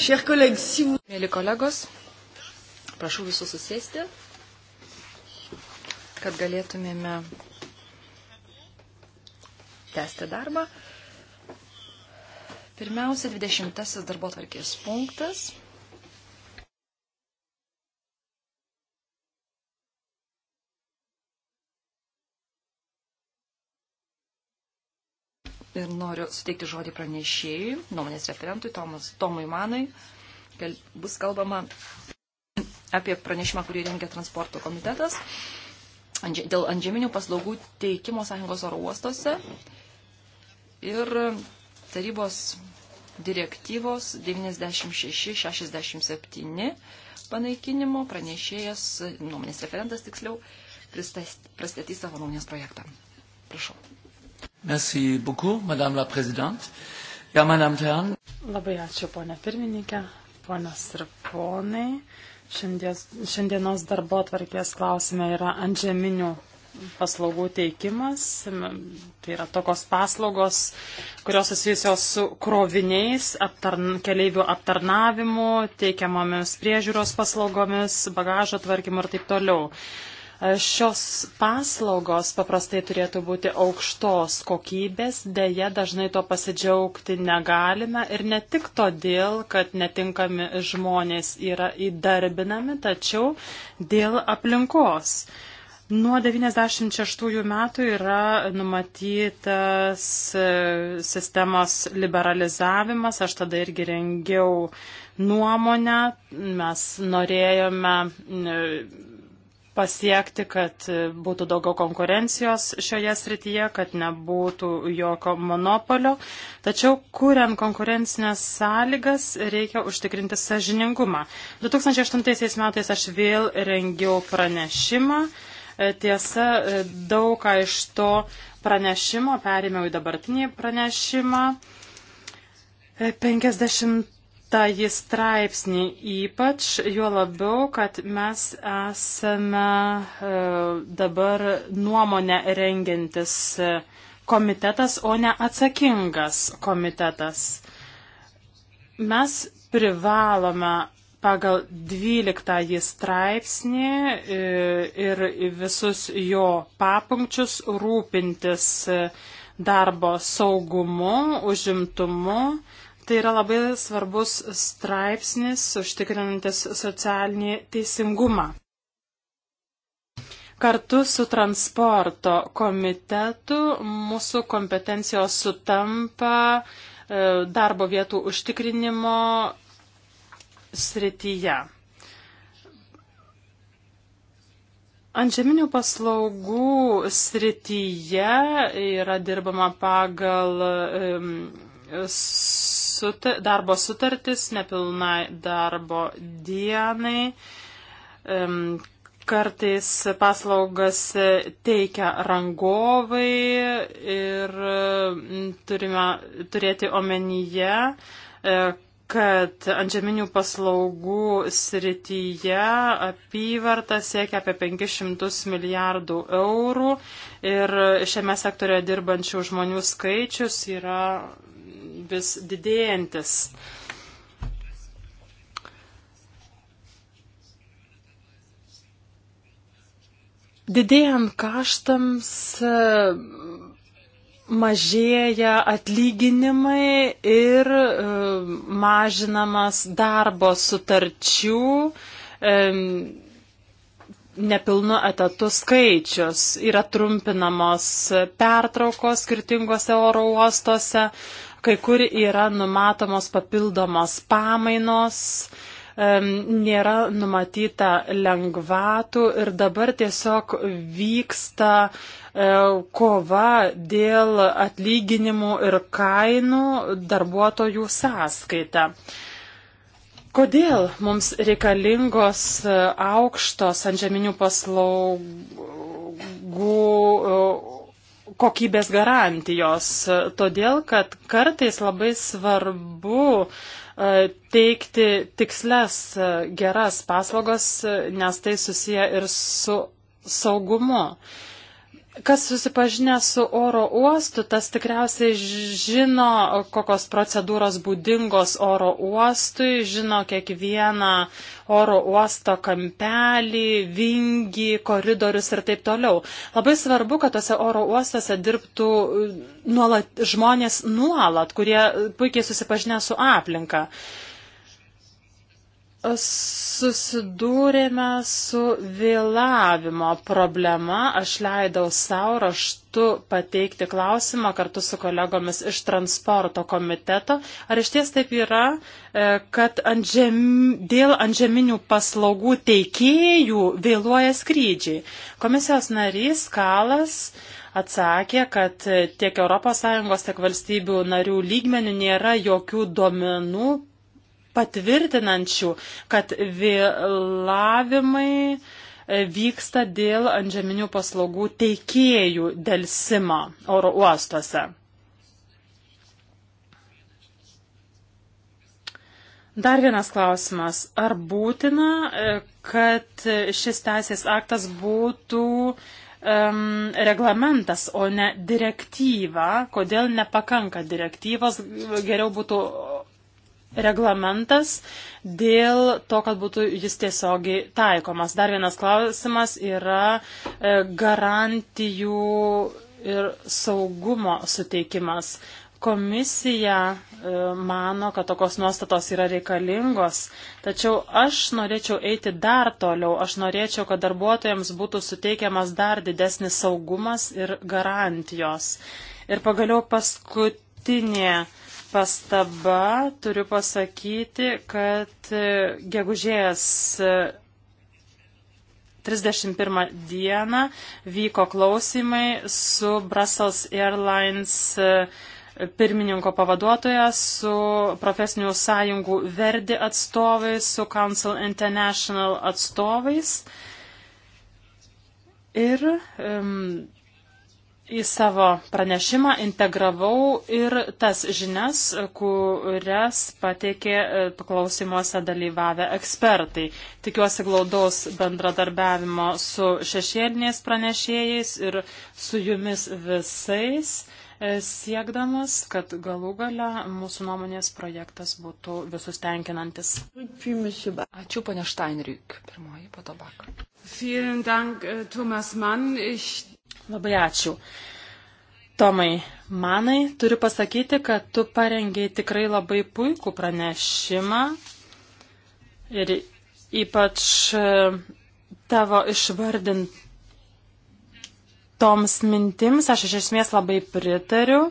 Mėly kolegos, prašau visus susėsti, kad galėtumėme tęsti darbą. Pirmiausia, 20 darbo tvarkės punktas noriu suteikti žodį pranešėjui, nuomonės referentui Tomas, Tomui Manai. Bus kalbama apie pranešimą, kurį rengia transporto komitetas dėl antžeminių paslaugų teikimo sąjungos oro uostose ir tarybos direktyvos 96-67 panaikinimo pranešėjas, nuomonės referentas tiksliau, pristatys savo nuomonės projektą. Prašau. Merci beaucoup, Madame la Présidente. Ja, meine Damen und Herren. Labai ačiū, ponė pirmininkė, ponios ir ponai. Šiandienos, šiandienos darbo atvarkės klausime yra ant žeminių paslaugų teikimas. Tai yra tokios paslaugos, kurios susijusios su kroviniais, aptarn, keleivių aptarnavimu, teikiamomis priežiūros paslaugomis, bagažo tvarkymu ir taip toliau. Šios paslaugos paprastai turėtų būti aukštos kokybės, dėje dažnai to pasidžiaugti negalime ir ne tik todėl, kad netinkami žmonės yra įdarbinami, tačiau dėl aplinkos. Nuo 96 metų yra numatytas e, sistemos liberalizavimas, aš tada irgi rengiau nuomonę, mes norėjome pasiekti, kad būtų daugiau konkurencijos šioje srityje, kad nebūtų jokio monopolio. Tačiau, kuriant konkurencinės sąlygas, reikia užtikrinti sažiningumą. 2008 metais aš vėl rengiau pranešimą. E, tiesa, e, daug ką iš to pranešimo perėmiau į dabartinį pranešimą. 50 e, tą jį straipsnį ypač, juo labiau, kad mes esame e, dabar nuomonę rengiantis e, komitetas, o ne atsakingas komitetas. Mes privalome pagal 12 straipsnį e, ir visus jo papunkčius rūpintis e, darbo saugumu, užimtumu, Tai yra labai svarbus straipsnis užtikrinantis socialinį teisingumą. Kartu su transporto komitetu mūsų kompetencijos sutampa e, darbo vietų užtikrinimo srityje. Antžeminių paslaugų srityje yra dirbama pagal um, sut darbo sutartis nepilnai darbo dienai. Um, kartais paslaugas teikia rangovai ir turime turėti omenyje, e, kad antžeminių paslaugų srityje apyvarta siekia apie 500 milijardų eurų ir šiame sektorioje dirbančių žmonių skaičius yra vis didėjantis. Didėjant kaštams mažėja atlyginimai ir e, mažinamas darbo sutarčių e, nepilnu etatu skaičius, yra trumpinamos pertraukos skirtingose oro uostuose, kai kur yra numatomos papildomos pamainos, nėra numatyta lengvatų ir dabar tiesiog vyksta e, kova dėl atlyginimų ir kainų darbuotojų sąskaita. Kodėl mums reikalingos e, aukštos antžeminių paslaugų e, kokybės garantijos, todėl kad kartais labai svarbu e, teikti tiksles e, geras paslaugas, nes tai susiję ir su saugumu. Kas susipažinę su oro uostu, tas tikriausiai žino, kokios procedūros būdingos oro uostui, žino kiekvieną oro uosto kampelį, vingį, koridorius ir taip toliau. Labai svarbu, kad tose oro uostose dirbtų nuolat, žmonės nuolat, kurie puikiai susipažinę su aplinka. Uh, susidūrėme su vėlavimo problema. Aš leidau savo raštu pateikti klausimą kartu su kolegomis iš transporto komiteto. Ar iš ties taip yra, e, kad antžem, dėl antžeminių paslaugų teikėjų vėluoja skrydžiai? Komisijos narys Kalas atsakė, kad tiek ES, tiek valstybių narių lygmenių nėra jokių duomenų patvirtinančių, kad vėlavimai e, vyksta dėl antžeminių paslaugų teikėjų dėl sima oro uostuose. Dar vienas klausimas. Ar būtina, e, kad šis teisės aktas būtų um, reglamentas, o ne direktyva? Kodėl nepakanka direktyvos? Geriau būtų reglamentas dėl to, kad būtų jis tiesiogiai taikomas. Dar vienas klausimas yra e, garantijų ir saugumo suteikimas. Komisija e, mano, kad tokios nuostatos yra reikalingos, tačiau aš norėčiau eiti dar toliau. Aš norėčiau, kad darbuotojams būtų suteikiamas dar didesnis saugumas ir garantijos. Ir pagaliau paskutinė pastaba, turiu pasakyti, kad e, gegužės 31 e, dieną vyko klausimai su Brussels Airlines e, pirmininko pavaduotoja, su profesinių sąjungų Verdi atstovais, su Council International atstovais. Ir um, į savo pranešimą integravau ir tas žinias, kurias pateikė e, paklausimuose dalyvavę ekspertai. Tikiuosi glaudaus bendradarbiavimo su šešėliniais pranešėjais ir su jumis visais, e, siekdamas, kad galų gale mūsų nuomonės projektas būtų visus tenkinantis. Ačiū, pane Steinriuk, pirmoji patobaka. Vielen Dank, äh, Thomas Mann. Ich Labai ačiū. Tomai, manai, turiu pasakyti, kad tu parengiai tikrai labai puikų pranešimą ir ypač e, tavo išvardintoms mintims aš iš esmės labai pritariu.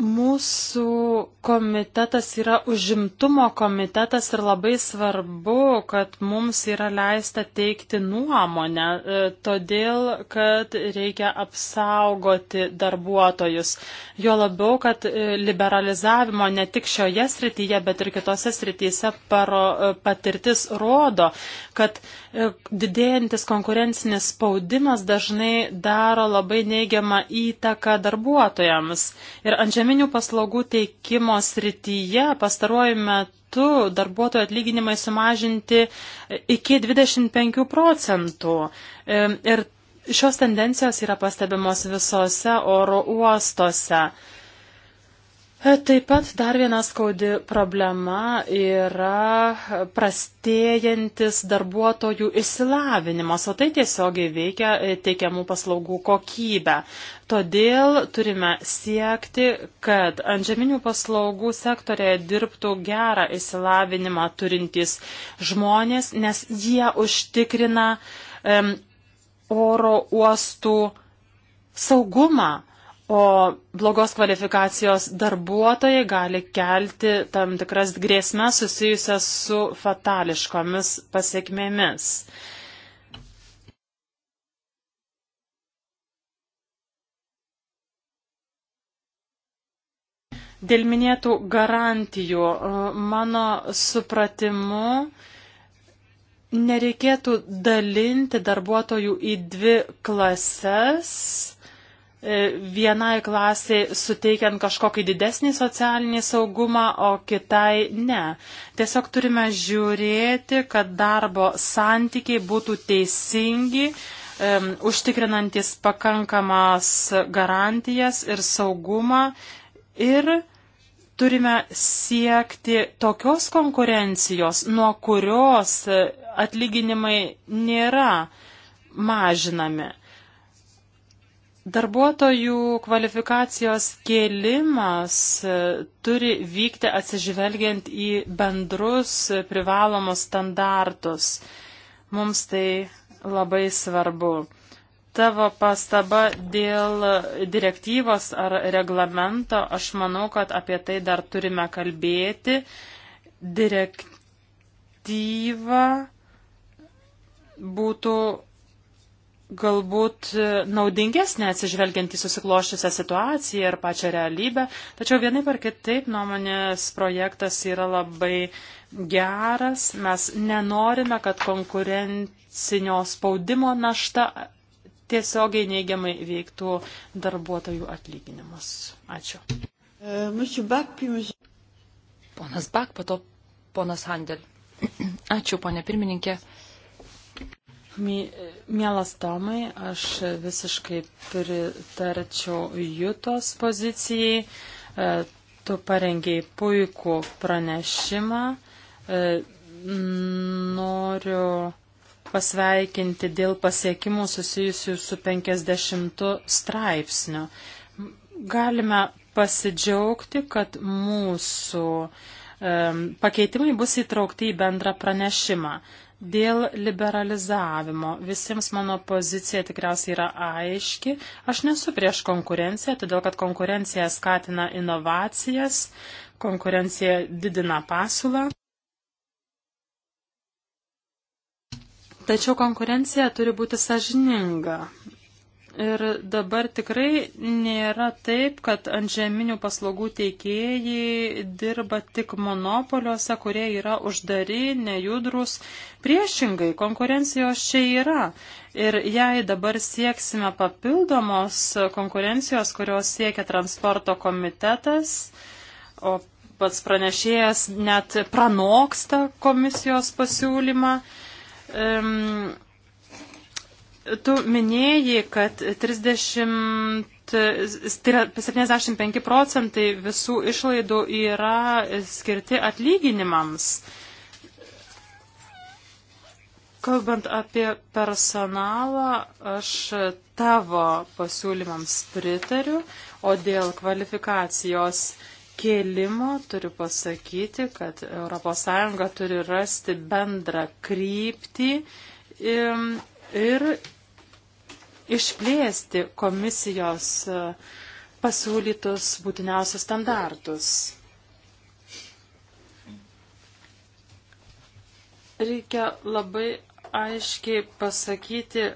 Mūsų komitetas yra užimtumo komitetas ir labai svarbu, kad mums yra leista teikti nuomonę, e, todėl kad reikia apsaugoti darbuotojus. Jo labiau, kad e, liberalizavimo ne tik šioje srityje, bet ir kitose srityse paro, e, patirtis rodo, kad didėjantis konkurencinis spaudimas dažnai daro labai neigiamą įtaką darbuotojams. Ir ančia Požeminių paslaugų teikimo srityje pastaruoju metu darbuotojų atlyginimai sumažinti iki 25 procentų. Ir šios tendencijos yra pastebimos visose oro uostose. E, taip pat dar viena skaudi problema yra prastėjantis darbuotojų išsilavinimas, o tai tiesiogiai veikia e, teikiamų paslaugų kokybę. Todėl turime siekti, kad antžeminių paslaugų sektorėje dirbtų gerą išsilavinimą turintys žmonės, nes jie užtikrina um, oro uostų saugumą. O blogos kvalifikacijos darbuotojai gali kelti tam tikras grėsmes susijusias su fatališkomis pasiekmėmis. Dėl minėtų garantijų, mano supratimu, nereikėtų dalinti darbuotojų į dvi klases E, vienai klasiai suteikiant kažkokį didesnį socialinį saugumą, o kitai ne. Tiesiog turime žiūrėti, kad darbo santykiai būtų teisingi, um, užtikrinantis pakankamas garantijas ir saugumą ir turime siekti tokios konkurencijos, nuo kurios atlyginimai nėra mažinami. Darbuotojų kvalifikacijos kėlimas e, turi vykti atsižvelgiant į bendrus privalomus standartus. Mums tai labai svarbu. Tavo pastaba dėl direktyvos ar reglamento, aš manau, kad apie tai dar turime kalbėti. Direktyva būtų galbūt e, naudingesnė atsižvelgiant į susikloščiusią situaciją ir pačią realybę, tačiau vienaip ar kitaip nuomonės projektas yra labai geras. Mes nenorime, kad konkurencinio spaudimo našta tiesiogiai neigiamai veiktų darbuotojų atlyginimus. Ačiū. E, ponas Bak, po to ponas Handel. Ačiū, ponė pirmininkė. Mielas Tomai, aš visiškai pritarčiau Jutos pozicijai. E, tu parengiai puikų pranešimą. E, noriu pasveikinti dėl pasiekimų susijusių su 50 straipsniu. Galime pasidžiaugti, kad mūsų pakeitimai bus įtraukti į bendrą pranešimą. Dėl liberalizavimo. Visiems mano pozicija tikriausiai yra aiški. Aš nesu prieš konkurenciją, todėl kad konkurencija skatina inovacijas, konkurencija didina pasiūlą. Tačiau konkurencija turi būti sažininga. Ir dabar tikrai nėra taip, kad ant žeminių paslaugų teikėjai dirba tik monopoliuose, kurie yra uždari, nejudrus. Priešingai, konkurencijos čia yra. Ir jei dabar sieksime papildomos konkurencijos, kurios siekia transporto komitetas, o pats pranešėjas net pranoksta komisijos pasiūlymą, um, tu minėjai, kad 30, 75 tai procentai visų išlaidų yra skirti atlyginimams. Kalbant apie personalą, aš tavo pasiūlymams pritariu, o dėl kvalifikacijos kėlimo turiu pasakyti, kad ES turi rasti bendrą kryptį ir išplėsti komisijos e, pasiūlytus būtiniausius standartus. Reikia labai aiškiai pasakyti,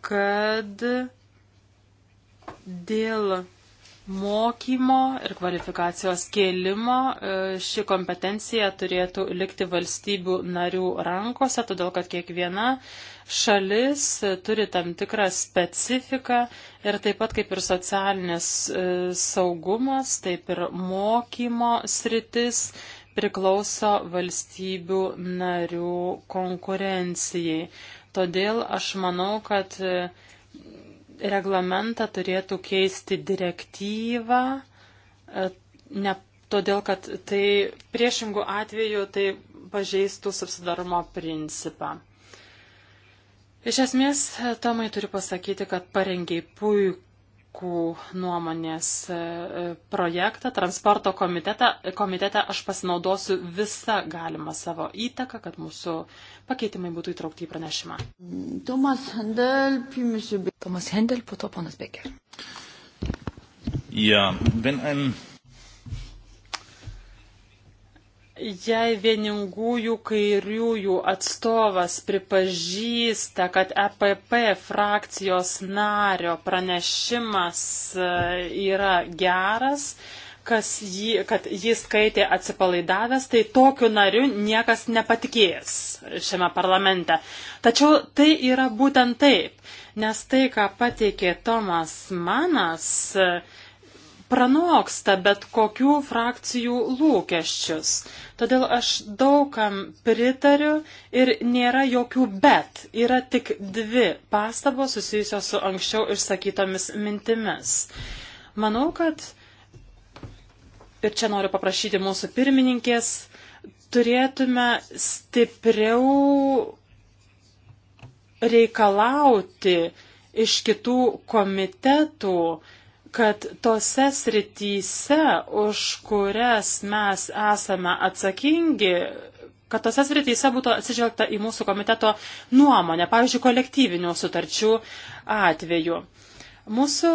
kad dėl mokymo ir kvalifikacijos kėlimo e, ši kompetencija turėtų likti valstybių narių rankose, todėl kad kiekviena šalis e, turi tam tikrą specifiką ir taip pat kaip ir socialinis e, saugumas, taip ir mokymo sritis priklauso valstybių narių konkurencijai. Todėl aš manau, kad reglamentą turėtų keisti direktyvą, e, ne todėl, kad tai priešingų atveju tai pažeistų subsidarumo principą. Iš esmės, Tomai turiu pasakyti, kad parengiai puikų politikų nuomonės e, e, projektą, transporto komitetą, komitete aš pasinaudosiu visą galimą savo įtaką, kad mūsų pakeitimai būtų įtraukti į pranešimą. Tomas Hendel, Tomas Hendel po to ponas Becker. Ja, wenn ein Jei vieningųjų kairiųjų atstovas pripažįsta, kad EPP frakcijos nario pranešimas e, yra geras, jį, kad jis skaitė atsipalaidavęs, tai tokiu nariu niekas nepatikės šiame parlamente. Tačiau tai yra būtent taip, nes tai, ką pateikė Tomas Manas, e, pranoksta bet kokių frakcijų lūkesčius. Todėl aš daugam pritariu ir nėra jokių bet. Yra tik dvi pastabos susijusios su anksčiau išsakytomis mintimis. Manau, kad ir čia noriu paprašyti mūsų pirmininkės, turėtume stipriau reikalauti iš kitų komitetų, kad tose srityse, už kurias mes esame atsakingi, kad tose srityse būtų atsižvelgta į mūsų komiteto nuomonę, pavyzdžiui, kolektyvinių sutarčių atveju. Mūsų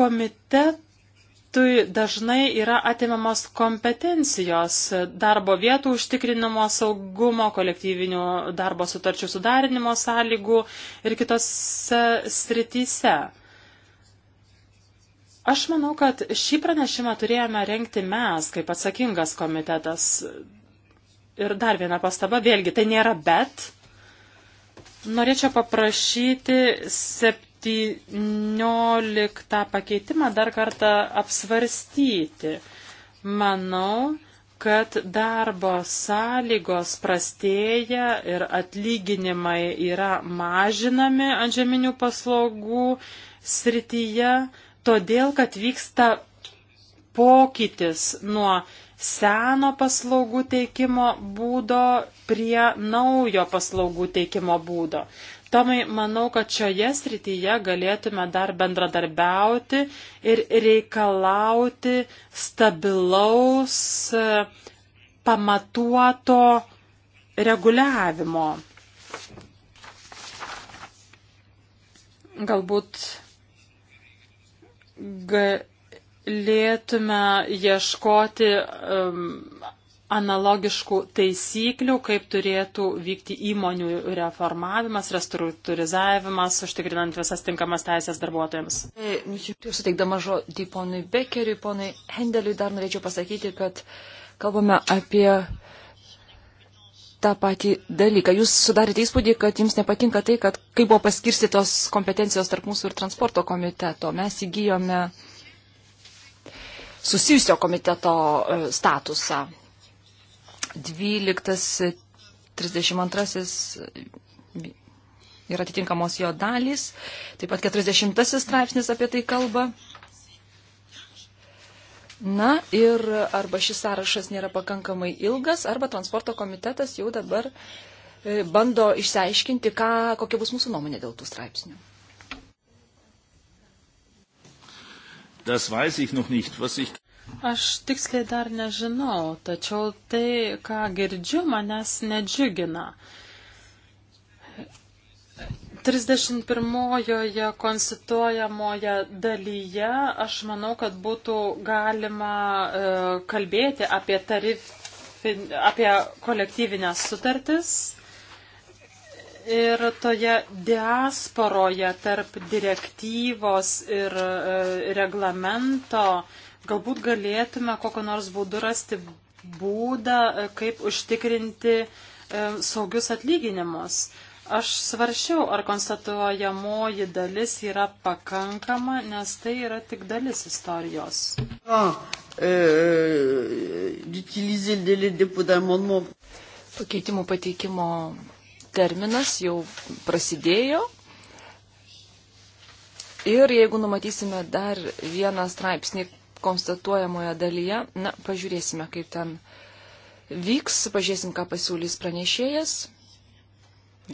komitetui dažnai yra atimamos kompetencijos darbo vietų užtikrinimo saugumo, kolektyvinių darbo sutarčių sudarinimo sąlygų ir kitose srityse. Aš manau, kad šį pranešimą turėjome renkti mes, kaip atsakingas komitetas. Ir dar viena pastaba, vėlgi, tai nėra bet. Norėčiau paprašyti 17 pakeitimą dar kartą apsvarstyti. Manau, kad darbo sąlygos prastėja ir atlyginimai yra mažinami antžeminių paslaugų srityje. Todėl, kad vyksta pokytis nuo seno paslaugų teikimo būdo prie naujo paslaugų teikimo būdo. Tomai, manau, kad šioje srityje galėtume dar bendradarbiauti ir reikalauti stabilaus, e, pamatuoto reguliavimo. Galbūt galėtume ieškoti um, analogiškų taisyklių, kaip turėtų vykti įmonių reformavimas, restruktūrizavimas, užtikrinant visas tinkamas teisės darbuotojams. Jūs e, suteikdama žodį ponui Bekeriui, ponui Hendeliui, dar norėčiau pasakyti, kad kalbame apie tą patį dalyką. Jūs sudarėte įspūdį, kad jums nepatinka tai, kad kaip buvo paskirstytos kompetencijos tarp mūsų ir transporto komiteto. Mes įgyjome susijusio komiteto e, statusą. 12, 32 e, yra atitinkamos jo dalys, taip pat 40 straipsnis apie tai kalba. Na ir arba šis sąrašas nėra pakankamai ilgas, arba transporto komitetas jau dabar e, bando išsiaiškinti, ką, kokia bus mūsų nuomonė dėl tų straipsnių. Nicht, ich... Aš tiksliai dar nežinau, tačiau tai, ką girdžiu, manęs nedžiugina. Uh, 31 konstituojamoje dalyje aš manau, kad būtų galima e, kalbėti apie, tarif, apie kolektyvinės sutartis ir toje diasporoje tarp direktyvos ir e, reglamento galbūt galėtume kokiu nors būdu rasti būdą, e, kaip užtikrinti saugius atlyginimus. Aš svaršiau, ar konstatuojamoji dalis yra pakankama, nes tai yra tik dalis istorijos. Oh, euh, euh Pakeitimų pateikimo terminas jau prasidėjo. Ir jeigu numatysime dar vieną straipsnį konstatuojamoje dalyje, na, pažiūrėsime, kaip ten vyks, pažiūrėsim, ką pasiūlys pranešėjas.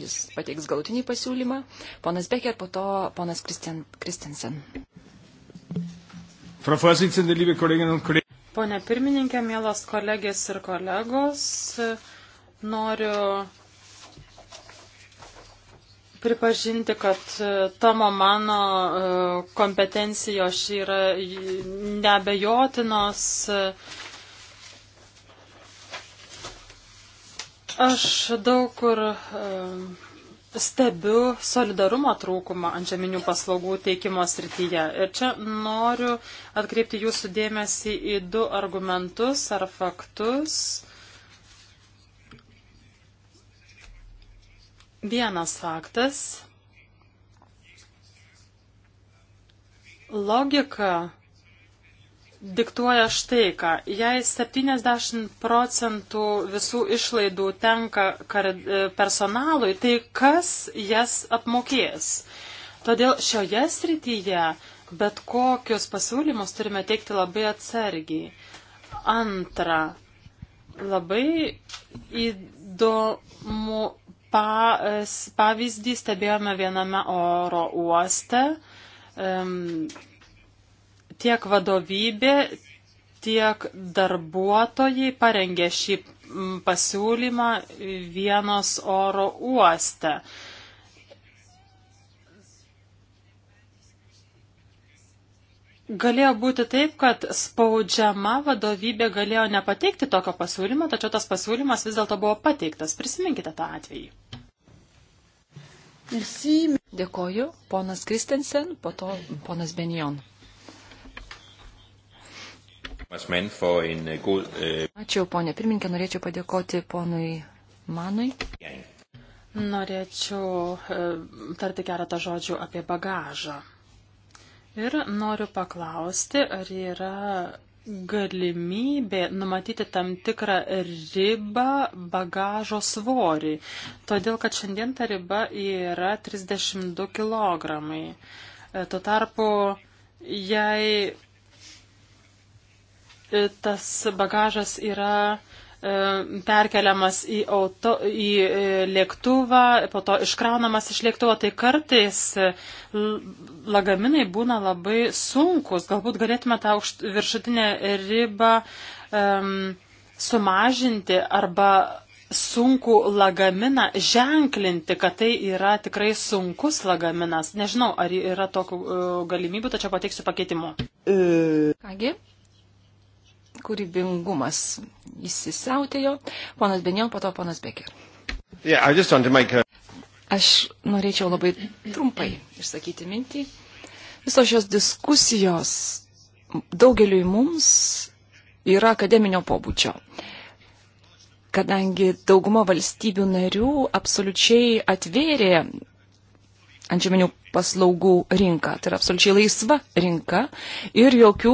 Jis pateiks galutinį pasiūlymą. Ponas Becker, po to ponas Kristensen. Pone pirmininkė, mielos kolegės ir kolegos, noriu pripažinti, kad tamo mano e, kompetencijos yra nebejotinos. Aš daug kur e, stebiu solidarumo trūkumą antžeminių paslaugų teikimo srityje. Ir čia noriu atkreipti jūsų dėmesį į du argumentus ar faktus. Vienas faktas. Logika diktuoja štai ką. Jei 70 procentų visų išlaidų tenka e, personalui, tai kas jas apmokės? Todėl šioje srityje bet kokius pasiūlymus turime teikti labai atsargiai. Antra, labai įdomu pa, pavyzdį stebėjome viename oro uoste. Um, tiek vadovybė, tiek darbuotojai parengė šį pasiūlymą vienos oro uoste. Galėjo būti taip, kad spaudžiama vadovybė galėjo nepateikti tokio pasiūlymo, tačiau tas pasiūlymas vis dėlto buvo pateiktas. Prisiminkite tą atvejį. Dėkoju, ponas Kristensen, po to ponas Benjon. Øh, øh, Ačiū, ponė pirmininkė, norėčiau padėkoti ponui Manui. Norėčiau e, tarti keletą žodžių apie bagažą. Ir noriu paklausti, ar yra galimybė numatyti tam tikrą ribą bagažo svoriui, todėl kad šiandien ta riba yra 32 kg. E, tuo tarpu, jei tas bagažas yra e, perkeliamas į, auto, į e, lėktuvą, po to iškraunamas iš lėktuvo, tai kartais e, lagaminai būna labai sunkus. Galbūt galėtume tą aukšt, viršutinę ribą um, sumažinti arba sunku lagaminą ženklinti, kad tai yra tikrai sunkus lagaminas. Nežinau, ar yra tokių galimybių, tačiau pateiksiu pakeitimu. Kągi, kūrybingumas įsisiautėjo. Ponas Benjon, po to ponas Becker. Yeah, a... Aš norėčiau labai trumpai išsakyti mintį. Visos šios diskusijos daugeliui mums yra akademinio pobūdžio, kadangi dauguma valstybių narių absoliučiai atvėrė antžeminių paslaugų rinką. Tai yra absoliučiai laisva rinka ir jokių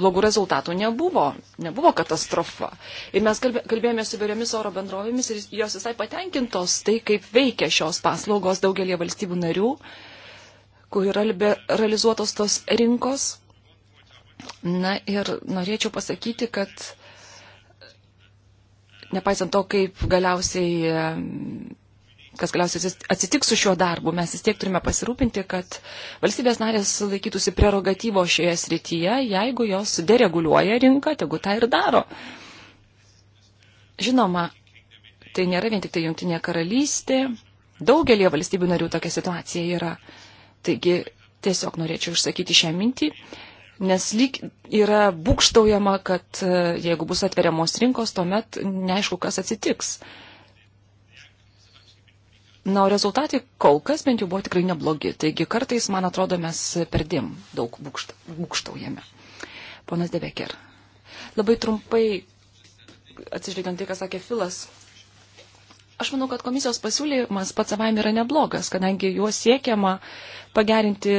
blogų rezultatų nebuvo, nebuvo katastrofa. Ir mes kalbėjome su įvairiomis oro bendrovėmis ir jos visai patenkintos tai, kaip veikia šios paslaugos daugelie valstybių narių, kur yra liberalizuotos tos rinkos. Na ir norėčiau pasakyti, kad nepaisant to, kaip galiausiai kas galiausiai atsitiks su šiuo darbu, mes vis tiek turime pasirūpinti, kad valstybės narės laikytųsi prerogatyvo šioje srityje, jeigu jos dereguliuoja rinką, tegu tą ir daro. Žinoma, tai nėra vien tik tai jungtinė karalystė, daugelie valstybių narių tokia situacija yra. Taigi tiesiog norėčiau išsakyti šią mintį nes lyg yra būkštaujama, kad e, jeigu bus atveriamos rinkos, tuomet neaišku, kas atsitiks. Na, o rezultatai kol kas bent jau buvo tikrai neblogi. Taigi kartais, man atrodo, mes perdėm daug būkšta, būkštaujame. Ponas Debeker. Labai trumpai, atsižvelgiant tai, ką sakė Filas, aš manau, kad komisijos pasiūlymas pats savaime yra neblogas, kadangi juo siekiama pagerinti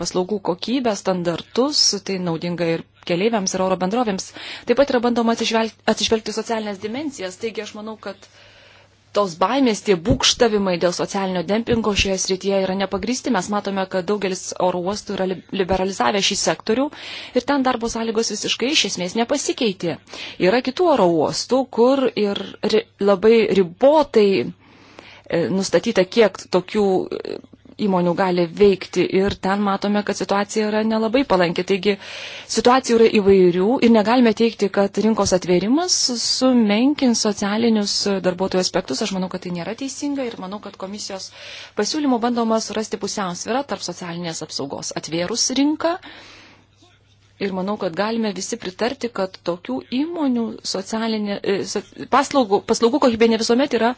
paslaugų kokybę, standartus, tai naudinga ir keleiviams, ir oro bendrovėms. Taip pat yra bandoma atsižvelgti, atsižvelgti socialinės dimencijas, taigi aš manau, kad uh, tos baimės, tie būkštavimai dėl socialinio dempingo šioje srityje yra nepagristi. Mes matome, kad daugelis oro uostų yra liberalizavę šį sektorių ir ten darbo sąlygos visiškai iš esmės nepasikeitė. Yra kitų oro uostų, kur ir labai ribotai e, nustatyta, kiek tokių įmonių gali veikti ir ten matome, kad situacija yra nelabai palanki. Taigi situacijų yra įvairių ir negalime teikti, kad rinkos atvėrimas sumenkins socialinius darbuotojų aspektus. Aš manau, kad tai nėra teisinga ir manau, kad komisijos pasiūlymų bandoma surasti pusiausvyrą tarp socialinės apsaugos atvėrus rinką Ir manau, kad galime visi pritarti, kad tokių įmonių socialinė, e, paslaugų, paslaugų kokybė ne visuomet yra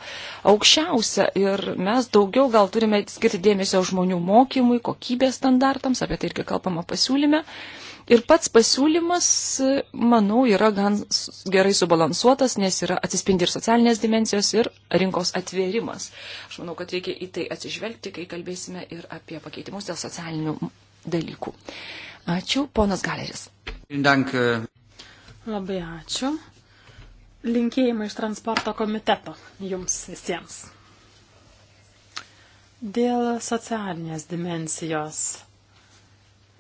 aukščiausia. Ir mes daugiau gal turime skirti dėmesio žmonių mokymui, kokybės standartams, apie tai irgi kalbama pasiūlyme. Ir pats pasiūlymas, manau, yra gan gerai subalansuotas, nes yra atsispindi ir socialinės dimensijos, ir rinkos atvėrimas. Aš manau, kad reikia į tai atsižvelgti, kai kalbėsime ir apie pakeitimus dėl socialinių dalykų. Ačiū, ponas Galeris. Dank. E. Labai ačiū. Linkėjimai iš transporto komiteto jums visiems. Dėl socialinės dimensijos.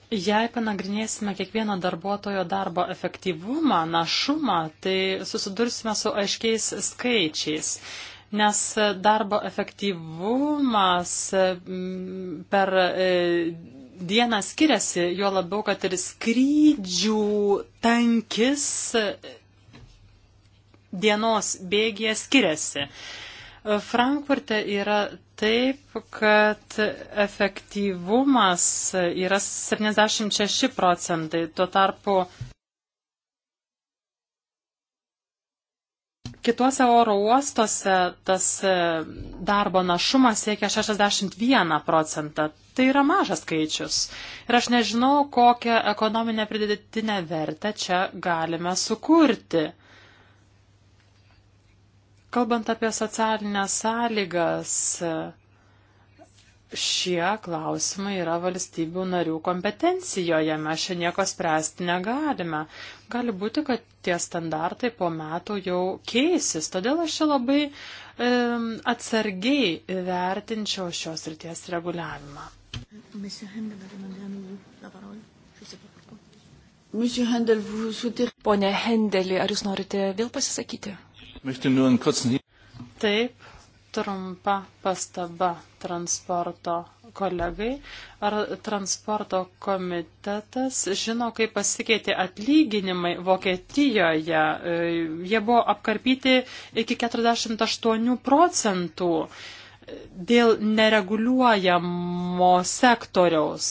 Jei panagrinėsime kiekvieno darbuotojo darbo efektyvumą, našumą, tai susidursime su aiškiais skaičiais nes darbo efektyvumas mm, per e, dieną skiriasi, jo labiau, kad ir skrydžių tankis dienos bėgėje skiriasi. Frankfurte yra taip, kad efektyvumas yra 76 procentai, tuo tarpu kituose oro uostuose tas darbo našumas siekia 61 procentą tai yra mažas skaičius. Ir aš nežinau, kokią ekonominę pridėtinę vertę čia galime sukurti. Kalbant apie socialinės sąlygas, šie klausimai yra valstybių narių kompetencijoje, mes čia nieko spręsti negalime. Gali būti, kad tie standartai po metų jau keisis, todėl aš čia labai um, atsargiai vertinčiau šios ryties reguliavimą. Pone Hendelį, ar jūs norite vėl pasisakyti? Taip, trumpa pastaba transporto kolegai. Ar transporto komitetas žino, kaip pasikeitė atlyginimai Vokietijoje? E, jie buvo apkarpyti iki 48 procentų dėl nereguliuojamo sektoriaus.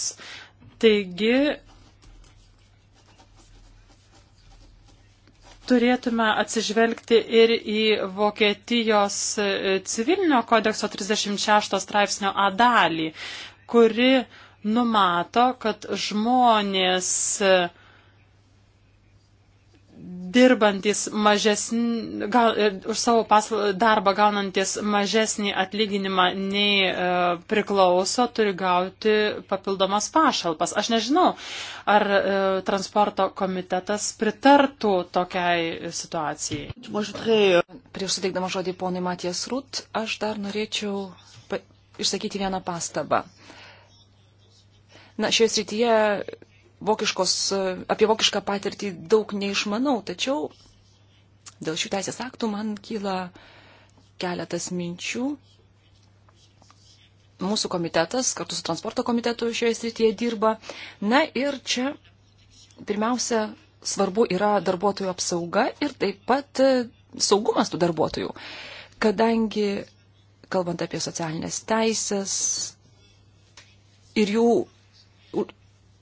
Taigi turėtume atsižvelgti ir į Vokietijos e, civilinio kodekso 36 straipsnio A dalį, kuri numato, kad žmonės uh, dirbantis mažesnį, gal, e, už savo pasla, darbą gaunantis mažesnį atlyginimą nei e, priklauso, turi gauti papildomas pašalpas. Aš nežinau, ar e, transporto komitetas pritartų tokiai situacijai. Э, Prieš suteikdama žodį ponui Matijas Rūt, aš dar norėčiau išsakyti vieną pastabą. Na, šioje srityje vokiškos, apie vokišką patirtį daug neišmanau, tačiau dėl šių teisės aktų man kyla keletas minčių. Mūsų komitetas kartu su transporto komitetu šioje srityje dirba. Na ir čia pirmiausia svarbu yra darbuotojų apsauga ir taip pat e, saugumas tų darbuotojų. Kadangi, kalbant apie socialinės teisės ir jų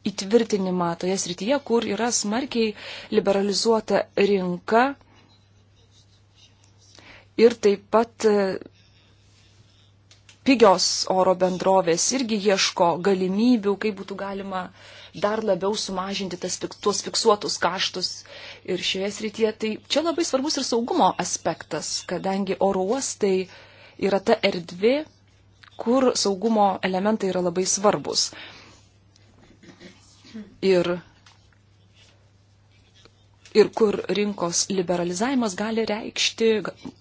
įtvirtinimą toje srityje, kur yra smarkiai liberalizuota rinka ir taip pat e, pigios oro bendrovės irgi ieško galimybių, kaip būtų galima dar labiau sumažinti tas, tuos fiksuotus kaštus ir šioje srityje. Tai čia labai svarbus ir saugumo aspektas, kadangi oro uostai yra ta erdvė, kur saugumo elementai yra labai svarbus ir, ir kur rinkos liberalizavimas gali reikšti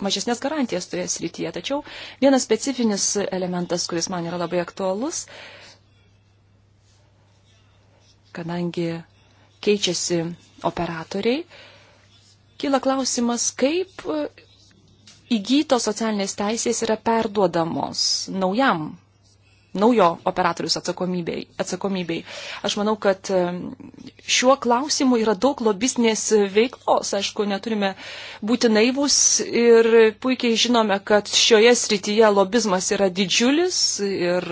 mažesnės garantijas toje srityje. Tačiau vienas specifinis elementas, kuris man yra labai aktualus, kadangi keičiasi operatoriai, kyla klausimas, kaip įgytos socialinės teisės yra perduodamos naujam naujo operatorius atsakomybei. atsakomybei. Aš manau, kad šiuo klausimu yra daug lobisnės veiklos. Aišku, neturime būti naivus ir puikiai žinome, kad šioje srityje lobizmas yra didžiulis ir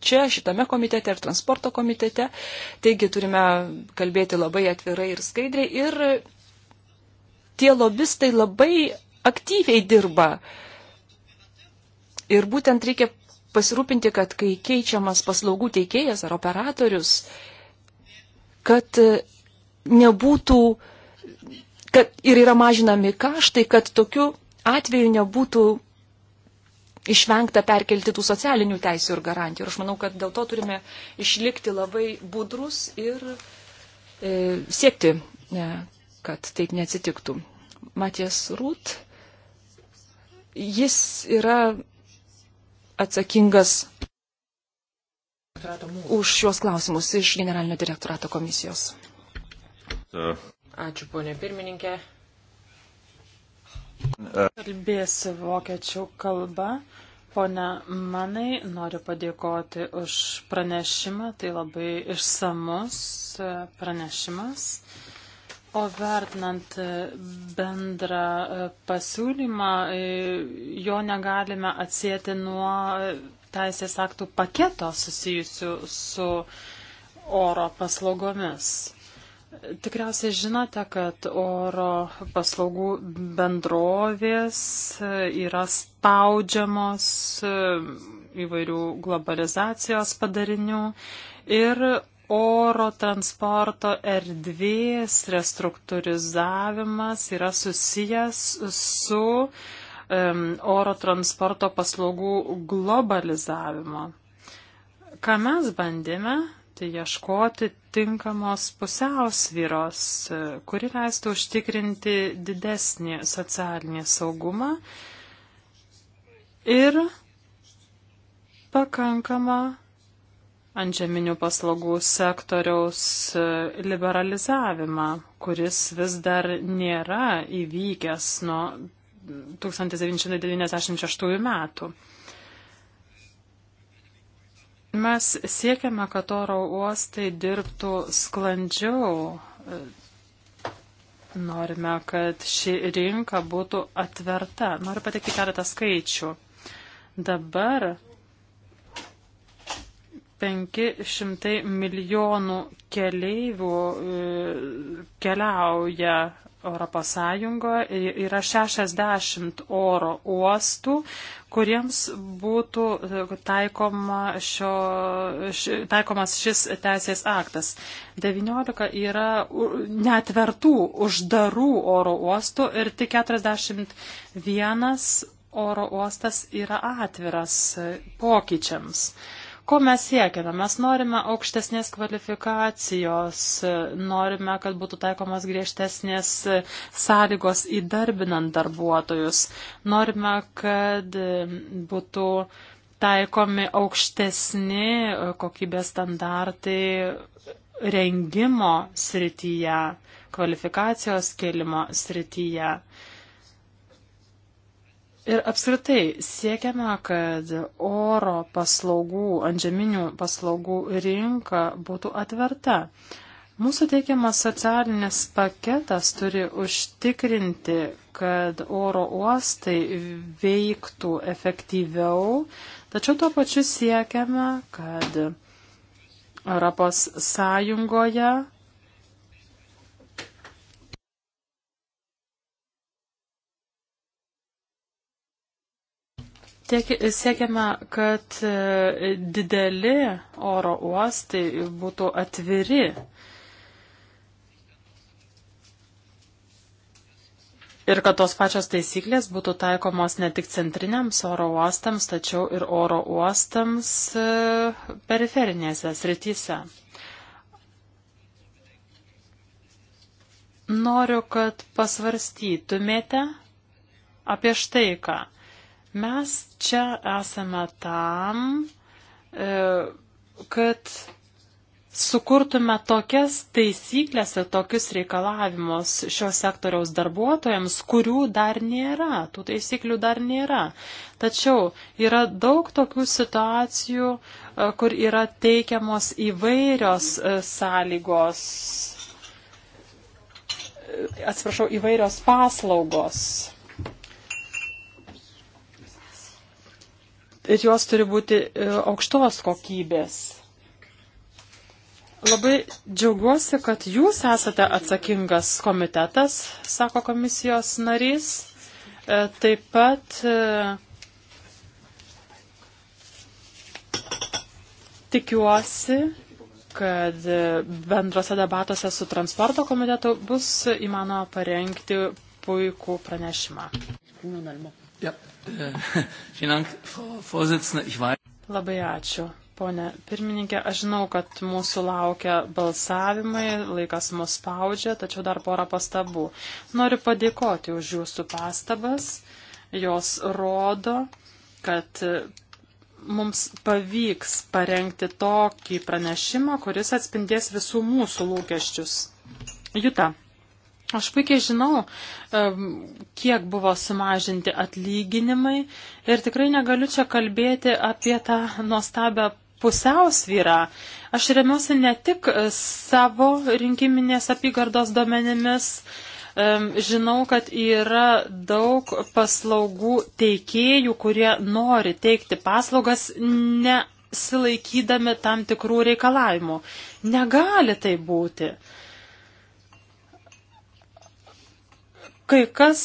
čia, šitame komitete ir transporto komitete. Taigi turime kalbėti labai atvirai ir skaidriai. Ir tie lobistai labai aktyviai dirba. Ir būtent reikia pasirūpinti, kad kai keičiamas paslaugų teikėjas ar operatorius, kad e, nebūtų, kad ir yra mažinami kaštai, kad tokiu atveju nebūtų išvengta perkelti tų socialinių teisų ir garantijų. Ir aš manau, kad dėl to turime išlikti labai budrus ir e, siekti, e, kad taip neatsitiktų. Matijas Rūt, jis yra atsakingas už šiuos klausimus iš generalinio direktorato komisijos. Ačiū, ponė pirmininkė. Kalbėsiu vokiečių kalba. Pone Manai, noriu padėkoti už pranešimą. Tai labai išsamus pranešimas. O vertinant e, bendrą e, pasiūlymą, e, jo negalime atsėti nuo teisės aktų paketo susijusių su oro paslaugomis. Tikriausiai žinote, kad oro paslaugų bendrovės yra spaudžiamos įvairių globalizacijos padarinių ir oro transporto erdvės restruktūrizavimas yra susijęs su um, oro transporto paslaugų globalizavimo. Ką mes bandėme, tai ieškoti tinkamos pusiausvyros, e, kuri leistų užtikrinti didesnį socialinį saugumą ir pakankamą antžeminių paslaugų sektoriaus e, liberalizavimą, kuris vis dar nėra įvykęs nuo 1996 metų. Mes siekiame, kad oro uostai dirbtų sklandžiau. E, norime, kad ši rinka būtų atverta. Noriu pateikti keletą skaičių. Dabar 500 milijonų keleivių e, keliauja Europos Sąjungoje yra 60 oro uostų, kuriems būtų e, taikoma šio, ši, taikomas šis teisės aktas. 19 yra netvertų uždarų oro uostų ir tik 41 oro uostas yra atviras e, pokyčiams. Ko mes siekiame? Mes norime aukštesnės kvalifikacijos, norime, kad būtų taikomas griežtesnės sąlygos įdarbinant darbuotojus, norime, kad būtų taikomi aukštesni kokybės standartai rengimo srityje, kvalifikacijos kelimo srityje. Ir apskritai siekiame, kad oro paslaugų, antžeminių paslaugų rinka būtų atverta. Mūsų teikiamas socialinis paketas turi užtikrinti, kad oro uostai veiktų efektyviau, tačiau tuo pačiu siekiame, kad Europos Sąjungoje Tiek siekiame, kad e, dideli oro uostai būtų atviri. Ir kad tos pačios taisyklės būtų taikomos ne tik centriniams oro uostams, tačiau ir oro uostams e, periferinėse srityse. Noriu, kad pasvarstytumėte apie štai ką. Mes čia esame tam, e, kad sukurtume tokias taisyklės ir tokius reikalavimus šio sektoriaus darbuotojams, kurių dar nėra, tų taisyklių dar nėra. Tačiau yra daug tokių situacijų, e, kur yra teikiamos įvairios e, sąlygos, atsiprašau, įvairios paslaugos. ir jos turi būti e, aukštos kokybės. Labai džiaugiuosi, kad jūs esate atsakingas komitetas, sako komisijos narys. E, taip pat e, tikiuosi, kad bendrose debatuose su transporto komitetu bus įmanoma parengti puikų pranešimą. Yep. Labai ačiū. Pone pirmininkė, aš žinau, kad mūsų laukia balsavimai, laikas mus spaudžia, tačiau dar porą pastabų. Noriu padėkoti už jūsų pastabas. Jos rodo, kad mums pavyks parengti tokį pranešimą, kuris atspindės visų mūsų lūkesčius. Juta. Aš puikiai žinau, kiek buvo sumažinti atlyginimai ir tikrai negaliu čia kalbėti apie tą nuostabę pusiausvyrą. Aš remiuosi ne tik e, savo rinkiminės apygardos duomenimis, žinau, kad yra daug paslaugų teikėjų, kurie nori teikti paslaugas nesilaikydami tam tikrų reikalavimų. Negali tai būti. kai kas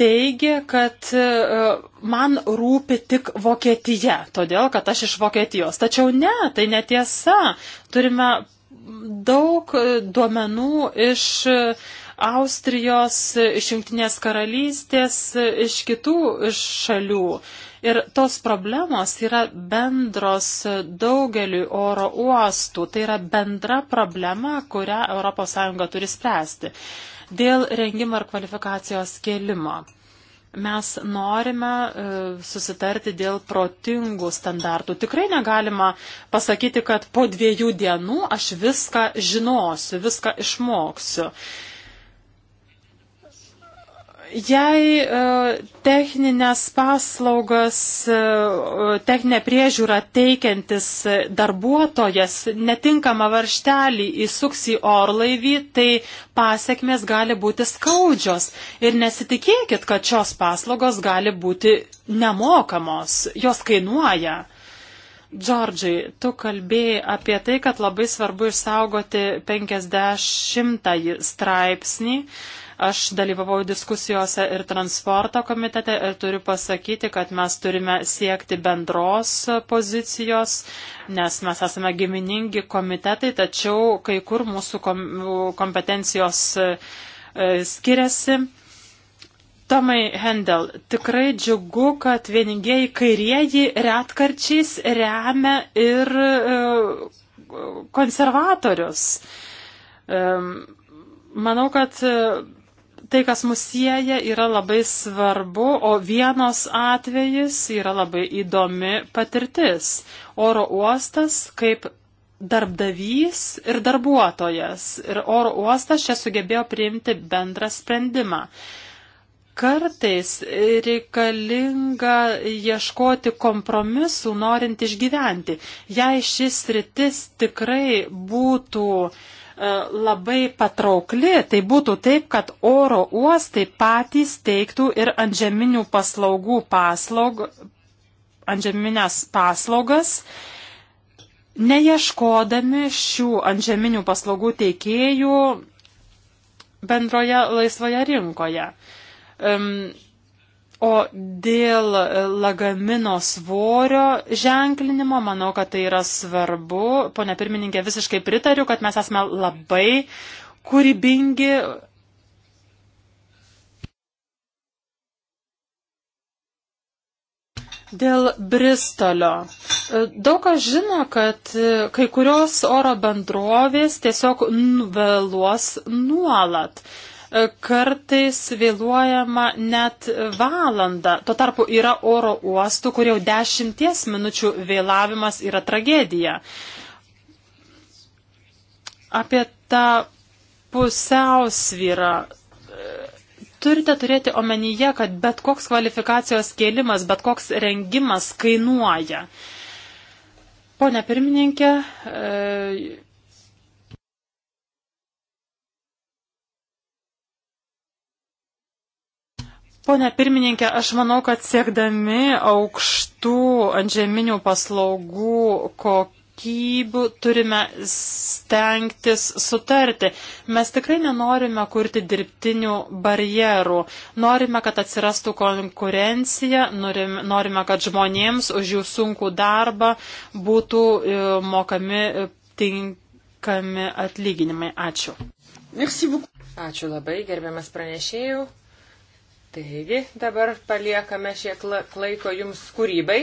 teigia, kad e, man rūpi tik Vokietija, todėl kad aš iš Vokietijos. Tačiau ne, tai netiesa. Turime daug duomenų iš Austrijos, iš Junktinės karalystės, iš kitų iš šalių. Ir tos problemos yra bendros daugeliu oro uostų. Tai yra bendra problema, kurią ES turi spręsti. Dėl rengimo ir kvalifikacijos kelimo. Mes norime e, susitarti dėl protingų standartų. Tikrai negalima pasakyti, kad po dviejų dienų aš viską žinosiu, viską išmoksiu. Jei e, techninės paslaugas, e, techninę priežiūrą teikiantis darbuotojas netinkamą varštelį įsuks į orlaivį, tai pasiekmes gali būti skaudžios. Ir nesitikėkit, kad šios paslaugos gali būti nemokamos, jos kainuoja. Džordžai, tu kalbėjai apie tai, kad labai svarbu išsaugoti 50 straipsnį. Uh, Aš dalyvavau diskusijose ir transporto komitete ir turiu pasakyti, kad mes turime siekti bendros pozicijos, nes mes esame giminingi komitetai, tačiau kai kur mūsų kompetencijos e, skiriasi. Tomai Hendel, tikrai džiugu, kad vieningieji kairieji retkarčiais remia ir e, konservatorius. E, manau, kad tai, kas mus sieja, yra labai svarbu, o vienos atvejis yra labai įdomi patirtis. Oro uostas kaip darbdavys ir darbuotojas. Ir oro uostas čia sugebėjo priimti bendrą sprendimą. Kartais reikalinga ieškoti kompromisų, norint išgyventi. Jei šis rytis tikrai būtų uh, E, labai patraukli, tai būtų taip, kad oro uostai patys teiktų ir antžeminių paslaugų paslaug, antžeminės paslaugas, neieškodami šių antžeminių paslaugų teikėjų bendroje laisvoje rinkoje. Um, O dėl e, lagamino svorio ženklinimo, manau, kad tai yra svarbu. Pone pirmininkė, visiškai pritariu, kad mes esame labai kūrybingi. Dėl Bristolio. E, daug kas žino, kad e, kai kurios oro bendrovės tiesiog vėluos nuolat. Uh, kartais vėluojama net valandą. Tuo tarpu yra oro uostų, kur jau dešimties minučių vėlavimas yra tragedija. Apie tą pusiausvyrą e, turite turėti omenyje, kad bet koks kvalifikacijos kėlimas, bet koks rengimas kainuoja. Pone pirmininkė, e, Pone pirmininkė, aš manau, kad siekdami aukštų antžeminių paslaugų kokybių turime stengtis sutarti. Mes tikrai nenorime kurti dirbtinių barjerų. Norime, kad atsirastų konkurencija, norime, kad žmonėms už jų sunkų darbą būtų e, mokami e, tinkami atlyginimai. Ačiū. Ačiū labai, gerbiamas pranešėjų. Taigi, dabar paliekame šiek tiek laiko jums kūrybai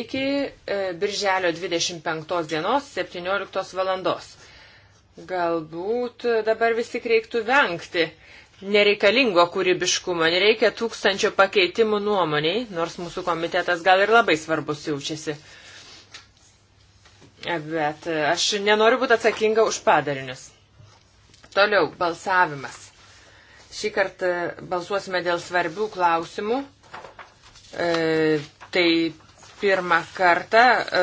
iki e, birželio 25 dienos 17 valandos. Galbūt e, dabar visi reiktų vengti nereikalingo kūrybiškumo, nereikia tūkstančio pakeitimų nuomoniai, nors mūsų komitetas gal ir labai svarbus jaučiasi. Bet e, aš nenoriu būti atsakinga už padarinius. Toliau, balsavimas. Šį kartą balsuosime dėl svarbių klausimų. E, tai pirmą kartą e,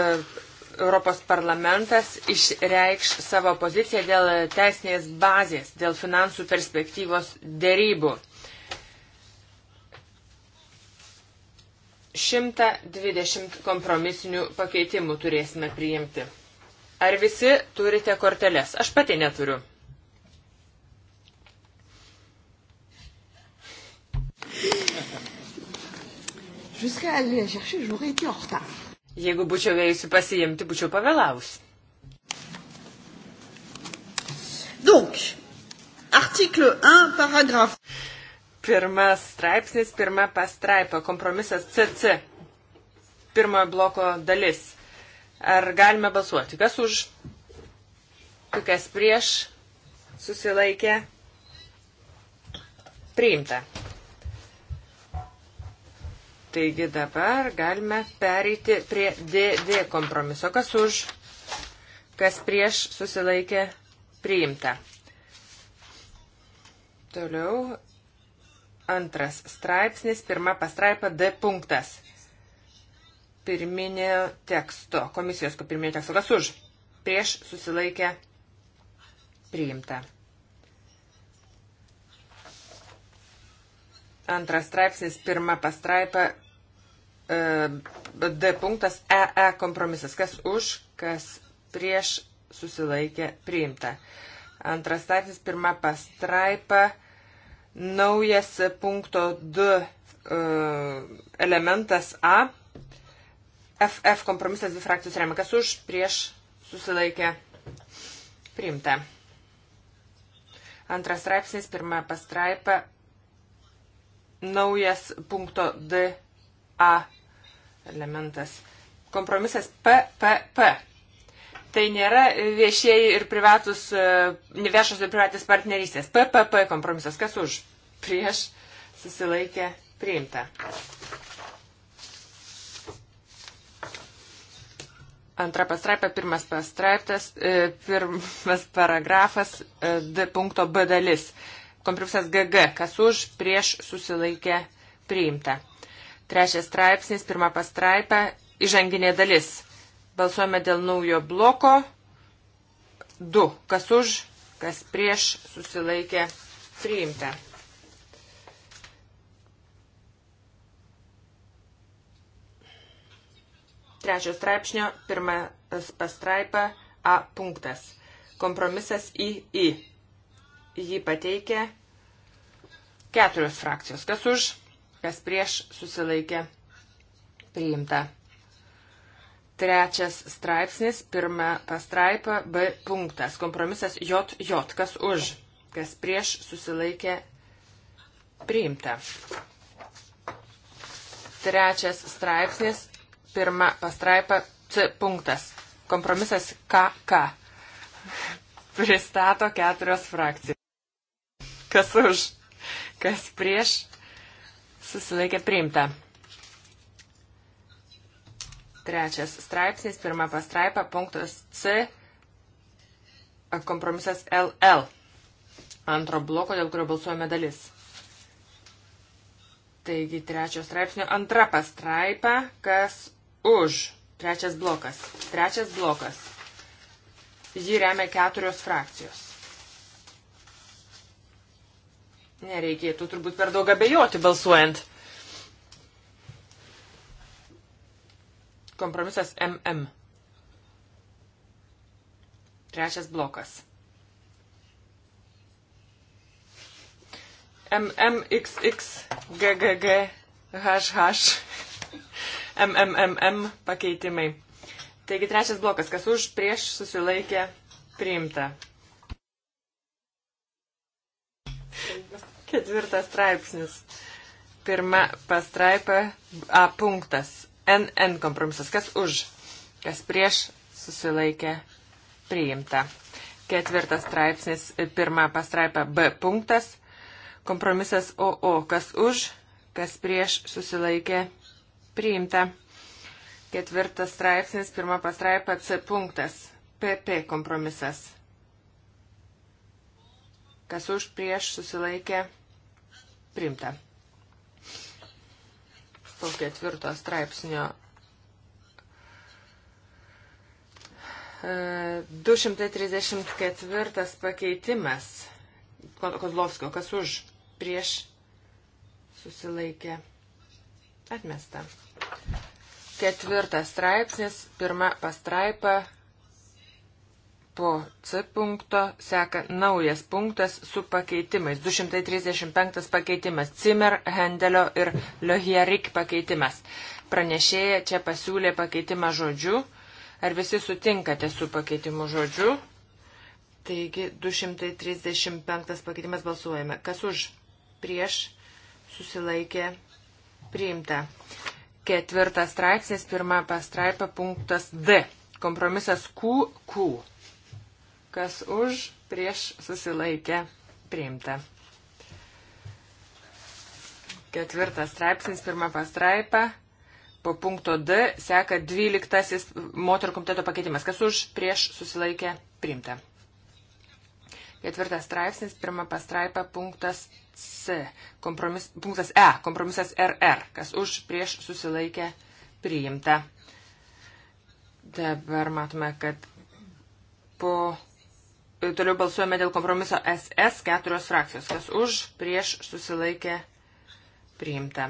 Europos parlamentas išreikš savo poziciją dėl teisinės bazės, dėl finansų perspektyvos dėrybų. 120 kompromisinių pakeitimų turėsime priimti. Ar visi turite korteles? Aš pati neturiu. Jeigu būčiau ėjusi pasiimti, būčiau pavėlavusi. Donc, article 1, paragraf. Pirmas straipsnis, pirma pastraipa, kompromisas CC. Pirmojo bloko dalis. Ar galime balsuoti? Kas už? Kas prieš? Susilaikė? Priimta. Taigi dabar galime pereiti prie DD kompromiso. Kas už, kas prieš susilaikė priimta. Toliau antras straipsnis, pirma pastraipa D punktas. Pirminio teksto, komisijos pirminio teksto, kas už, prieš susilaikė priimta. Antras straipsnis, pirma pastraipa, E, D punktas EE e kompromisas. Kas už, kas prieš susilaikė priimta. Antras straipsnis, pirma pastraipa, naujas punkto 2 e, elementas A. FF kompromisas dvi frakcijos remia. Kas už, prieš susilaikė priimta. Antras straipsnis, pirma pastraipa, naujas punkto D A elementas. Kompromisas PPP. Tai nėra viešieji ir privatus, e, viešos ir privatis partnerystės. PPP kompromisas. Kas už? Prieš susilaikė priimta. Antra pastraipa, pirmas pastraiptas, e, pirmas paragrafas, e, D punkto B dalis. Kompromisas GG, kas už, prieš susilaikė priimta. Trečias straipsnis, pirma pastraipa, įžanginė dalis. Balsuojame dėl naujo bloko. 2. Kas už, kas prieš susilaikė priimta. Trečio straipsnio, pirmas pastraipa, A punktas. Kompromisas į į. Jį pateikė keturios frakcijos. Kas už? kas prieš susilaikė priimta. Trečias straipsnis, pirma pastraipa, B punktas, kompromisas JJ, kas už, kas prieš susilaikė priimta. Trečias straipsnis, pirma pastraipa, C punktas, kompromisas KK, pristato keturios frakcijos. Kas už, kas prieš susilaikė priimta. Trečias straipsnis, pirma pastraipa, punktas C, kompromisas LL. Antro bloko, dėl kurio balsuojame dalis. Taigi, trečio straipsnio antra pastraipa, kas už. Trečias blokas. Trečias blokas. Jį remia keturios frakcijos. Nereikėtų turbūt per daug abejoti balsuojant. Kompromisas MM. Trečias blokas. MMXXGGGHH MMMM pakeitimai. Taigi trečias blokas, kas už prieš susilaikė priimta. Ketvirtas straipsnis. Pirma pastraipa A punktas. NN kompromisas. Kas už? Kas prieš susilaikė priimta. Ketvirtas straipsnis. Pirma pastraipa B punktas. Kompromisas OO. Kas už? Kas prieš susilaikė priimta. Ketvirtas straipsnis. Pirma pastraipa C punktas. PP kompromisas Kas už prieš susilaikė primta. Po ketvirto straipsnio 234 e, pakeitimas Kozlovskio, kas už prieš susilaikė atmesta. Ketvirtas straipsnis, pirma pastraipa, po C punkto seka naujas punktas su pakeitimais. 235 pakeitimas Cimer, Hendelio ir Lohierik pakeitimas. Pranešėja čia pasiūlė pakeitimą žodžiu. Ar visi sutinkate su pakeitimu žodžiu? Taigi 235 pakeitimas balsuojame. Kas už? Prieš susilaikė priimta. Ketvirtas straipsnis, pirma pastraipa, punktas D. Kompromisas Q, Q kas už, prieš susilaikę priimta. Ketvirtas straipsnis, pirma pastraipa. Po punkto D seka dvyliktasis moterų komiteto pakeitimas. Kas už, prieš susilaikę priimta. Ketvirtas straipsnis, pirma pastraipa, punktas C. Kompromis, punktas E. Kompromisas RR. Kas už, prieš susilaikę priimta. Dabar matome, kad po E, toliau balsuojame dėl kompromiso SS keturios frakcijos. Kas už, prieš, susilaikė, priimta.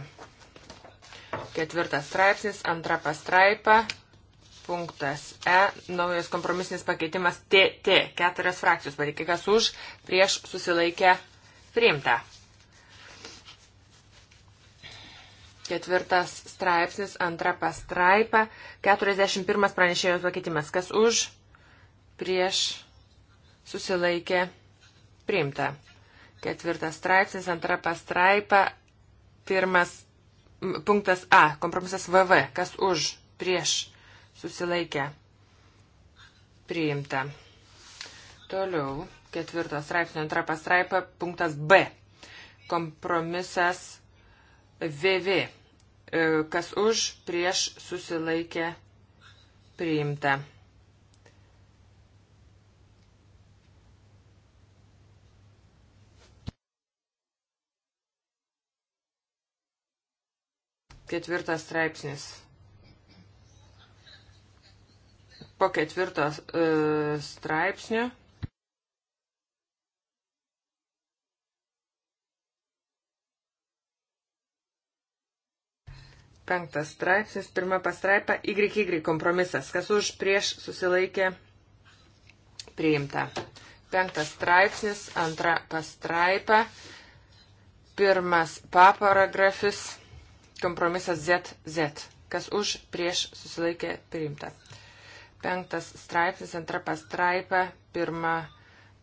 Ketvirtas straipsnis, antra pastraipa, punktas E, naujas kompromisinis pakeitimas TT, keturios frakcijos pateikė. Kas už, prieš, susilaikė, priimta. Ketvirtas straipsnis, antra pastraipa, 41 pranešėjos pakeitimas. Kas už, prieš, susilaikė priimta. Ketvirtas straipsnis, antra pastraipa, pirmas punktas A, kompromisas VV, kas už, prieš, susilaikė priimta. Toliau, ketvirtas straipsnio antra pastraipa, punktas B, kompromisas VV, e, kas už, prieš, susilaikė priimta. Ketvirtas straipsnis. Po ketvirtos e, straipsnio. Penktas straipsnis, pirma pastraipa, YY kompromisas. Kas už prieš susilaikė priimta. Penktas straipsnis, antra pastraipa, pirmas paparagrafis. Kompromisas ZZ. Kas už prieš susilaikė priimta. Penktas straipsnis, antra pastraipa, pirma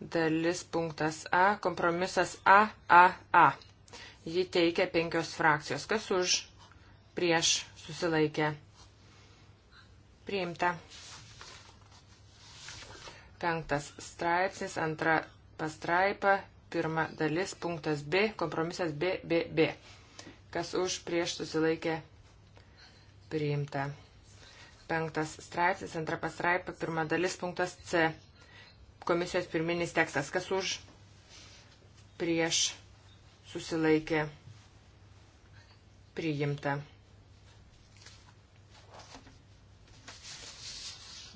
dalis punktas A. Kompromisas AAA. Ji teikia penkios frakcijos. Kas už prieš susilaikė priimta. Penktas straipsnis, antra pastraipa, pirma dalis, punktas B, kompromisas BBB. B, B kas už prieš susilaikė priimta. Penktas straipsnis, antra pasraipa, pirma dalis, punktas C. Komisijos pirminis tekstas, kas už prieš susilaikė priimta.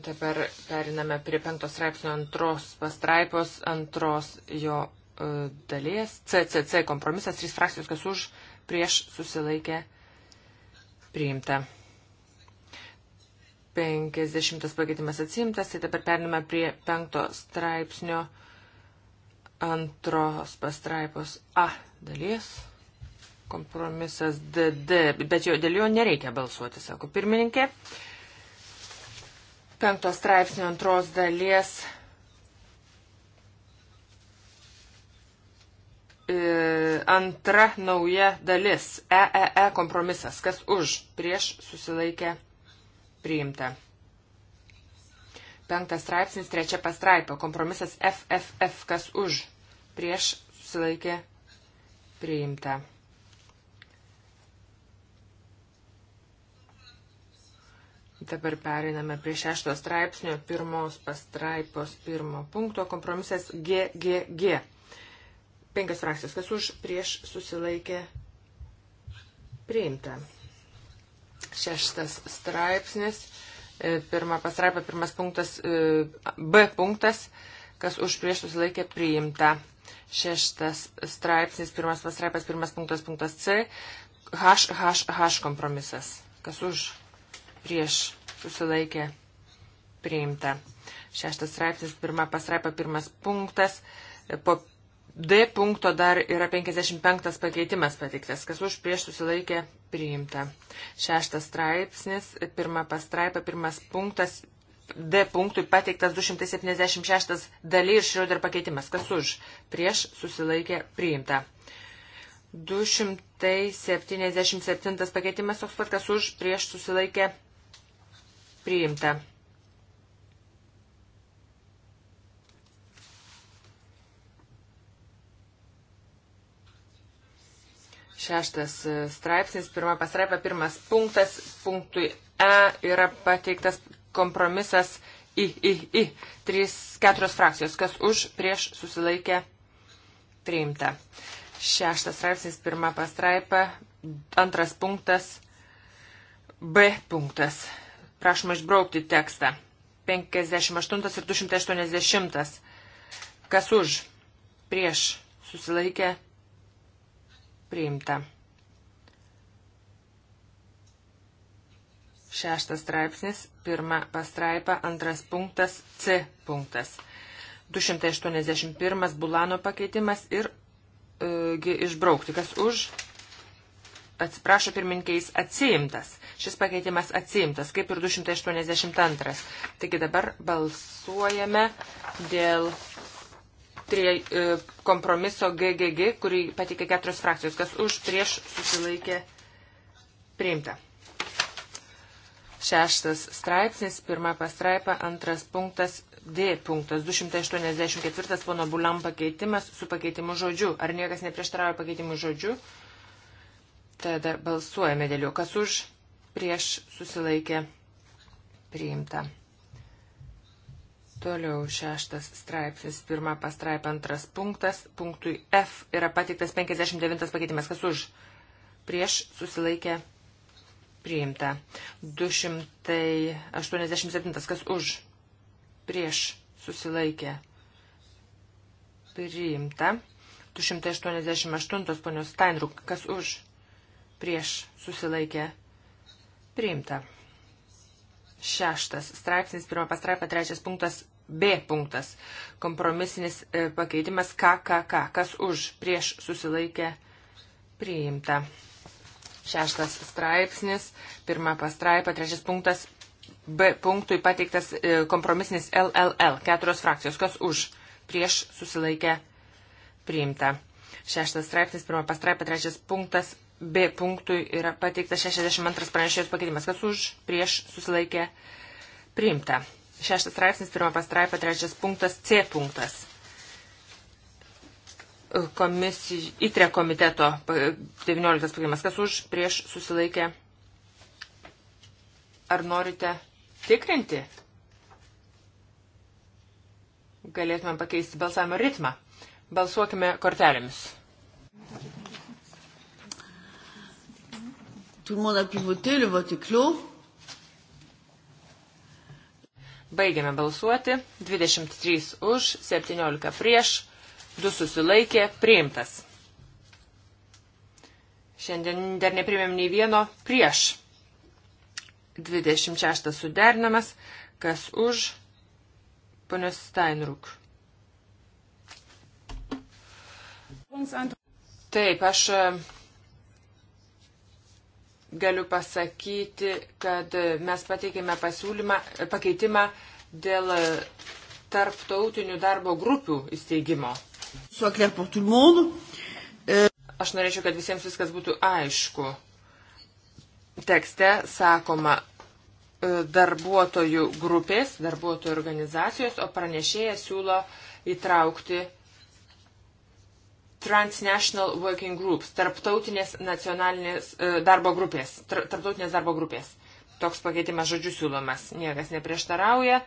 Dabar periname prie penktos straipsnio antros pastraipos, antros jo e, dalies. CCC kompromisas, trys frakcijos, kas už, prieš susilaikė priimta. 50 pakeitimas atsimtas, tai dabar periname prie 5 straipsnio antros pastraipos A dalies. Kompromisas DD, bet jo, dėl jo nereikia balsuoti, sako pirmininkė. Penkto straipsnio antros dalies E, antra nauja dalis e – EEE kompromisas, kas už, prieš susilaikę priimta. Penktas straipsnis, trečia pastraipa, kompromisas FFF, kas už, prieš susilaikę priimta. Dabar periname prie šešto straipsnio, pirmos pastraipos, pirmo punkto, kompromisas GGG Penkias frakcijas, kas už prieš susilaikė priimta. Šeštas straipsnis, e, pirma pastraipa, pirmas punktas, e, B punktas, kas už prieš susilaikė priimta. Šeštas straipsnis, pirmas pastraipas, pirmas punktas, punktas C, HHH kompromisas, kas už prieš susilaikė priimta. Šeštas straipsnis, pirma pastraipa, pirmas punktas, e, po D punkto dar yra 55 pakeitimas pateiktas, kas už prieš susilaikė priimta. Šeštas straipsnis, pirma pastraipa, pirmas punktas, D punktui pateiktas 276 daly ir šrioder pakeitimas, kas už prieš susilaikė priimta. 277 pakeitimas toks pat, kas už prieš susilaikė priimta. Šeštas e, straipsnis, pirma pasraipa, pirmas punktas, punktui E yra pateiktas kompromisas I, I, I. Trys, keturios frakcijos, kas už, prieš, susilaikė, priimta. Šeštas straipsnis, pirma pastraipa, antras punktas, B punktas. Prašoma išbraukti tekstą. 58 ir 280. Kas už, prieš, susilaikė, priimta Priimta. Šeštas straipsnis, pirma pastraipa, antras punktas, C punktas. 281 Bulano pakeitimas ir e, išbraukti. Kas už? Atsiprašo pirminkiais atsiimtas. Šis pakeitimas atsiimtas, kaip ir 282. Taigi dabar balsuojame dėl prie e, kompromiso GGG, kurį patikė keturios frakcijos, kas už prieš susilaikė priimta. Šeštas straipsnis, pirma pastraipa, antras punktas, D punktas, 284 pono Bulam pakeitimas su pakeitimu žodžiu. Ar niekas neprieštarauja pakeitimu žodžiu? Tada balsuojame dėl jo, kas už prieš susilaikė priimta. Toliau šeštas straipsnis, pirma pastraipa antras punktas, punktui F yra pateiktas 59 pakeitimas, kas už prieš susilaikė priimta. 287, kas už prieš susilaikė priimta. 288, ponios Steinruk, kas už prieš susilaikė priimta šeštas straipsnis, pirmą pastraipą, trečias punktas, B punktas. Kompromisinis e, pakeitimas KKK. Kas už prieš susilaikę priimta. Šeštas straipsnis, pirmą pastraipą, trečias punktas, B punktui pateiktas e, kompromisinis LLL. Keturios frakcijos. Kas už prieš susilaikę priimta. Šeštas straipsnis, pirmą pastraipą, trečias punktas, B punktui yra pateiktas 62 pranešėjos pakeitimas, kas už, prieš, susilaikė, priimta. Šeštas straipsnis, pirmą pastraipą, trečias punktas, C punktas. Komisij, įtre komiteto 19 pakeitimas, kas už, prieš, susilaikė. Ar norite tikrinti? Galėtume pakeisti balsavimo ritmą. Balsuokime kortelėmis. Tout le monde a pu voter, le vote est clos. Baigiame balsuoti. 23 už, 17 prieš, 2 susilaikė, priimtas. Šiandien dar neprimėm nei vieno prieš. 26 suderinamas, kas už ponios Steinruk. Taip, aš galiu pasakyti, kad mes pateikėme pasiūlymą, pakeitimą dėl tarptautinių darbo grupių įsteigimo. Euh, Aš norėčiau, kad visiems viskas būtų aišku. Tekste sakoma e, darbuotojų grupės, darbuotojų organizacijos, o pranešėjas siūlo įtraukti Transnational Working Groups, tarptautinės nacionalinės e, darbo grupės, tarptautinės darbo grupės. Toks pakeitimas žodžių siūlomas. Niekas neprieštarauja.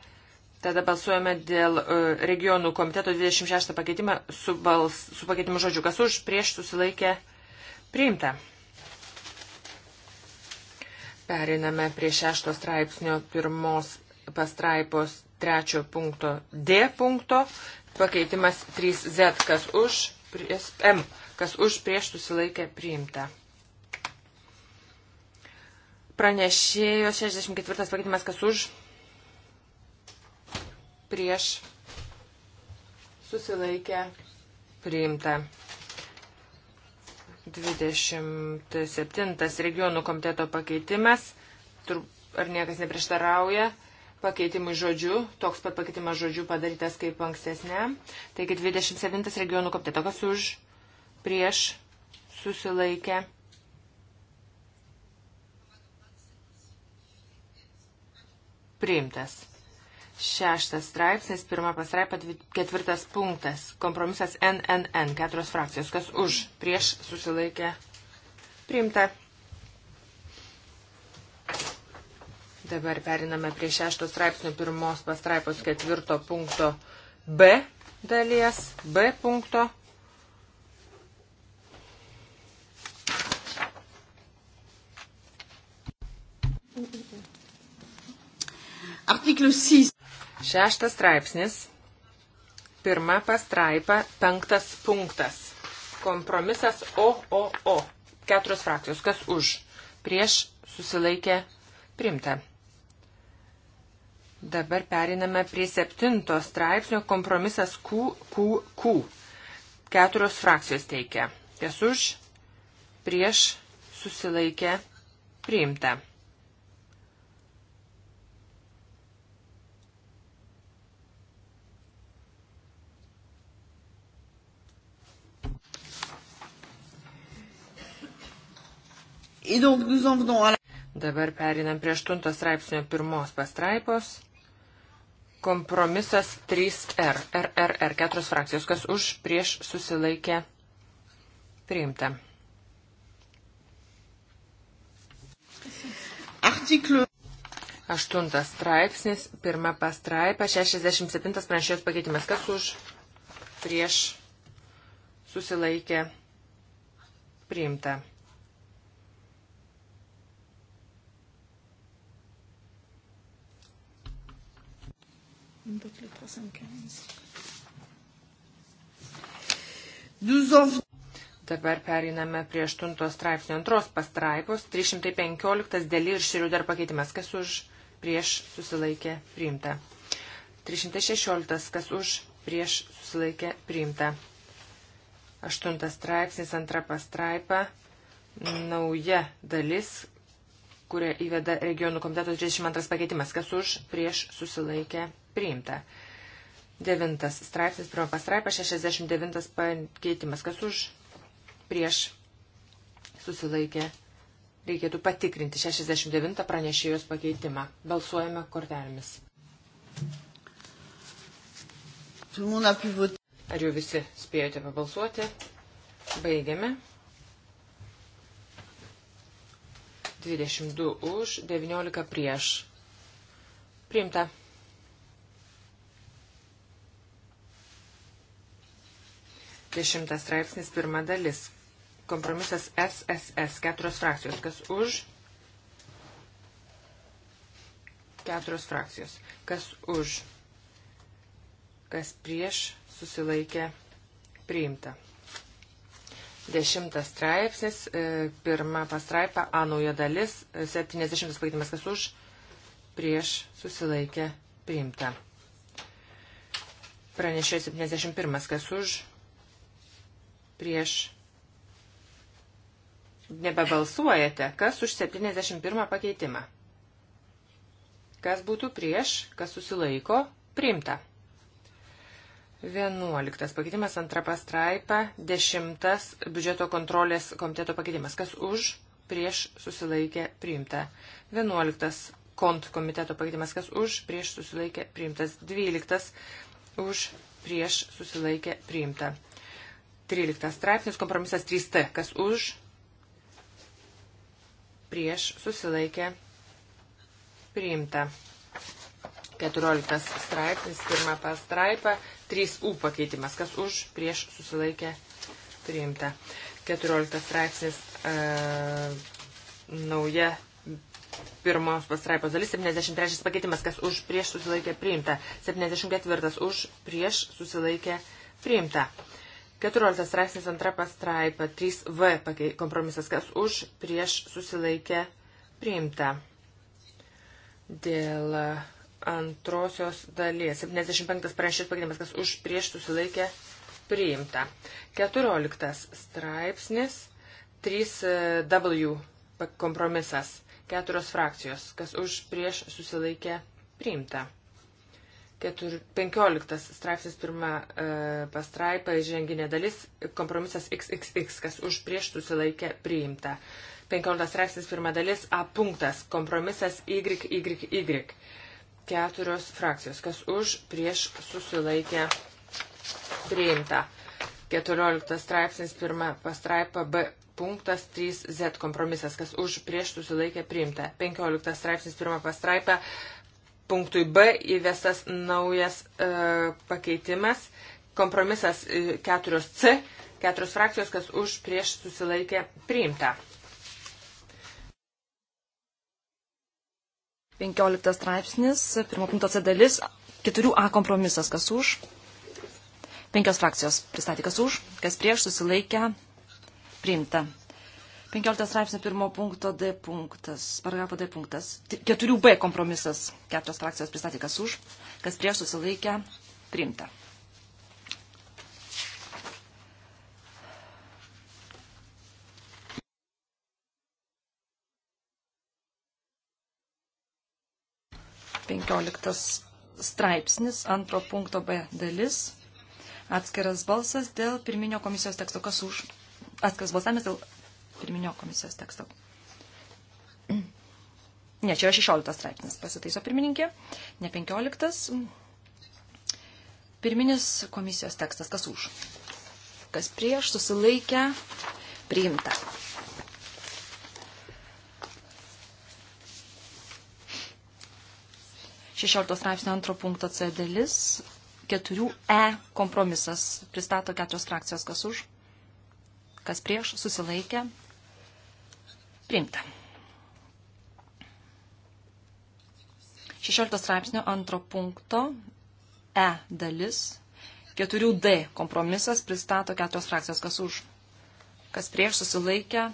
Tada balsuojame dėl e, regionų komiteto 26 pakeitimą su, bals, su pakeitimu žodžiu. Kas už, prieš susilaikė priimta. Periname prie šešto straipsnio pirmos pastraipos trečio punkto D punkto. Pakeitimas 3Z, kas už, prieš M, kas už prieš susilaikė priimta. Pranešėjo 64 pakeitimas, kas už prieš susilaikė priimta. 27 regionų komiteto pakeitimas. Ar niekas neprieštarauja? pakeitimui žodžiu, toks pat pakeitimas žodžiu padarytas kaip ankstesnė. Taigi 27 regionų komiteto, tai kas už, prieš, susilaikė. Priimtas. Šeštas straipsnis, pirma pasraipa, ketvirtas punktas. Kompromisas NNN, keturios frakcijos. Kas už, prieš, susilaikė. Priimta. Dabar periname prie šešto straipsnio pirmos pastraipos ketvirto punkto B dalies, B punkto. Artiklius 6. Šeštas straipsnis. Pirma pastraipa, penktas punktas. Kompromisas OOO. Keturios frakcijos. Kas už? Prieš susilaikė primta. Dabar periname prie septinto straipsnio kompromisas QQQ. Keturios frakcijos teikia. Kas už, prieš, susilaikė, priimta. Dabar perinam prie 8 straipsnio pirmos pastraipos. Kompromisas 3R, er. RRR, er, er, keturios frakcijos, kas už, prieš, susilaikė, priimta. Artiklių. Aštuntas straipsnis, pirma pastraipa, 67 pranešėjos pakeitimas. Kas už, prieš, susilaikė, priimta. 75. Dabar periname prie 8 straipsnio antros pastraipos. 315 dėlį ir širių dar pakeitimas. Kas už prieš susilaikė priimta. 316. Kas už prieš susilaikė priimta. 8 straipsnis antra pastraipa. Nauja dalis, kurią įveda regionų komiteto 32 pakeitimas. Kas už prieš susilaikė priimta. 9 straipsnis, pirmą pastraipą, 69 pakeitimas. Kas už prieš susilaikė? Reikėtų patikrinti 69 pranešėjos pakeitimą. Balsuojame kortelėmis. Ar jau visi spėjote pabalsuoti? Baigiame. 22 už, 19 prieš. Priimta. Dešimtas tai straipsnis, pirma dalis. Kompromisas SSS, keturios frakcijos. Kas už? Keturios frakcijos. Kas už? Kas prieš susilaikė priimta. Dešimtas straipsnis, e, pirma pastraipa, A nauja dalis, 70 e, pakeitimas, kas už, prieš susilaikė priimta. Pranešė 71, kas už, prieš. Nebebalsuojate, kas už 71 pakeitimą. Kas būtų prieš, kas susilaiko, priimta. 11 pakeitimas, antra pastraipa, 10 biudžeto kontrolės komiteto pakeitimas. Kas už, prieš, susilaikė, priimta. 11 kont komiteto pakeitimas, kas už, prieš, susilaikė, priimtas. 12 už, prieš, susilaikė, priimta. 13 straipsnis, kompromisas 3T. Kas už? Prieš susilaikė priimta. 14 straipsnis, pirmą pastraipą, 3U pakeitimas. Kas už? Prieš susilaikė priimta. 14 straipsnis, e, nauja pirmos pastraipos dalis, 73 pakeitimas. Kas už? Prieš susilaikė priimta. 74 už? Prieš susilaikė priimta. 14 straipsnis antra pastraipa 3V kompromisas, kas už prieš susilaikę priimta. Dėl uh, antrosios dalies 75 parašytas pagrindimas, kas už prieš susilaikę priimta. 14 straipsnis 3W uh, kompromisas, keturios frakcijos, kas už prieš susilaikę priimta. Ketur, 15 straipsnis pirma e, pastraipa įženginė dalis, kompromisas XXX, kas už prieš susilaikė priimta. 15 straipsnis pirma dalis A punktas, kompromisas YYY. Keturios frakcijos, kas už prieš susilaikė priimta. 14 straipsnis pirma pastraipa B punktas 3Z kompromisas, kas už prieš susilaikė priimta. 15 straipsnis pirma pastraipa B punktui B įvestas naujas e, pakeitimas, kompromisas 4C, e, keturios frakcijos, kas už prieš susilaikė priimta. 15 straipsnis, pirmo punkto C dalis, 4A kompromisas, kas už. Penkios frakcijos pristatė, kas už, kas prieš susilaikę priimta. 15 straipsnio pirmo punkto D punktas, paragrafo D punktas, 4B kompromisas, keturios frakcijos pristatė, kas už, kas prieš susilaikę, priimta. Penkioliktas straipsnis, antro punkto B dalis, atskiras balsas dėl pirminio komisijos teksto, kas už, atskiras balsavimas dėl pirminio komisijos teksto. Ne, čia yra 16 straipsnis, pasitaiso pirmininkė, ne 15. Pirminis komisijos tekstas, kas už? Kas prieš, susilaikę, priimta. Šešioltos straipsnio antro punkto C dalis, 4E kompromisas, pristato keturios frakcijos, kas už, kas prieš, susilaikę, Priimta. 16 straipsnio antro punkto E dalis 4D kompromisas pristato keturios frakcijos, kas už, kas prieš susilaikę,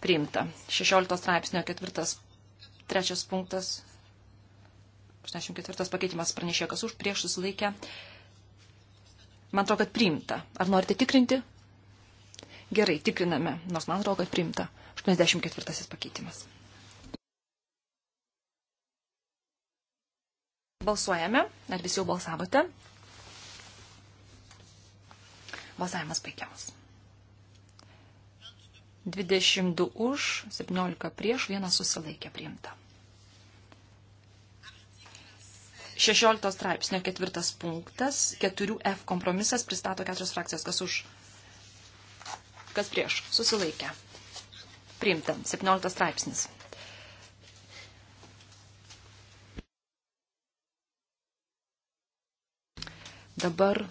priimta. 16 straipsnio 4, 3 punktas, 84 pakeitimas pranešė, kas už, prieš susilaikę. Man atrodo, kad priimta. Ar norite tikrinti? Gerai, tikriname, nors man atrodo, kad priimta. 84 pakeitimas. Balsuojame, ar visi jau balsavote. Balsavimas baigiamas. 22 už, 17 prieš, vienas susilaikė priimta. 16 straipsnio ketvirtas punktas, 4F kompromisas pristato keturios frakcijos, kas už Kas prieš? Susilaikę. Priimta. 17 straipsnis. Dabar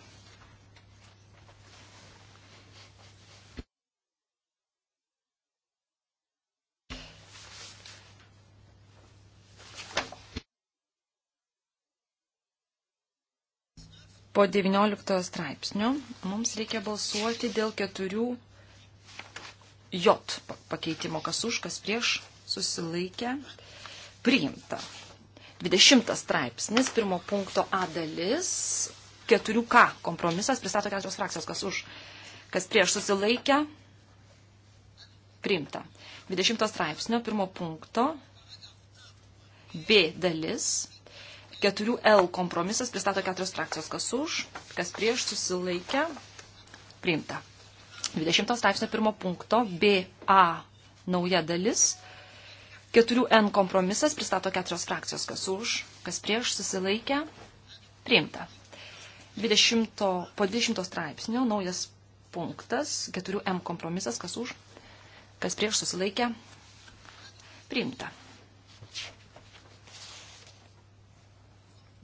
po 19 straipsnio mums reikia balsuoti dėl keturių J pakeitimo, kas už, kas prieš, susilaikė, priimta. 20 straipsnis, pirmo punkto A dalis, 4K kompromisas, pristato keturios frakcijos, kas už, kas prieš susilaikę, priimta. 20 straipsnio, pirmo punkto B dalis, 4L kompromisas, pristato keturios frakcijos, kas už, kas prieš susilaikę, priimta. 20 straipsnio pirmo punkto BA nauja dalis. 4N kompromisas pristato keturios frakcijos, kas už, kas prieš, susilaikę, priimta. 20, po 20 straipsnio naujas punktas, 4M kompromisas, kas už, kas prieš, susilaikę, priimta.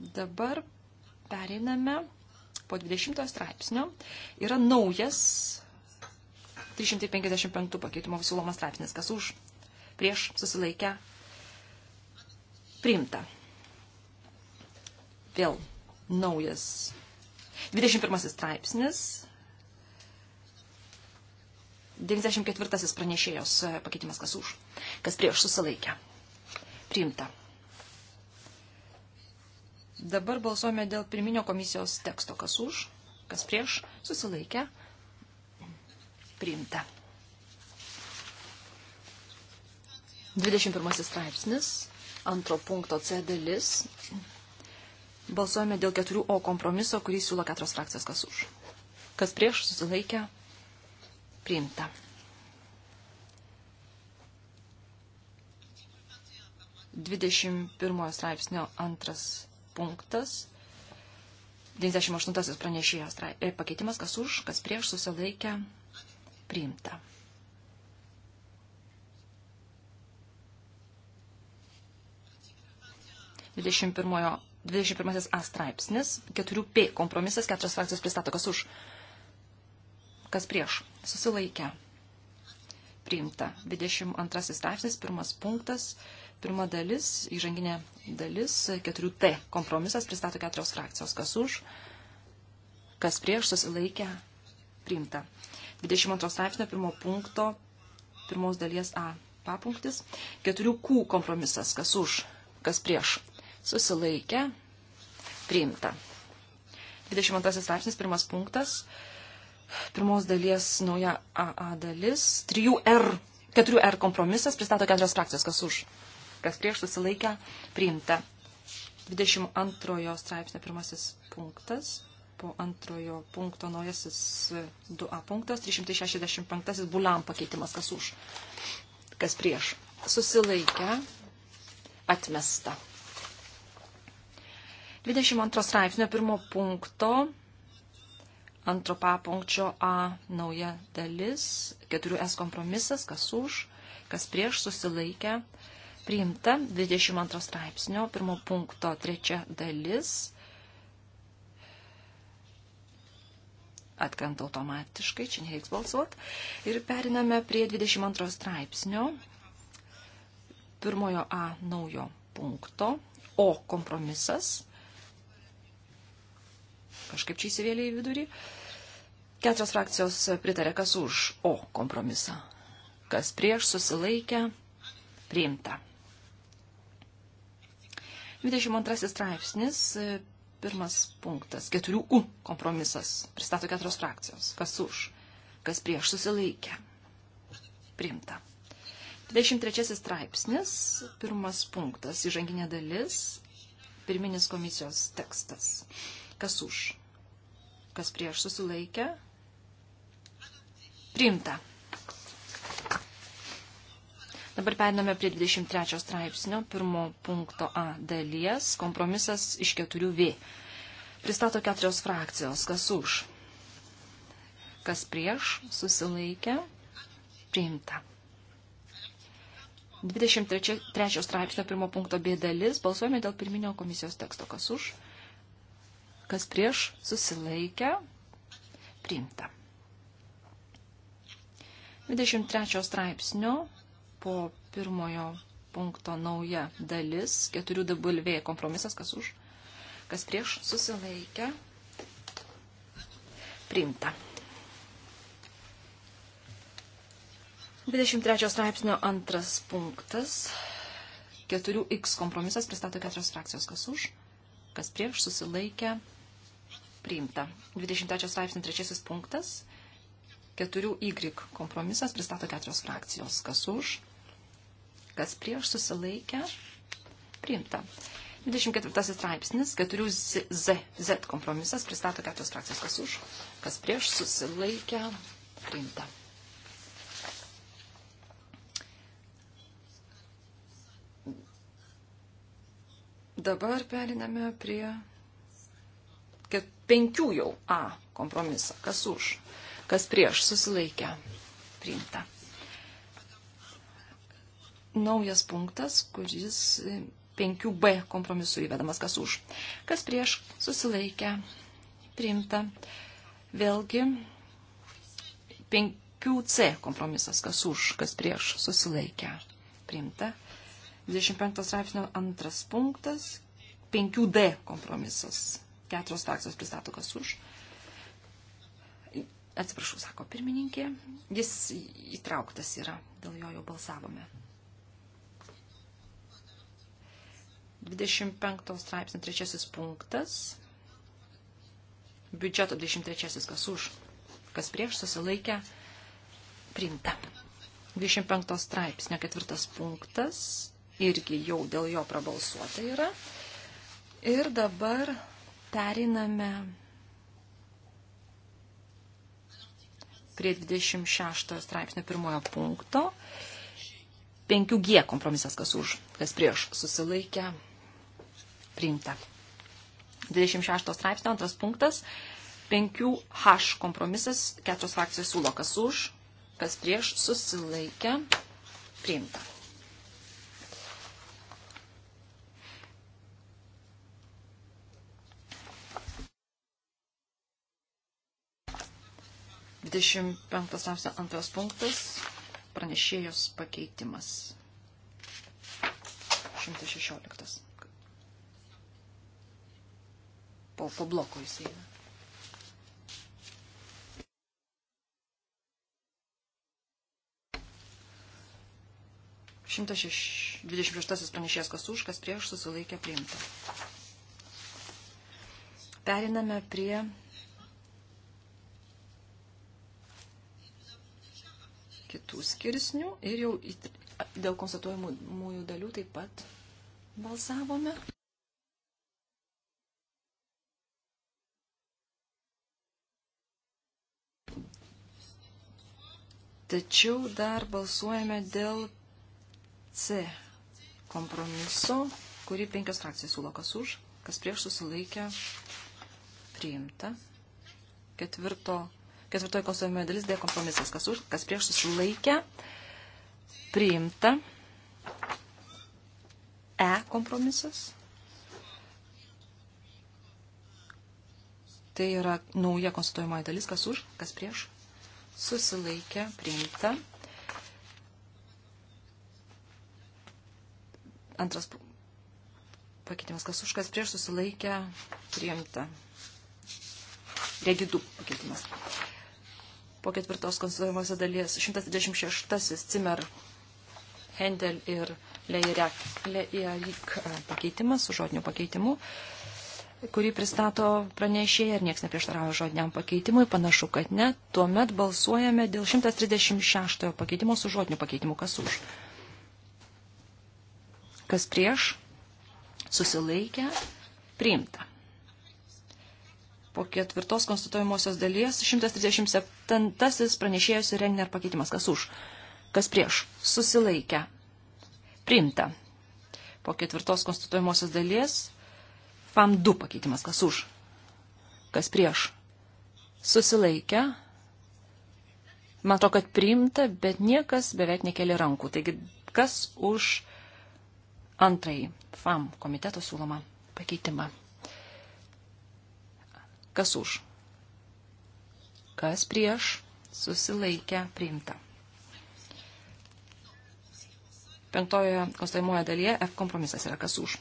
Dabar periname po 20 straipsnio. Yra naujas 355 pakeitimo siūlomas straipsnis. Kas už? Prieš susilaikę. Priimta. Vėl naujas. 21 straipsnis. 94 pranešėjos pakeitimas kas už. Kas prieš susilaikę. Priimta. Dabar balsuojame dėl pirminio komisijos teksto kas už, kas prieš susilaikę priimta. 21 straipsnis, antro punkto C dalis. Balsuojame dėl 4O kompromiso, kurį siūlo keturios frakcijos kas už. Kas prieš susilaikę, priimta. 21 straipsnio antras punktas. 98 pranešėjo straip, e, pakeitimas, kas už, kas prieš susilaikę, priimta priimta. Dvidešimt pirmasis A straipsnis, 4P kompromisas, keturios frakcijos pristato, kas už, kas prieš, susilaikę, priimta. 22 straipsnis, pirmas punktas, pirma dalis, įžanginė dalis, 4T kompromisas pristato keturios frakcijos, kas už, kas prieš, susilaikę, priimta. 22 straipsnio 1 punkto 1 dalies A papunktis. 4 Q kompromisas, kas už, kas prieš. Susilaikę, priimta. 22 straipsnis 1 punktas. Pirmos dalies nauja AA dalis. 3R, 4R kompromisas pristato keturios frakcijos, kas už, kas prieš susilaikę, priimta. 22 straipsnio pirmasis punktas po antrojo punkto naujasis 2A punktas, 365 buliam pakeitimas, kas už, kas prieš. Susilaikę, atmesta. 22 straipsnio pirmo punkto, antro papunkčio A nauja dalis, 4S kompromisas, kas už, kas prieš, susilaikę, priimta 22 straipsnio pirmo punkto trečia dalis atkrenta automatiškai, čia nereiks balsuot. Ir periname prie 22 straipsnio, pirmojo A naujo punkto, O kompromisas, kažkaip čia įsivėlė į vidurį. Keturios frakcijos pritarė, kas už O kompromisą, kas prieš susilaikę, priimta. 22 straipsnis, Pirmas punktas. 4U kompromisas. Pristato keturios frakcijos. Kas už? Kas prieš susilaikė? Priimta. 23 straipsnis. Pirmas punktas. Įžanginė dalis. Pirminis komisijos tekstas. Kas už? Kas prieš susilaikė? Priimta. Dabar periname prie 23 straipsnio, pirmo punkto A dalies, kompromisas iš keturių V. Pristato keturios frakcijos, kas už, kas prieš, susilaikė, priimta. 23 straipsnio pirmo punkto B dalis, balsuojame dėl pirminio komisijos teksto, kas už, kas prieš, susilaikė, priimta. 23 straipsnio po pirmojo punkto nauja dalis, 4W kompromisas, kas už, kas prieš susilaikę, priimta. 23 straipsnio antras punktas, 4X kompromisas pristato keturios frakcijos, kas už, kas prieš susilaikę, priimta. 23 straipsnio trečiasis punktas, 4Y kompromisas pristato keturios frakcijos, kas už, kas prieš susilaikę, priimta. 24 straipsnis, 4 Z, Z kompromisas, pristato keturios frakcijos, kas už, kas prieš susilaikę, priimta. Dabar periname prie penkių jau A kompromisą. Kas už, kas prieš susilaikę priimta naujas punktas, kuris 5B kompromisu įvedamas kas už. Kas prieš susilaikę priimta. Vėlgi 5C kompromisas kas už, kas prieš susilaikę priimta. 25 straipsnio antras punktas 5D kompromisas. Keturios frakcijos pristato kas už. Atsiprašau, sako pirmininkė. Jis įtrauktas yra, dėl jo jau balsavome. 25 straipsnio trečiasis punktas. Biudžeto 23 kas už, kas prieš susilaikę priimta. 25 straipsnio ketvirtas punktas. Irgi jau dėl jo prabalsuota yra. Ir dabar periname prie 26 straipsnio pirmojo punkto. 5G kompromisas, kas už, kas prieš, susilaikę priimta. 26 straipsnio antras punktas. 5H kompromisas, keturios frakcijos siūlo, kas už, kas prieš, susilaikę, priimta. Dvidešimt penktas antras punktas, pranešėjos pakeitimas. 116. po, po bloko jis eina. Šimtas dvidešimt šeštasis pranešės, kas už, kas prieš susilaikė priimta. Periname prie kitų skirsnių ir jau dėl konstatuojamųjų dalių taip pat balsavome. Tačiau dar balsuojame dėl C kompromiso, kurį penkios frakcijos siūlo kas už, kas prieš susilaikę priimta. Ketvirto, ketvirtoji konstituojame dalis D kompromisas, kas už, kas prieš susilaikę priimta. E kompromisas. Tai yra nauja konstituojamoji dalis, kas už, kas prieš susilaikė, priimta. Antras pakeitimas, kas už, kas prieš, susilaikė, priimta. Regidų pakeitimas. Po ketvirtos konstituojamosios dalies 126 Cimer, Hendel ir Leirek, Leirek pakeitimas su žodiniu pakeitimu kurį pristato pranešėja ir niekas neprieštaravo žodiniam pakeitimui, panašu, kad ne. Tuomet balsuojame dėl 136 pakeitimo su žodiniu pakeitimu, kas už. Kas prieš, susilaikė, priimta. Po ketvirtos konstatuojamosios dalies 137 pranešėjos ir Regner pakeitimas, kas už. Kas prieš, susilaikė, priimta. Po ketvirtos konstatuojamosios dalies Fam 2 pakeitimas, kas už, kas prieš. Susilaikę. Man atrodo, kad priimta, bet niekas beveik nekeli rankų. Taigi, kas už antrąjį FAM komiteto siūlomą pakeitimą? Kas už? Kas prieš? Susilaikę priimta. Penktojoje konstatuojamoje dalyje F kompromisas yra kas už.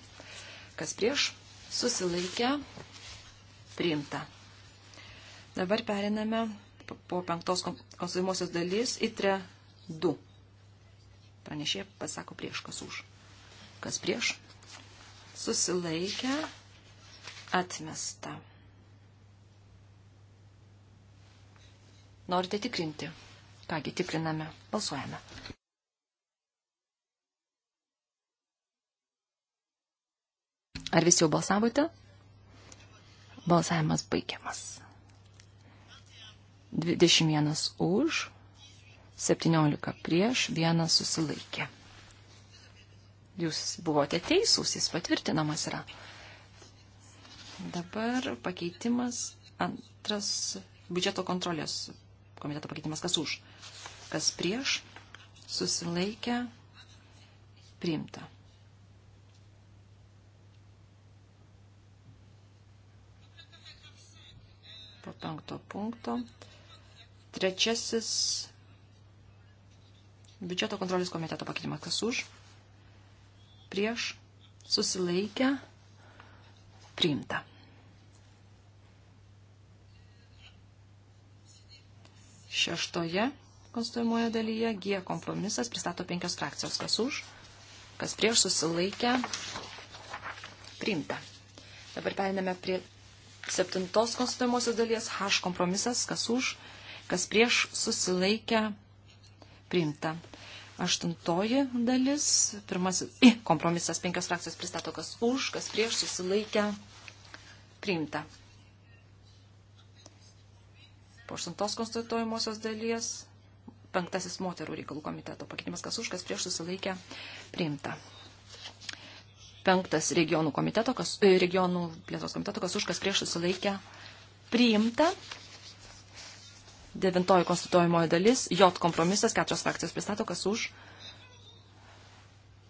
Kas prieš? susilaikę, priimta. Dabar periname po penktos konsulmuosios dalys į tre du. Pranešė pasako prieš, kas už. Kas prieš? Susilaikę, atmesta. Norite tikrinti? Kągi, tikriname, balsuojame. Ar visi jau balsavote? Balsavimas baigiamas. 21 už, 17 prieš, 1 susilaikė. Jūs buvote teisūs, jis patvirtinamas yra. Dabar pakeitimas antras biudžeto kontrolės komiteto pakeitimas. Kas už? Kas prieš? Susilaikę? Priimta. po penkto punkto. Trečiasis biudžeto kontrolės komiteto pakeitimas. Kas už? Prieš susilaikę priimta. Šeštoje konstituojamoje dalyje G kompromisas pristato penkios frakcijos. Kas už, kas prieš susilaikę, priimta. Dabar periname prie septintos konstituojamosios dalies H kompromisas, kas už, kas prieš susilaikę priimta. Aštuntoji dalis, pirmasis I kompromisas, penkios frakcijos pristato, kas už, kas prieš susilaikę priimta. Po aštuntos konstituojamosios dalies penktasis moterų reikalų komiteto pakeitimas, kas už, kas prieš susilaikę priimta penktas regionų, komiteto, kas, e, regionų plėtos komiteto, kas už, kas prieš susilaikę priimta. Devintoji konstituojamoji dalis, J kompromisas, keturios frakcijos pristato, kas už.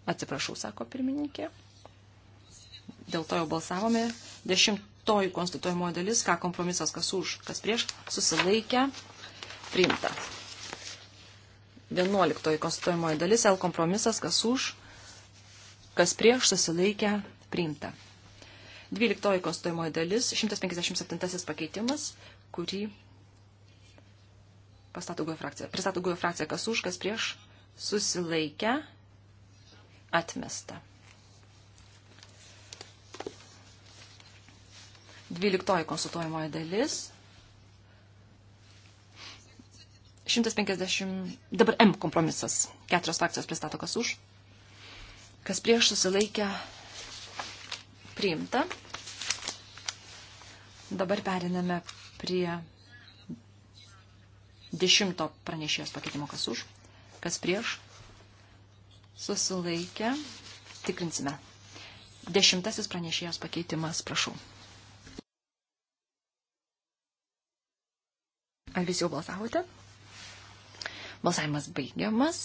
Atsiprašau, sako pirmininkė. Dėl to jau balsavome. Dešimtoji konstituojamoji dalis, ką kompromisas, kas už, kas prieš, susilaikę priimta. Vienuoliktoji konstituojamoji dalis, L kompromisas, kas už, kas prieš susilaikę priimta. 12 konstituojamoji dalis, 157 pakeitimas, kurį pastato guoja frakcija. Pristato guoja frakcija, kas už, kas prieš susilaikę atmesta. 12 konsultuojamoji dalis. 150, dabar M kompromisas. Keturios frakcijos pristato kas už, kas prieš susilaikę priimta. Dabar periname prie dešimto pranešėjos pakeitimo, kas už, kas prieš susilaikę. Tikrinsime. Dešimtasis pranešėjos pakeitimas, prašau. Ar visi jau balsavote? Balsavimas baigiamas.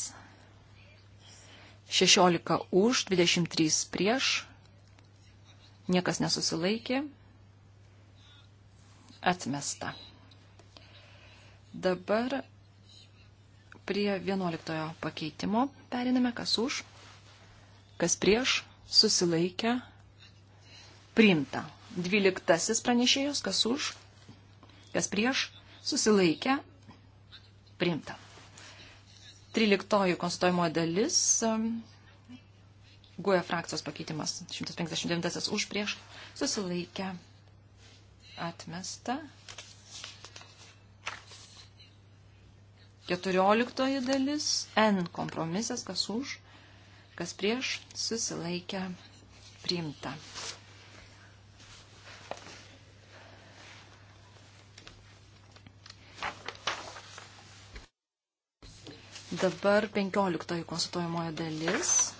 16 už, 23 prieš, niekas nesusilaikė, atmesta. Dabar prie 11 pakeitimo periname, kas už, kas prieš, susilaikę, priimta. 12 pranešėjos, kas už, kas prieš, susilaikę, priimta. 13 konstituojimo dalis, um, guoja e frakcijos pakeitimas, 159 už prieš, susilaikę, atmesta. 14 dalis, N kompromisas, kas už, kas prieš, susilaikę, priimta. Dabar 15 konstatuojamojo dalis.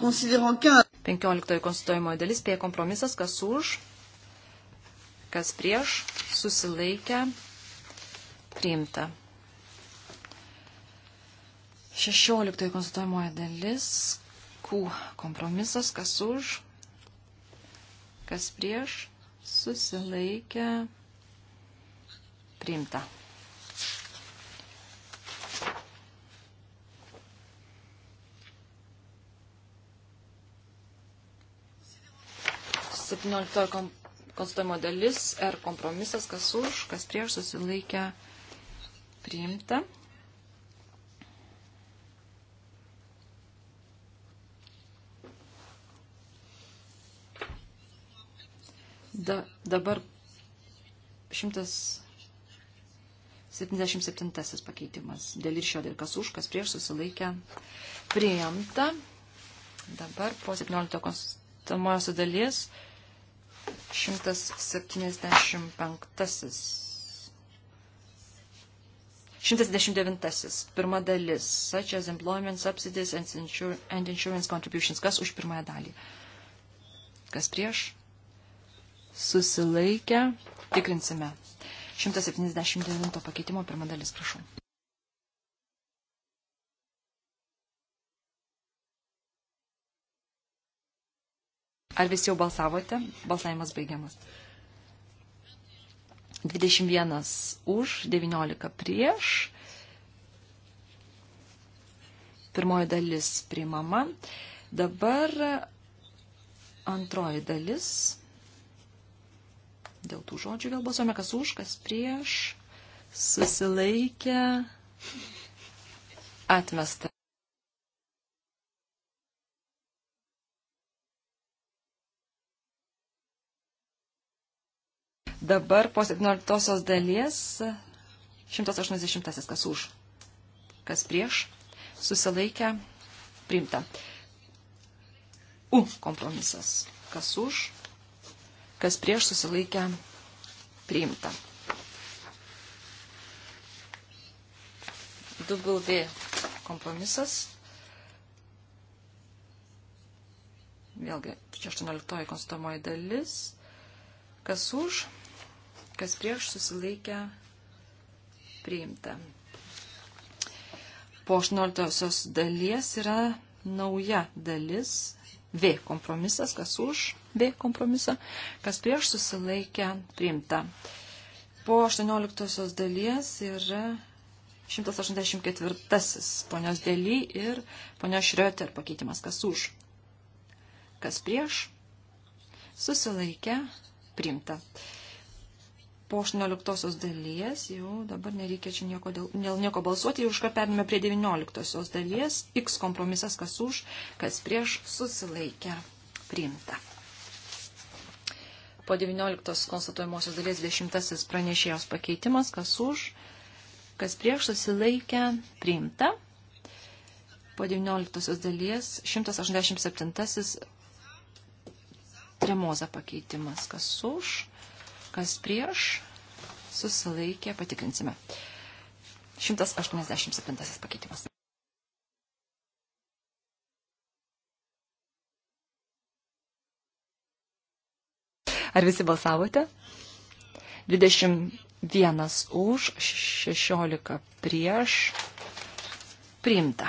Considérant 15 konstituojamojo dalis pėja kompromisas, kas už, kas prieš, susilaikę, priimta. 16 konstatuojamoji dalis, Q kompromisas, kas už, kas prieš, susilaikę, priimta. Septynioliktoji kompromisas konstatuojimo dalis, R kompromisas, kas už, kas prieš susilaikę priimta. Da, dabar 177 pakeitimas. Dėl ir šio, dėl kas už, kas prieš susilaikę priimta. Dabar po 17 konstatamojos dalies 175. 119. Pirma dalis. Such as employment subsidies and insurance contributions. Kas už pirmąją dalį? Kas prieš? susilaikę, tikrinsime. 179 pakeitimo pirma dalis, prašau. Ar visi jau balsavote? Balsavimas baigiamas. 21 už, 19 prieš. Pirmoji dalis priimama. Dabar antroji dalis dėl tų žodžių vėl balsuojame, kas už, kas prieš, susilaikę, atmesta. Dabar po 17 dalies 180 kas už, kas prieš, susilaikę, priimta. U kompromisas. Kas už, kas prieš susilaikę priimta. W kompromisas. Vėlgi, čia 18 konstatuojamoji dalis. Kas už, kas prieš susilaikę priimta. Po 18 dalies yra nauja dalis V kompromisas, kas už V kompromisą, kas prieš susilaikę priimta. Po 18 dalies yra 184 ponios dėly ir ponios Šrioter pakeitimas, kas už. Kas prieš susilaikę priimta po 18 dalies, jau dabar nereikia čia nieko, dėl, dėl nieko balsuoti, jau iškart perėmėme prie 19 dalies, X kompromisas, kas už, kas prieš, susilaikę, priimta. Po 19 konstatuojamosios dalies 10 pranešėjos pakeitimas, kas už, kas prieš, susilaikę, priimta. Po 19 dalies 187 tremoza pakeitimas, kas už, kas prieš, susilaikė, patikrinsime. 187 pakeitimas. Ar visi balsavote? 21 už, 16 prieš. Priimta.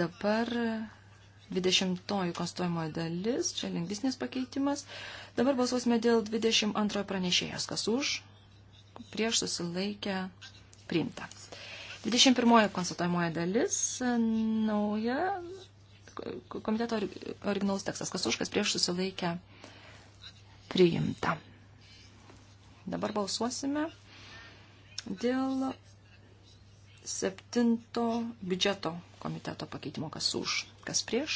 Dabar 20 konstituojamoji dalis, čia lingvisnis pakeitimas. Dabar balsuosime dėl 22 pranešėjos, kas už, prieš susilaikę priimta. 21 konstituojamoji dalis, nauja komiteto originalus tekstas, kas už, kas prieš susilaikę priimta. Dabar balsuosime dėl septinto biudžeto komiteto pakeitimo, kas už kas prieš,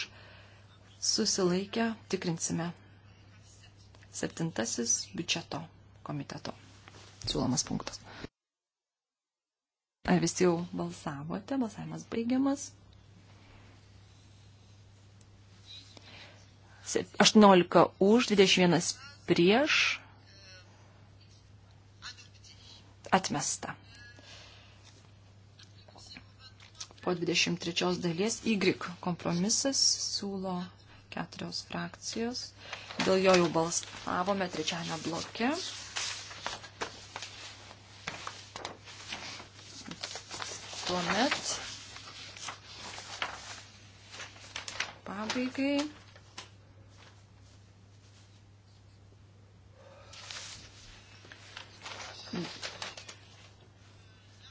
susilaikę tikrinsime. Septintasis biudžeto komiteto siūlomas punktas. Ar visi jau balsavote? Balsavimas baigiamas. 18 už, 21 prieš. Atmesta. po 23 dalies Y kompromisas siūlo keturios frakcijos. Dėl jo jau balsavome trečiajame bloke. Tuomet pabaigai.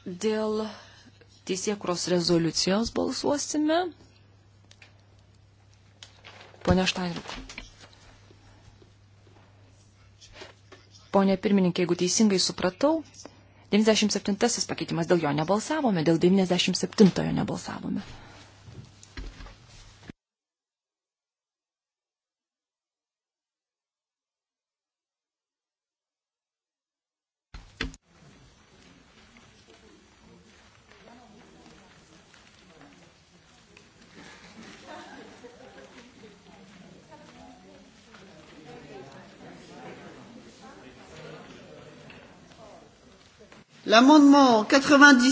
Dėl teisėkros rezoliucijos balsuosime. Pone Štainruk. Pone pirmininkė, jeigu teisingai supratau, 97 pakeitimas dėl jo nebalsavome, dėl 97 nebalsavome. L'amendement 90.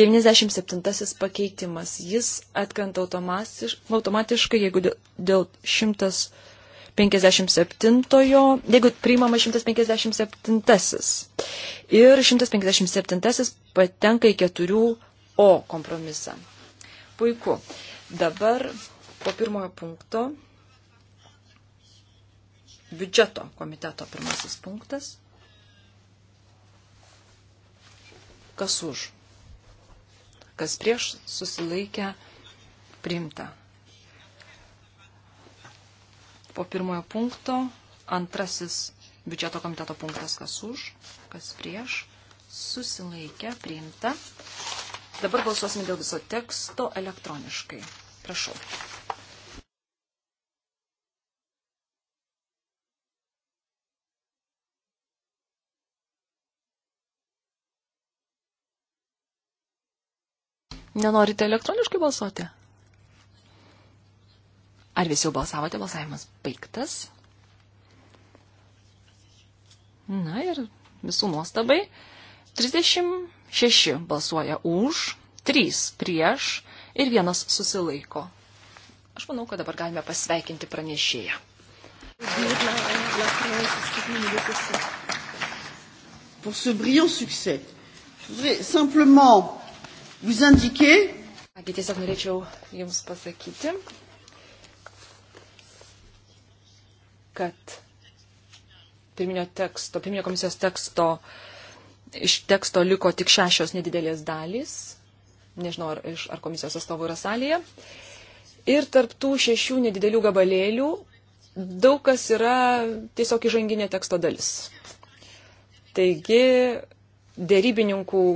97 pakeitimas. Jis atkrenta automatiš, automatiškai, jeigu dėl 157-ojo, jeigu priimama 157-asis. Ir 157-asis patenka į 4O kompromisą. Puiku. Dabar po pirmojo punkto biudžeto komiteto pirmasis punktas. Kas už? Kas prieš susilaikę priimta. Po pirmojo punkto antrasis biudžeto komiteto punktas kas už, kas prieš, susilaikę, priimta. Dabar balsuosime dėl viso teksto elektroniškai. Prašau. Nenorite elektroniškai balsuoti? Ar visi jau balsavote? Balsavimas baigtas. Na ir visų nuostabai. 36 balsuoja už, 3 prieš ir vienas susilaiko. Aš manau, kad dabar galime pasveikinti pranešėją. Pour ce brillant succès, je voudrais simplement vous indiquer. Kągi tiesiog norėčiau Jums pasakyti, kad pirminio teksto, pirminio komisijos teksto, iš teksto liko tik šešios nedidelės dalys. Nežinau, ar, ar komisijos atstovų yra salėje. Ir tarptų šešių nedidelių gabalėlių daug kas yra tiesiog įžanginė teksto dalis. Taigi, dėrybininkų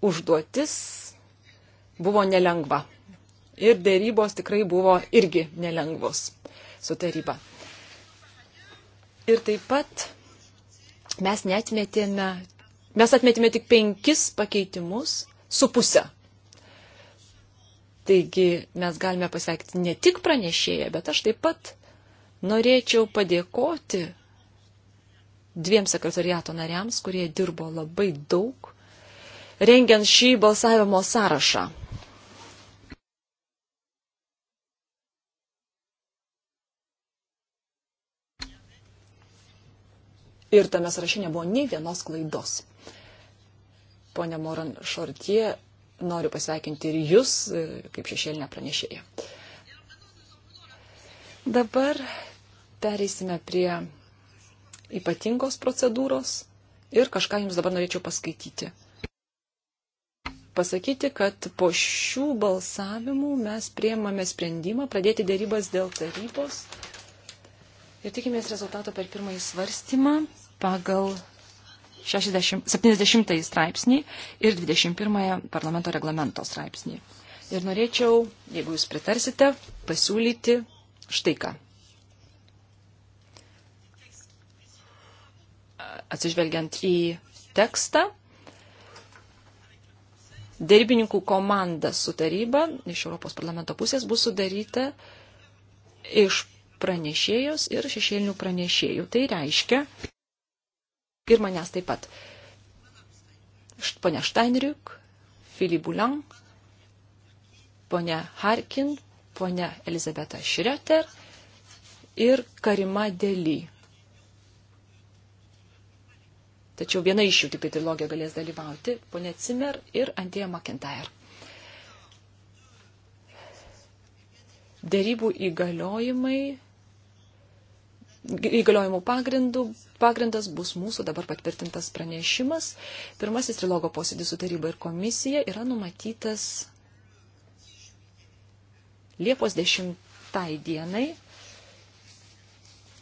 užduotis buvo nelengva. Ir dėrybos tikrai buvo irgi nelengvos su taryba. Ir taip pat mes netmetėme, mes atmetėme tik penkis pakeitimus su pusę. Taigi mes galime pasveikti ne tik pranešėją, bet aš taip pat norėčiau padėkoti dviem sekretariato nariams, kurie dirbo labai daug rengiant šį balsavimo sąrašą. Ir tame sąraše nebuvo nei vienos klaidos. Pone Moran Šortie, noriu pasveikinti ir jūs e, kaip šešėlinę pranešėją. Dabar pereisime prie ypatingos procedūros ir kažką jums dabar norėčiau paskaityti pasakyti, kad po šių balsavimų mes priemame sprendimą pradėti dėrybas dėl tarybos ir tikimės rezultato per pirmąjį svarstymą pagal 60, 70 straipsnį ir 21 parlamento reglamento straipsnį. Ir norėčiau, jeigu jūs pritarsite, pasiūlyti štai ką. Atsižvelgiant į tekstą, Dėrybininkų komanda su taryba iš Europos parlamento pusės bus sudaryta iš pranešėjos ir šešėlinių pranešėjų. Tai reiškia ir manęs taip pat. Pone Steinriuk, Filip Bulan, pone Harkin, pone Elizabeta Šreter ir Karima Dely. Tačiau viena iš jų tik tai trilogija galės dalyvauti, ponė Cimer ir Antėja McIntyre. Dėrybų įgaliojimai, įgaliojimų pagrindų, pagrindas bus mūsų dabar patvirtintas pranešimas. Pirmasis trilogo posėdis su taryba ir komisija yra numatytas Liepos 10 dienai,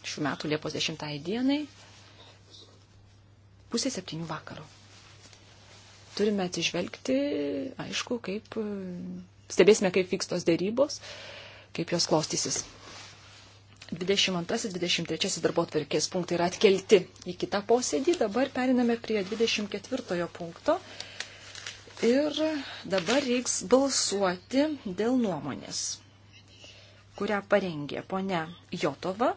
šių metų Liepos 10 dienai pusė septynių vakarų. Turime atsižvelgti, aišku, kaip e, stebėsime, kaip vyks tos dėrybos, kaip jos klostysis. 22-23 darbo atverkės punktai yra atkelti į kitą posėdį. Dabar periname prie 24 punkto. Ir dabar reiks balsuoti dėl nuomonės, kurią parengė ponia Jotova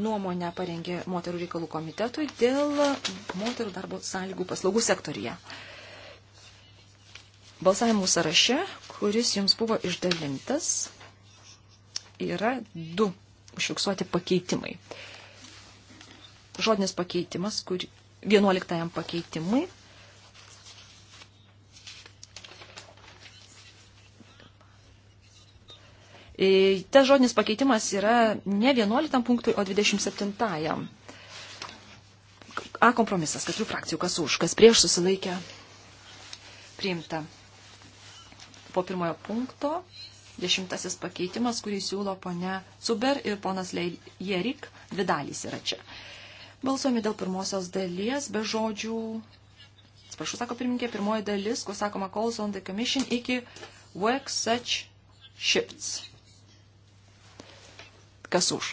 nuomonę parengė moterų reikalų komitetui dėl moterų darbo sąlygų paslaugų sektorija. Balsavimų sąraše, kuris jums buvo išdalintas, yra du užfiksuoti pakeitimai. Žodinis pakeitimas, kur 11 pakeitimui E, tas žodinis pakeitimas yra ne 11 punktui, o 27. -ajam. A kompromisas, keturių frakcijų, kas už, kas prieš susilaikė priimta. Po pirmojo punkto dešimtasis pakeitimas, kurį siūlo ponia Suber ir ponas Jerik, dvi dalys yra čia. Balsuojame dėl pirmosios dalies, be žodžių, atsiprašau, sako pirmininkė, pirmoji dalis, kur sakoma calls on the commission iki work such shifts. Kas už?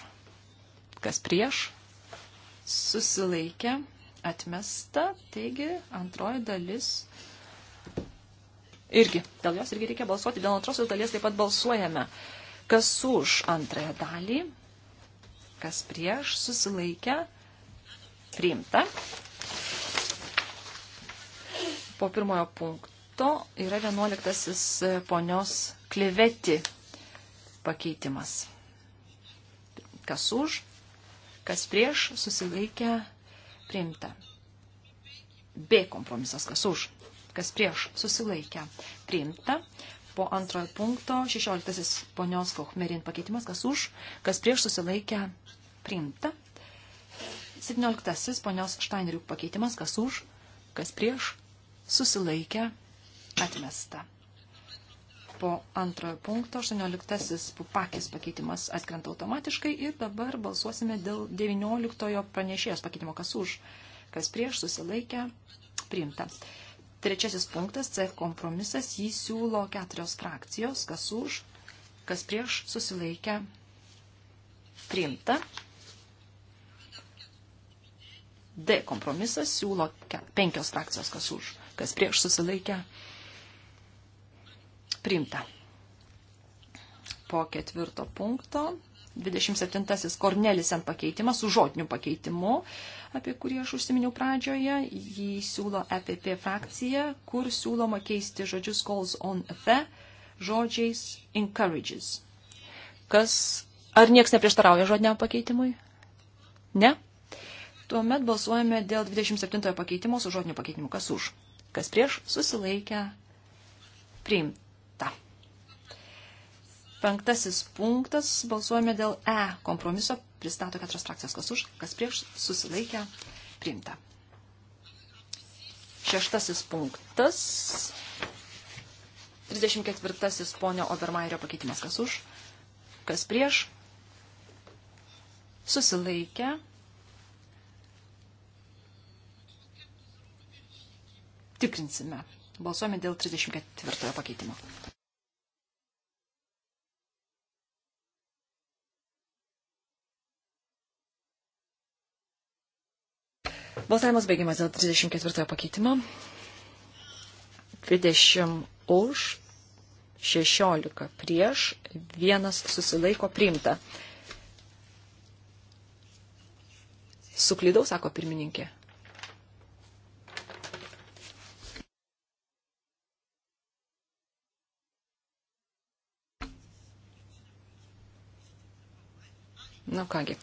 Kas prieš? Susilaikė, atmesta, taigi antroji dalis. Irgi, dėl jos irgi reikia balsuoti, dėl antrosios dalies taip pat balsuojame. Kas už antrąją dalį? Kas prieš? Susilaikė, priimta. Po pirmojo punkto to yra vienuoliktasis e, ponios kliveti pakeitimas. Kas už, kas prieš, susilaikė, priimta. B kompromisas, kas už, kas prieš, susilaikė, priimta. Po antrojo punkto, 16 ponios Kochmerin pakeitimas, kas už, kas prieš, susilaikė, priimta. 17 ponios Štainerių pakeitimas, kas už, kas prieš, susilaikė, atmesta po antrojo punkto 18 pupakis pakeitimas atkrenta automatiškai ir dabar balsuosime dėl 19 pranešėjos pakeitimo, kas už, kas prieš susilaikę, priimta. Trečiasis punktas C kompromisas, jį siūlo keturios frakcijos, kas už, kas prieš susilaikę, priimta. D kompromisas siūlo penkios frakcijos, kas už, kas prieš susilaikę, priimta Primta. Po ketvirto punkto 27-asis Kornelis ant pakeitimas su žodiniu pakeitimu, apie kurį aš užsiminiau pradžioje. Jį siūlo EPP frakcija, kur siūloma keisti žodžius calls on the žodžiais encourages. Kas, ar nieks neprieštarauja žodiniam pakeitimui? Ne? Tuomet balsuojame dėl 27 pakeitimo su žodiniu pakeitimu. Kas už? Kas prieš? Susilaikę. Priimti pritarta. Penktasis punktas. Balsuojame dėl E kompromiso. Pristato keturias frakcijas, kas už, kas prieš, susilaikę, priimta. Šeštasis punktas. 34. ponio Obermairio pakeitimas, kas už, kas prieš, susilaikę. Tikrinsime. Balsuojame dėl 34 pakeitimo. Balsavimas baigiamas dėl 34 pakeitimo. 20 už, 16 prieš, vienas susilaiko priimta. Suklydau, sako pirmininkė. Na nu kągi,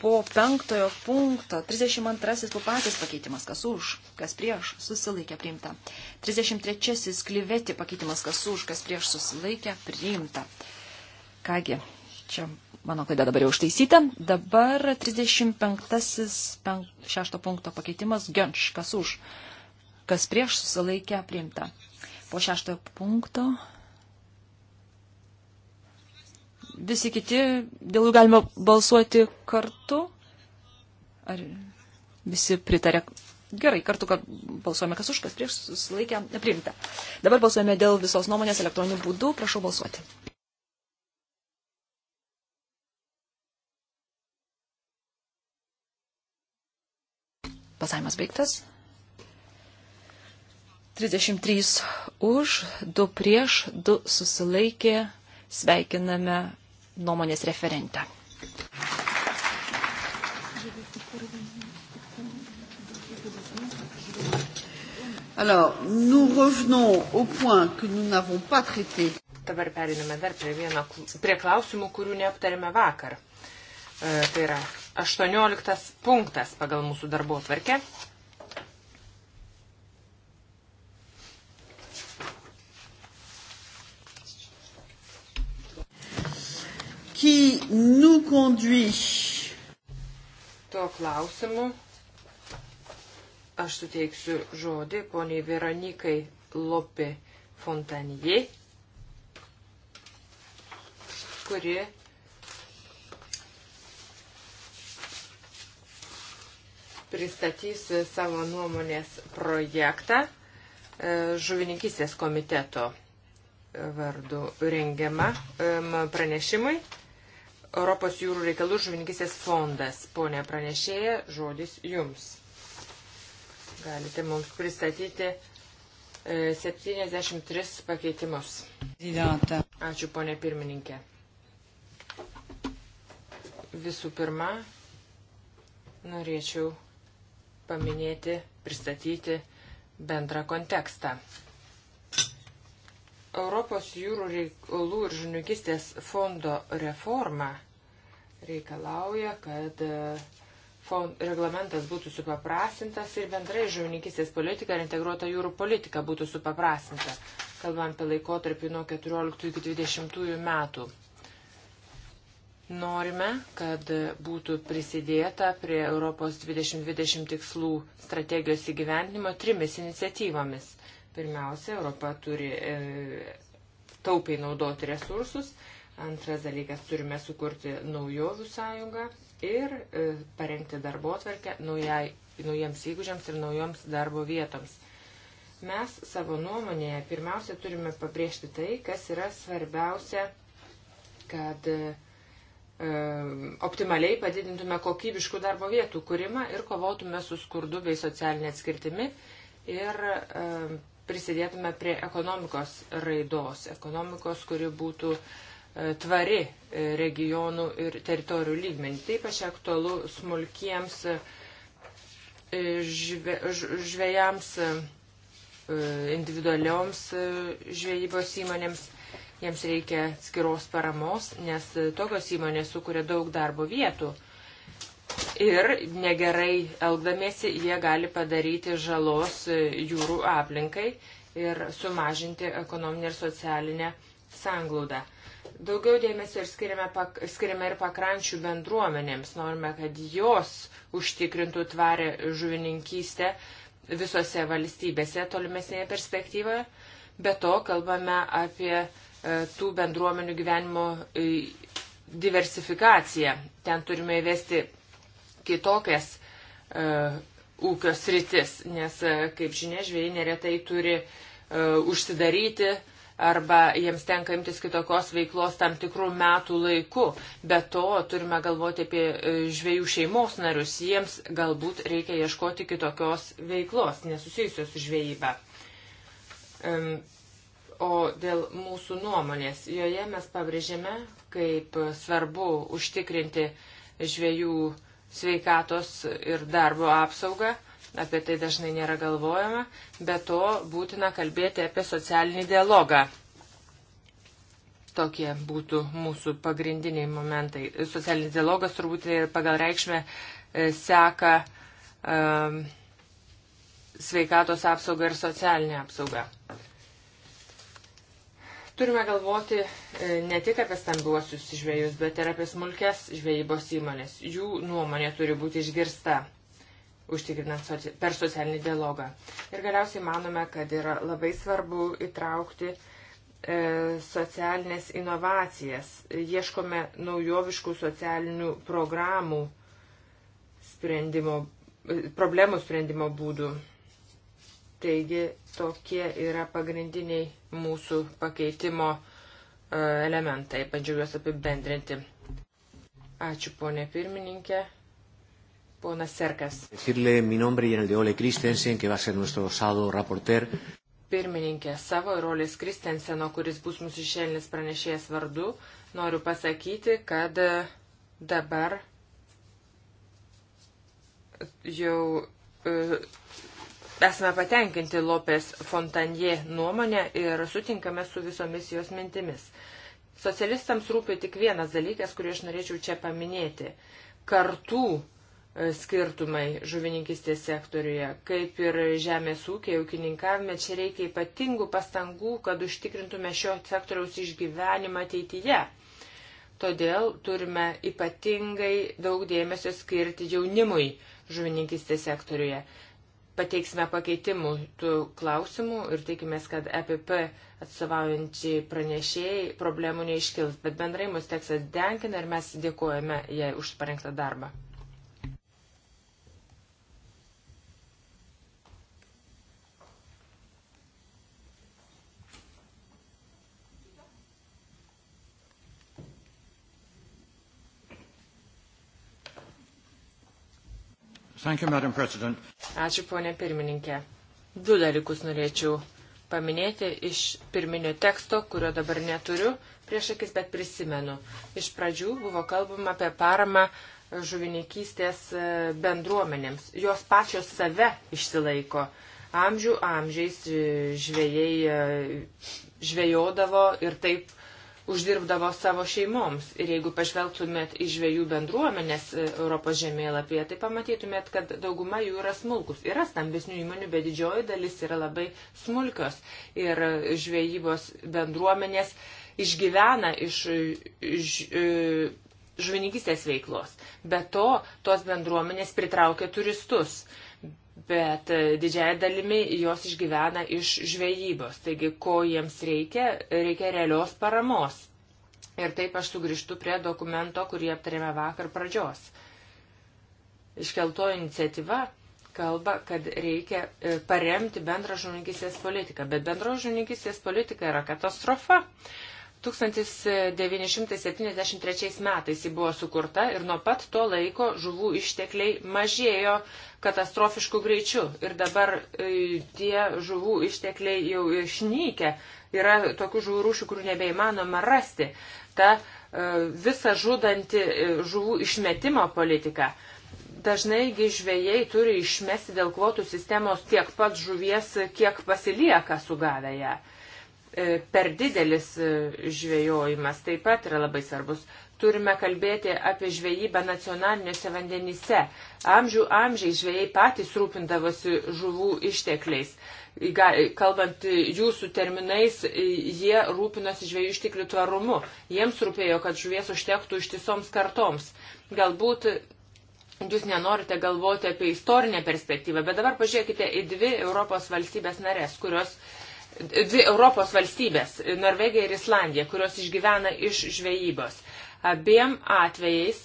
po penktojo punkto, 32 pupakis pakeitimas, kas už, kas prieš, susilaikė priimta. 33 klyveti pakeitimas, kas už, kas prieš, susilaikė priimta. Kągi, čia mano klaida dabar jau užtaisyta. Dabar 35 šešto punkto pakeitimas, genš, kas už, kas prieš, susilaikė priimta. Po šeštojo punkto visi kiti, dėl jų galima balsuoti kartu? Ar visi pritarė? Gerai, kartu, kad balsuojame kas už, kas prieš, susilaikę, neprimta. Dabar balsuojame dėl visos nuomonės elektroniniu būdu, prašau balsuoti. Pasavimas baigtas. 33 už, 2 prieš, 2 susilaikė. Sveikiname nuomonės referentę. Alors, nous revenons au point que nous n'avons pas traité. Dabar periname dar prie, vieno, prie klausimų, kurių neaptarėme vakar. E, tai yra 18 punktas pagal mūsų darbo tvarkę. qui nous conduit. Tuo klausimu aš suteiksiu žodį poniai Veronikai Lopė Fontanie, kuri pristatys savo nuomonės projektą e, žuvininkystės komiteto vardu rengiama e, pranešimui. Europos jūrų reikalų žuvininkistės fondas. Pone pranešėja, žodis jums. Galite mums pristatyti 73 e, pakeitimus. Ačiū, ponė pirmininkė. Visų pirma, norėčiau paminėti, pristatyti bendrą kontekstą. Europos jūrų reikalų ir žininkistės fondo reforma reikalauja, kad e, fond, reglamentas būtų supaprastintas ir bendrai žuvininkistės politika ir integruota jūrų politika būtų supaprastinta, kalbant apie laikotarpį nuo 14 iki 20 metų. Norime, kad būtų prisidėta prie Europos 2020 tikslų strategijos įgyvendinimo trimis iniciatyvomis. Pirmiausia, Europa turi e, taupiai naudoti resursus. Antras dalykas, turime sukurti naujovių sąjungą ir e, parengti darbo atverkę naujai, naujiems įgūdžiams ir naujoms darbo vietoms. Mes savo nuomonėje pirmiausia turime pabrėžti tai, kas yra svarbiausia, kad e, e optimaliai padidintume kokybiškų darbo vietų kūrimą ir kovotume su skurdu bei socialinė atskirtimi ir e, prisidėtume prie ekonomikos raidos, ekonomikos, kuri būtų e, tvari e, regionų ir teritorijų lygmenį. Taip aš aktualu smulkiems e, žve, žvėjams, individualioms žvejybos įmonėms. Jiems reikia skiros paramos, nes tokios įmonės sukuria daug darbo vietų ir negerai elgdamiesi jie gali padaryti žalos jūrų aplinkai ir sumažinti ekonominę ir socialinę sanglaudą. Daugiau dėmesio ir skiriame, pak, skiriame ir pakrančių bendruomenėms. Norime, kad jos užtikrintų tvarę žuvininkystę visose valstybėse tolimesnėje perspektyvoje. Be to, kalbame apie e, tų bendruomenių gyvenimo e, diversifikaciją. Ten turime įvesti kitokias uh, ūkio sritis, nes, uh, kaip žinia, žvėjai neretai turi uh, užsidaryti arba jiems tenka imtis kitokios veiklos tam tikrų metų laiku. Be to turime galvoti apie žvėjų šeimos narius, jiems galbūt reikia ieškoti kitokios veiklos, nesusijusios su žvėjyba. Um, o dėl mūsų nuomonės. Joje mes pabrėžėme, kaip svarbu užtikrinti žviejų sveikatos ir darbo apsaugą, apie tai dažnai nėra galvojama, bet to būtina kalbėti apie socialinį dialogą. Tokie būtų mūsų pagrindiniai momentai. Socialinis dialogas turbūt ir pagal reikšmę e, seka um, sveikatos apsaugą ir socialinę apsaugą. Turime galvoti e, ne tik apie stambiuosius žvėjus, bet ir apie smulkes žvėjybos įmonės. Jų nuomonė turi būti išgirsta, užtikrinant soci... per socialinį dialogą. Ir galiausiai manome, kad yra labai svarbu įtraukti e, socialinės inovacijas, ieškome naujoviškų socialinių programų sprendimo, e, problemų sprendimo būdų. Taigi tokie yra pagrindiniai mūsų pakeitimo e, elementai. Bandžiau juos apibendrinti. Ačiū, ponė pirmininkė. Ponas Serkas. Decirle mi nombre y el de Ole Christensen, que va a ser nuestro osado reporter. Pirmininkė savo ir Olės Kristenseno, kuris bus mūsų šelnis pranešėjas vardu, noriu pasakyti, kad e, dabar jau e, esame patenkinti Lopės Fontanje nuomonę ir sutinkame su visomis jos mintimis. Socialistams rūpi tik vienas dalykas, kurį aš norėčiau čia paminėti. Kartų e, skirtumai žuvininkistės sektoriuje, kaip ir žemės ūkiai, ūkininkavime, čia reikia ypatingų pastangų, kad užtikrintume šio sektoriaus išgyvenimą ateityje. Todėl turime ypatingai daug dėmesio skirti jaunimui žuvininkistės sektoriuje pateiksime pakeitimų tų klausimų ir tikimės, kad EPP atstovaujančiai pranešėjai problemų neiškils. Bet bendrai mus tekstas denkina ir mes dėkojame jai už parengtą darbą. Thank you, Madam President. Ačiū, ponė pirmininkė. Du dalykus norėčiau paminėti iš pirminio teksto, kurio dabar neturiu prieš akis, bet prisimenu. Iš pradžių buvo kalbama apie paramą žuvininkystės e, bendruomenėms. Jos pačios save išsilaiko. Amžių amžiais e, žvėjai e, žvėjodavo ir taip uh, uždirbdavo savo šeimoms. Ir jeigu pažvelgtumėt į žvėjų bendruomenės e, Europos žemėlapyje, tai pamatytumėt, kad dauguma jų yra smulkus. Yra stambesnių įmonių, bet didžioji dalis yra labai smulkios. Ir e, žvėjybos bendruomenės išgyvena iš. iš, e, iš žuvininkystės veiklos. Be to, tos bendruomenės pritraukia turistus. Uh, bet e, didžiai dalimi jos išgyvena iš žvejybos. Taigi, ko jiems reikia, reikia realios paramos. Ir taip aš sugrįžtu prie dokumento, kurį aptarėme vakar pradžios. Iškelto iniciatyva kalba, kad reikia e, paremti bendrą žuvininkystės politiką. Bet bendro žuvininkystės politika yra katastrofa. Uh, 1973 metais ji buvo sukurta ir nuo pat to laiko žuvų ištekliai mažėjo katastrofišku greičiu. Ir dabar e, tie žuvų ištekliai jau išnykę. Yra tokių žuvų rūšių, kurių nebeįmanoma rasti. Ta e, visa žudanti e, žuvų išmetimo politika. Dažnaigi žvėjai turi išmesti dėl kvotų sistemos tiek pat žuvies, kiek pasilieka sugavę ją. E, per didelis e, žvėjojimas taip pat yra labai svarbus. Turime kalbėti apie žvėjybą nacionaliniuose vandenyse. Amžių amžiai žvėjai patys rūpindavosi žuvų ištekliais. Kalbant jūsų terminais, jie rūpinosi žvėjų išteklių tvarumu. Jiems rūpėjo, kad žuvies užtektų ištisoms kartoms. Galbūt jūs nenorite galvoti apie istorinę perspektyvą, bet dabar pažiūrėkite į dvi Europos valstybės narės, kurios uh, dvi Europos valstybės - Norvegija ir Islandija, kurios išgyvena iš žvejybos. Abiem atvejais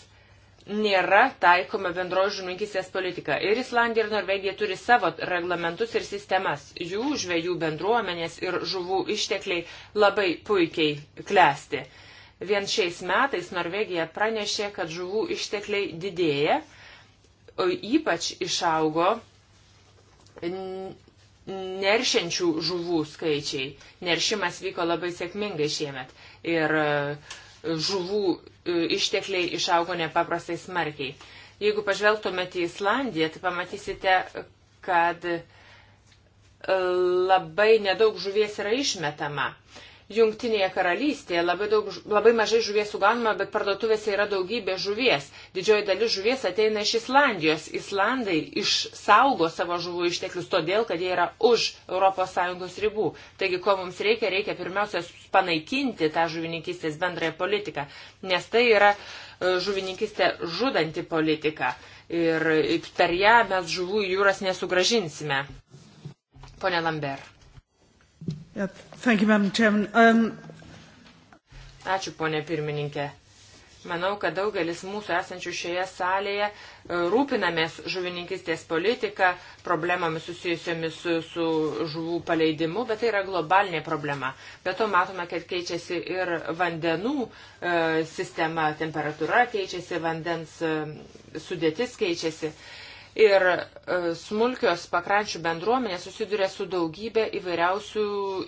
nėra taikoma bendroji žuvininkystės politika. Ir Islandija ir Norvegija turi savo reglamentus ir sistemas. Jų žvejų bendruomenės ir žuvų ištekliai labai puikiai klesti. Vien šiais metais Norvegija pranešė, kad žuvų ištekliai didėja, o ypač išaugo neršiančių žuvų skaičiai. Neršimas vyko labai sėkmingai šiemet ir e, žuvų e, ištekliai išaugo nepaprastai smarkiai. Jeigu pažvelgtumėte į Islandiją, tai pamatysite, kad e, labai nedaug žuvies yra išmetama. Uh, Jungtinėje karalystėje labai, daug, labai mažai žuvies sugaunama, bet parduotuvėse yra daugybė žuvies. Didžioji dalis žuvies ateina iš Islandijos. Islandai išsaugo savo žuvų išteklius todėl, kad jie yra už ES ribų. Taigi, ko mums reikia, reikia pirmiausia panaikinti tą žuvininkistės bendrąją politiką, nes tai yra e, žuvininkistė žudanti politika. Ir per ją mes žuvų jūras nesugražinsime. Pone Lambert. Yeah, thank you, Madam Chairman. Um... Ačiū, ponė pirmininkė. Manau, kad daugelis mūsų esančių šioje salėje e, rūpinamės žuvininkistės politiką, problemomis susijusiomis su, su žuvų paleidimu, bet tai yra globalinė problema. Bet to matome, kad keičiasi ir vandenų e, sistema, temperatūra keičiasi, vandens e, sudėtis keičiasi. E, Ir e, smulkios pakrančių bendruomenės susiduria su daugybė įvairiausių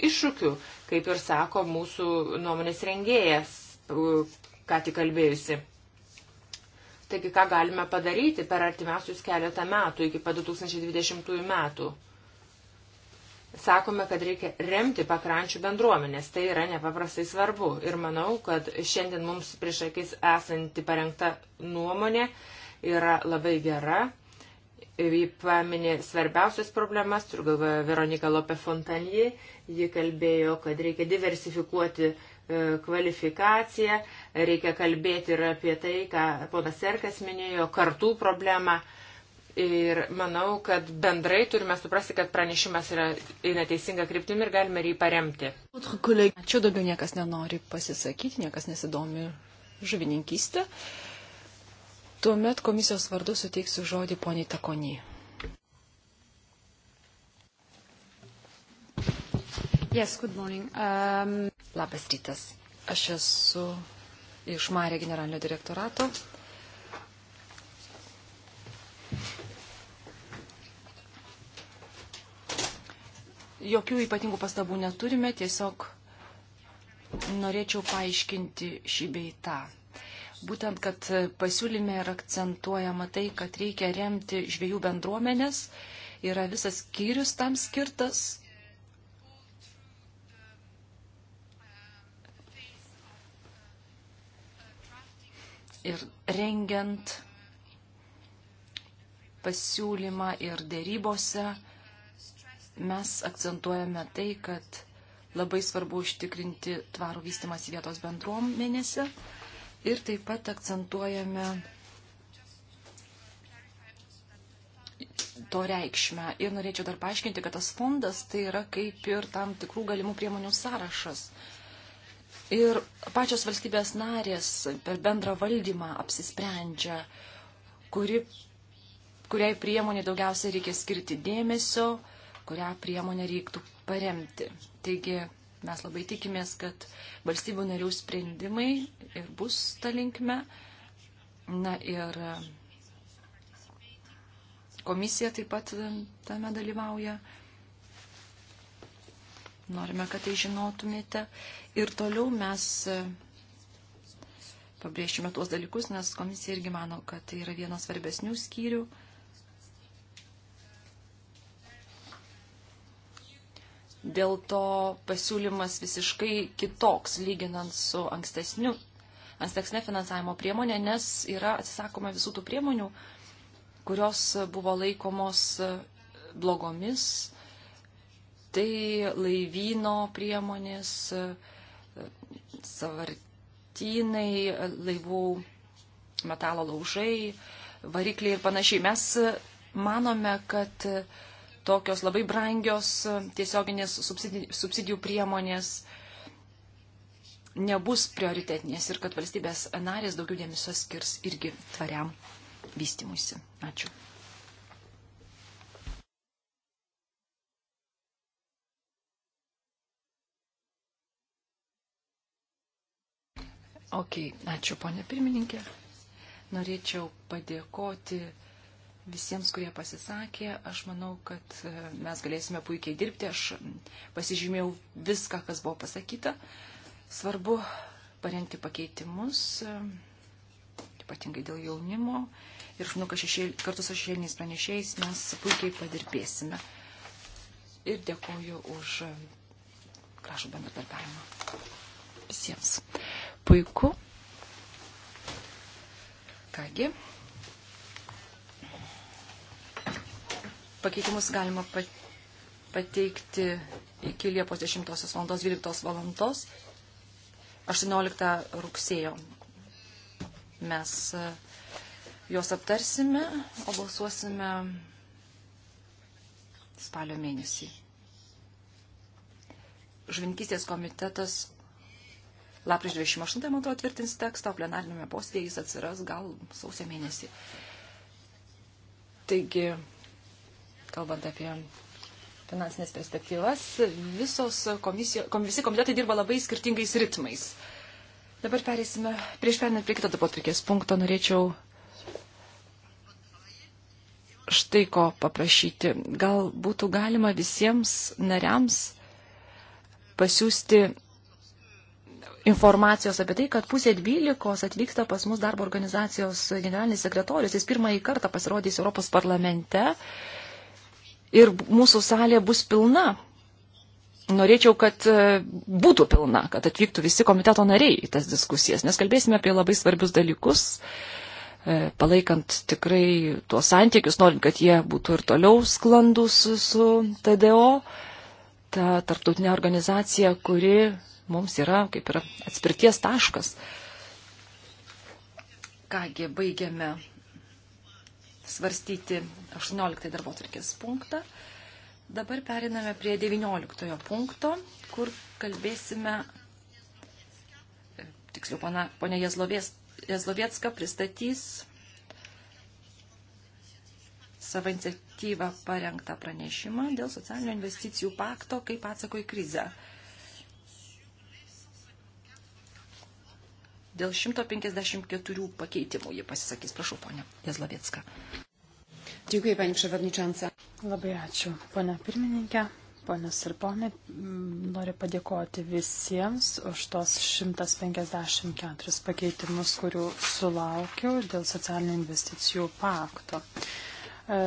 iššūkių, kaip ir sako mūsų nuomonės rengėjas, e, ką tik kalbėjusi. Taigi, ką galime padaryti per artimiausius keletą metų, iki pat 2020 metų? Sakome, kad reikia remti pakrančių bendruomenės, tai yra nepaprastai svarbu. Ir manau, kad šiandien mums prieš akis esanti parengta nuomonė yra labai gera Jį paminė svarbiausias problemas, turiu galvoje Veronika Lope Fontanie, ji kalbėjo, kad reikia diversifikuoti e, kvalifikaciją, reikia kalbėti ir apie tai, ką ponas Serkas minėjo, kartų problemą. Ir manau, kad bendrai turime suprasti, kad pranešimas yra eina teisinga kryptimi ir galime jį paremti. Ačiū, daugiau niekas nenori pasisakyti, niekas nesidomi žuvininkystė. Uh, Tuomet komisijos vardu suteiksiu žodį poniai Takonį. Yes, good morning. Um... Labas rytas. Aš esu iš Marė generalinio direktorato. Jokių ypatingų pastabų neturime, tiesiog norėčiau paaiškinti šį beitą. Būtent, kad pasiūlyme yra akcentuojama tai, kad reikia remti žviejų bendruomenės, yra visas skyrius tam skirtas. Ir rengiant pasiūlymą ir dėrybose mes akcentuojame tai, kad labai svarbu užtikrinti tvarų vystimas vietos bendruomenėse Ir taip pat akcentuojame to reikšmę. Ir norėčiau dar paaiškinti, kad tas fondas tai yra kaip ir tam tikrų galimų priemonių sąrašas. Ir pačios valstybės narės per bendrą valdymą apsisprendžia, kuri, kuriai priemonė daugiausiai reikia skirti dėmesio, kurią priemonę reiktų paremti. Taigi Mes labai tikimės, kad valstybių narių sprendimai ir bus ta linkme. Na ir e, komisija taip pat tame dalyvauja. Norime, kad tai žinotumėte. Ir toliau mes e, pabrėšime tuos dalykus, nes komisija irgi mano, kad tai yra vienas svarbesnių skyrių. Dėl to pasiūlymas visiškai kitoks, lyginant su ankstesniu, ankstesnė finansavimo priemonė, nes yra atsisakoma visų tų priemonių, kurios buvo laikomos blogomis. Tai laivyno priemonės, savartynai, laivų metalo laužai, varikliai ir panašiai. Mes manome, kad tokios labai brangios e, tiesioginės subsidijų priemonės nebus prioritetinės ir kad valstybės narės daugiau dėmesio skirs irgi tvariam vystimuisi. Ačiū. Ok, ačiū ponė pirmininkė. Norėčiau padėkoti visiems, kurie pasisakė. Aš manau, kad e, mes galėsime puikiai dirbti. Aš pasižymėjau viską, kas buvo pasakyta. Svarbu parengti pakeitimus, e, ypatingai dėl jaunimo. Ir aš manau, kad šešėl, kartu su šešėliniais pranešėjais mes puikiai padirbėsime. Ir dėkoju už e, gražų bendradarbiavimą visiems. Puiku. Kągi. pakeitimus galima pateikti iki Liepos 10 val. 12 val. 18 rugsėjo. Mes e, juos aptarsime, o balsuosime spalio mėnesį. Žvinkystės komitetas lapkričio 28, man atrodo, tvirtins tekstą, o plenarinėme posėdėje jis atsiras gal sausio mėnesį. Taigi, kalbant apie finansinės perspektyvas, visos komisijo, kom, visi komitetai dirba labai skirtingais ritmais. Dabar pereisime, prieš perinant prie kito darbotvarkės punkto, norėčiau štai ko paprašyti. Gal būtų galima visiems nariams pasiūsti informacijos apie tai, kad pusė dvylikos atvyksta pas mus darbo organizacijos generalinis sekretorius. Jis pirmąjį kartą pasirodys Europos parlamente. Uh, ir mūsų salė bus pilna. Norėčiau, kad e, būtų pilna, kad atvyktų visi komiteto nariai į tas diskusijas, nes kalbėsime apie labai svarbius dalykus, e, palaikant tikrai tuos santykius, norint, kad jie būtų ir toliau sklandus su TDO, ta tarptautinė organizacija, kuri mums yra kaip ir atspirties taškas. Kągi, baigiame svarstyti 18 darbo tvarkės punktą. Dabar periname prie 19 punkto, kur kalbėsime, e, tiksliau, ponia Jezlovietska pristatys savo iniciatyvą parengtą pranešimą dėl socialinių investicijų pakto kaip atsako į krizę. Dėl 154 pakeitimų jie pasisakys. Prašau, ponia Jezlovietska. Dėkui, pani Ševarničiansa. Labai ačiū, ponia pirmininkė. Ponios ir ponai, noriu padėkoti visiems už tos 154 pakeitimus, kurių sulaukiau dėl socialinių investicijų pakto. E,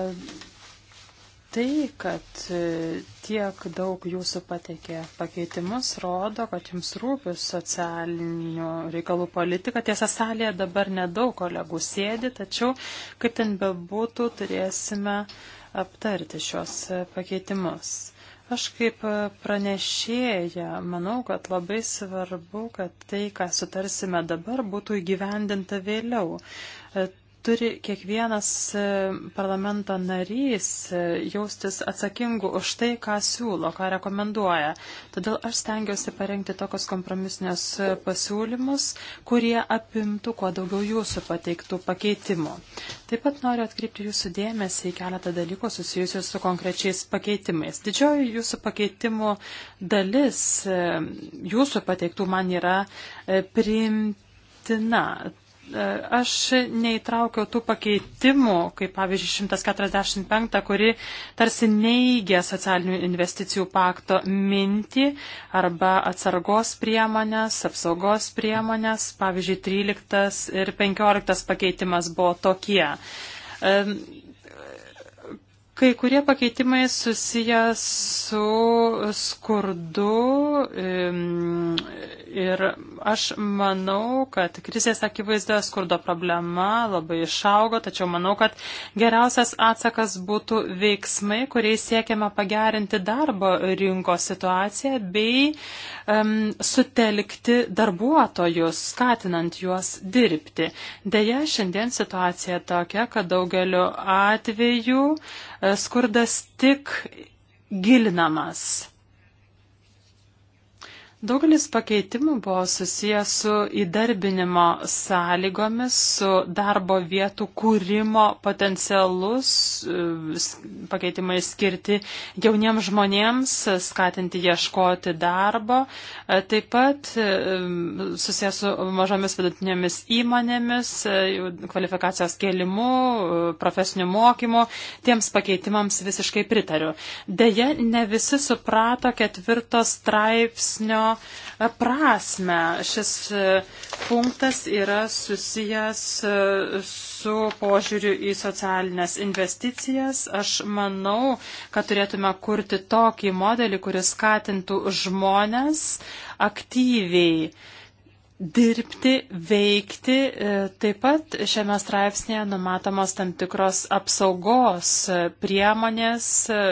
tai, kad e, tiek daug jūsų patekė pakeitimus, rodo, kad jums rūpi socialinių reikalų politika. Tiesa, salėje dabar nedaug kolegų sėdi, tačiau, kaip ten bebūtų, turėsime aptarti šios e, pakeitimus. Aš kaip e, pranešėja manau, kad labai svarbu, kad tai, ką sutarsime dabar, būtų įgyvendinta vėliau turi kiekvienas e, parlamento narys e, jaustis atsakingu už tai, ką siūlo, ką rekomenduoja. Todėl aš stengiuosi parengti tokius kompromisinius e, pasiūlymus, kurie apimtų kuo daugiau jūsų pateiktų pakeitimų. Taip pat noriu atkreipti jūsų dėmesį į keletą dalykų susijusių su konkrečiais pakeitimais. Didžioji jūsų pakeitimų dalis jūsų pateiktų man yra priimti. Na, Aš neįtraukiau tų pakeitimų, kaip pavyzdžiui 145, kuri tarsi neigia socialinių investicijų pakto mintį arba atsargos priemonės, apsaugos priemonės. Pavyzdžiui, 13 ir 15 pakeitimas buvo tokie. Kai kurie pakeitimai susiję su skurdu ir aš manau, kad krizės akivaizdoje skurdo problema labai išaugo, tačiau manau, kad geriausias atsakas būtų veiksmai, kuriais siekiama pagerinti darbo rinkos situaciją bei um, sutelkti darbuotojus, skatinant juos dirbti. Deja, šiandien situacija tokia, kad daugeliu atveju skurdas tik gilinamas. Daugelis pakeitimų buvo susijęs su įdarbinimo sąlygomis, su darbo vietų kūrimo potencialus, pakeitimai skirti jauniems žmonėms, skatinti ieškoti darbo, e, taip pat e, susijęs su mažomis vidutinėmis įmonėmis, e, kvalifikacijos kėlimu, profesiniu mokymu. Tiems pakeitimams visiškai pritariu. Deja, ne visi suprato ketvirto straipsnio įstatymo prasme. Šis punktas yra susijęs e, su požiūriu į socialinės investicijas. Aš manau, kad turėtume kurti tokį modelį, kuris skatintų žmonės aktyviai dirbti, veikti. E, taip pat šiame straipsnėje numatomos tam tikros apsaugos priemonės e,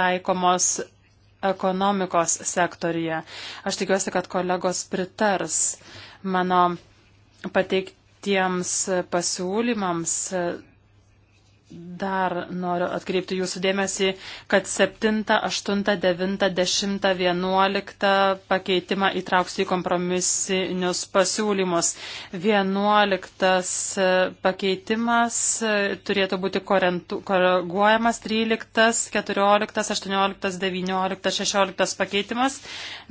taikomos ekonomikos sektorija. Aš tikiuosi, kad kolegos pritars mano pateiktiems pasiūlymams Dar noriu atkreipti jūsų dėmesį, kad 7, 8, 9, 10, 11 pakeitimą įtrauksiu į kompromisinius pasiūlymus. 11 e, pakeitimas e, turėtų būti koreguojamas, 13, 14, 18, 19, 16 pakeitimas,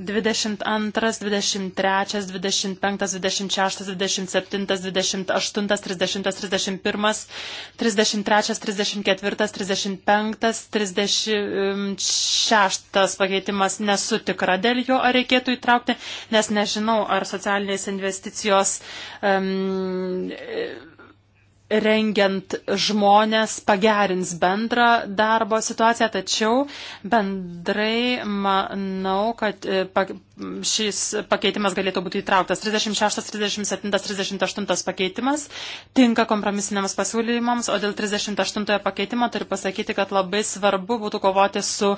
22, 23, 25, 26, 27, 28, 30, 31, 33. 34, 35, 36 pakeitimas nesu tikra dėl jo, ar reikėtų įtraukti, nes nežinau, ar socialinės investicijos um, rengiant žmonės pagerins bendrą darbo situaciją, tačiau bendrai manau, kad e, šis pakeitimas galėtų būti įtrauktas. 36, 37, 38 pakeitimas tinka kompromisiniams pasiūlymams, o dėl 38 pakeitimo turiu pasakyti, kad labai svarbu būtų kovoti su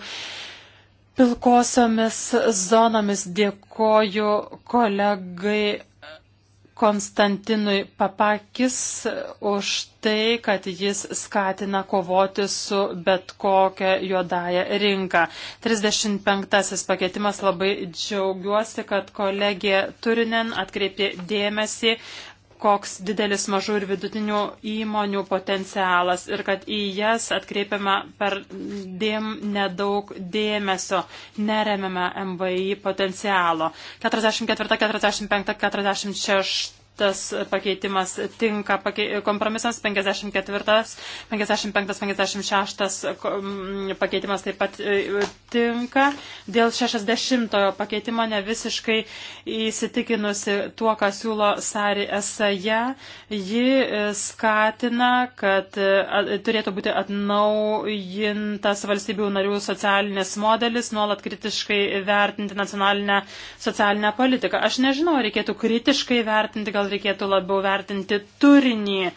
pilkosiomis zonomis. Dėkoju kolegai Konstantinui Papakis už tai, kad jis skatina kovoti su bet kokia juodąją rinką. 35 pakeitimas labai džiaugiuosi, kad kolegė Turinen atkreipė dėmesį koks didelis mažų ir vidutinių įmonių potencialas ir kad į jas atkreipiame per dėm nedaug dėmesio, neremiame MVI potencialo. 44, 45, 46 tas pakeitimas tinka pakei, kompromisams 54, 55, 56 pakeitimas taip pat e, tinka. Dėl 60 pakeitimo ne visiškai įsitikinusi tuo, ką siūlo Sari Esaja. Ji e, skatina, kad e, turėtų būti atnaujintas valstybių narių socialinis modelis, nuolat kritiškai vertinti nacionalinę socialinę politiką. Aš nežinau, reikėtų kritiškai vertinti, gal gal reikėtų labiau vertinti turinį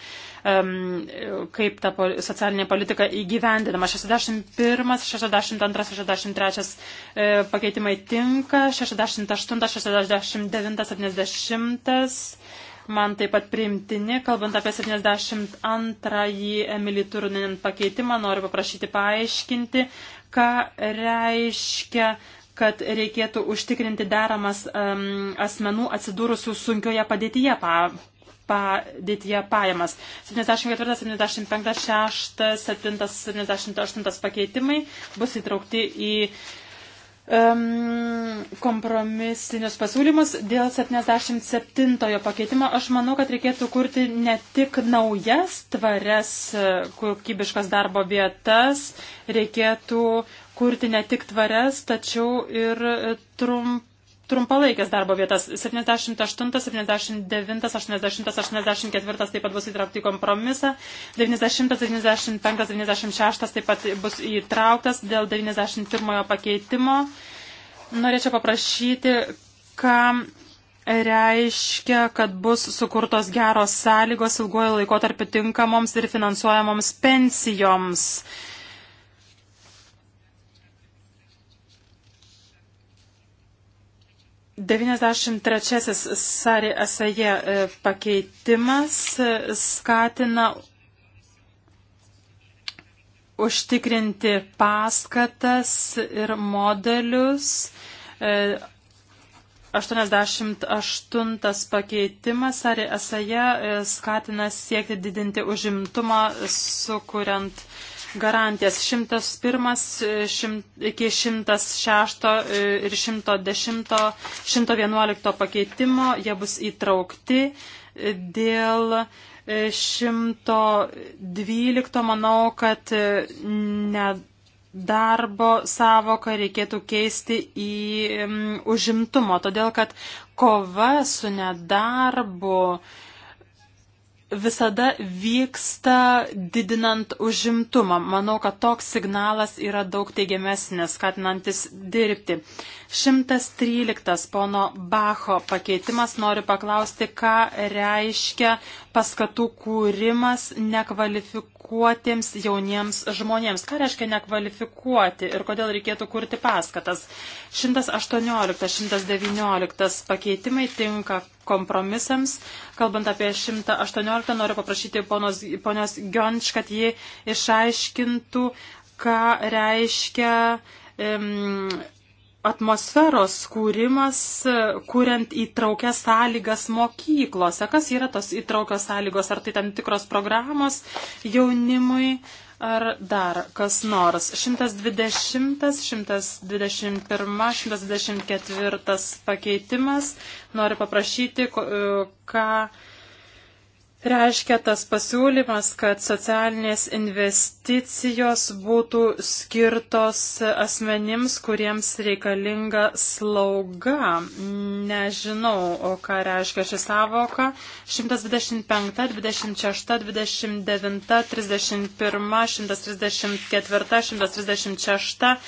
kaip ta socialinė politika įgyvendinama. 61, 62, 63 pakeitimai tinka, 68, 69, 70 man taip pat priimtini. Kalbant apie 72-ąjį Emilį Turunin pakeitimą, noriu paprašyti paaiškinti, ką reiškia kad reikėtų užtikrinti deramas um, asmenų atsidūrusių sunkioje padėtyje pa, padėtyje pajamas. 74, 75, 6, 7, 78 pakeitimai bus įtraukti į um, kompromisinius pasiūlymus. Dėl 77 pakeitimo aš manau, kad reikėtų kurti ne tik naujas tvarias kokybiškas darbo vietas, reikėtų kurti ne tik tvarias, tačiau ir trump, trumpalaikės darbo vietas. 78, 79, 80, 84 taip pat bus įtraukti į kompromisą. 90, 95, 96 taip pat bus įtrauktas dėl 91 pakeitimo. Norėčiau paprašyti, ką reiškia, kad bus sukurtos geros sąlygos ilguoju laikotarpiu tinkamoms ir finansuojamoms pensijoms. Uh, 93 Sari Asaje e, pakeitimas e, skatina užtikrinti paskatas ir modelius. 88 e, pakeitimas Sari Asaje skatina siekti didinti užimtumą, sukuriant uh, garantijas 101 šimt, iki 106 e, ir 110, 111 pakeitimo, jie bus įtraukti dėl 112, e, manau, kad e, nedarbo savoką reikėtų keisti į užimtumo, todėl kad kova su nedarbu uh, visada vyksta didinant užimtumą. Manau, kad toks signalas yra daug teigiamesnis, skatinantis dirbti. 113 pono Bacho pakeitimas noriu paklausti, ką reiškia paskatų kūrimas nekvalifik nekvalifikuotiems jauniems žmonėms. Ką reiškia nekvalifikuoti ir kodėl reikėtų kurti paskatas? 118-119 pakeitimai tinka kompromisams. Kalbant apie 118, noriu paprašyti ponos, ponios Gionč, kad ji išaiškintų, ką reiškia. Um, atmosferos kūrimas, kuriant įtraukias sąlygas mokyklose. Kas yra tos įtraukios sąlygos? Ar tai tam tikros programos jaunimui, ar dar kas nors? 120, 121, 124 pakeitimas. Noriu paprašyti, ką. Uh, reiškia tas pasiūlymas, kad socialinės investicijos būtų skirtos asmenims, kuriems reikalinga slauga. Nežinau, ką reiškia ši savoka. 125, 26, 29, 31, 134, 136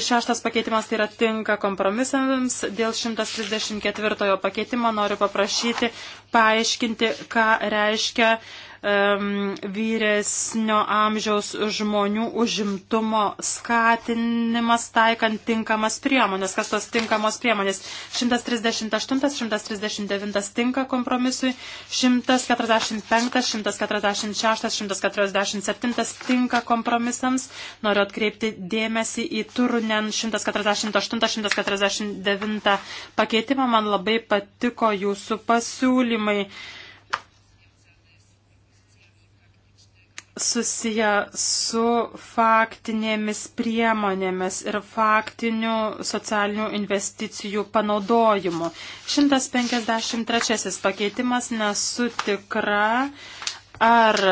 Šeštas pakeitimas tai yra tinka kompromisams. Dėl 134 pakeitimo noriu paprašyti paaiškinti, ką reiškia uh, um, vyresnio amžiaus žmonių užimtumo skatinimas taikant tinkamas priemonės. Kas tos tinkamos priemonės? 138, 139 tinka kompromisui, 145, 146, 147 tinka kompromisams. Noriu atkreipti dėmesį į turunen 148, 149 pakeitimą. Man labai patiko jūsų pasiūlymai. susiję su faktinėmis priemonėmis ir faktinių socialinių investicijų panaudojimu. 153 pakeitimas nesu tikra, ar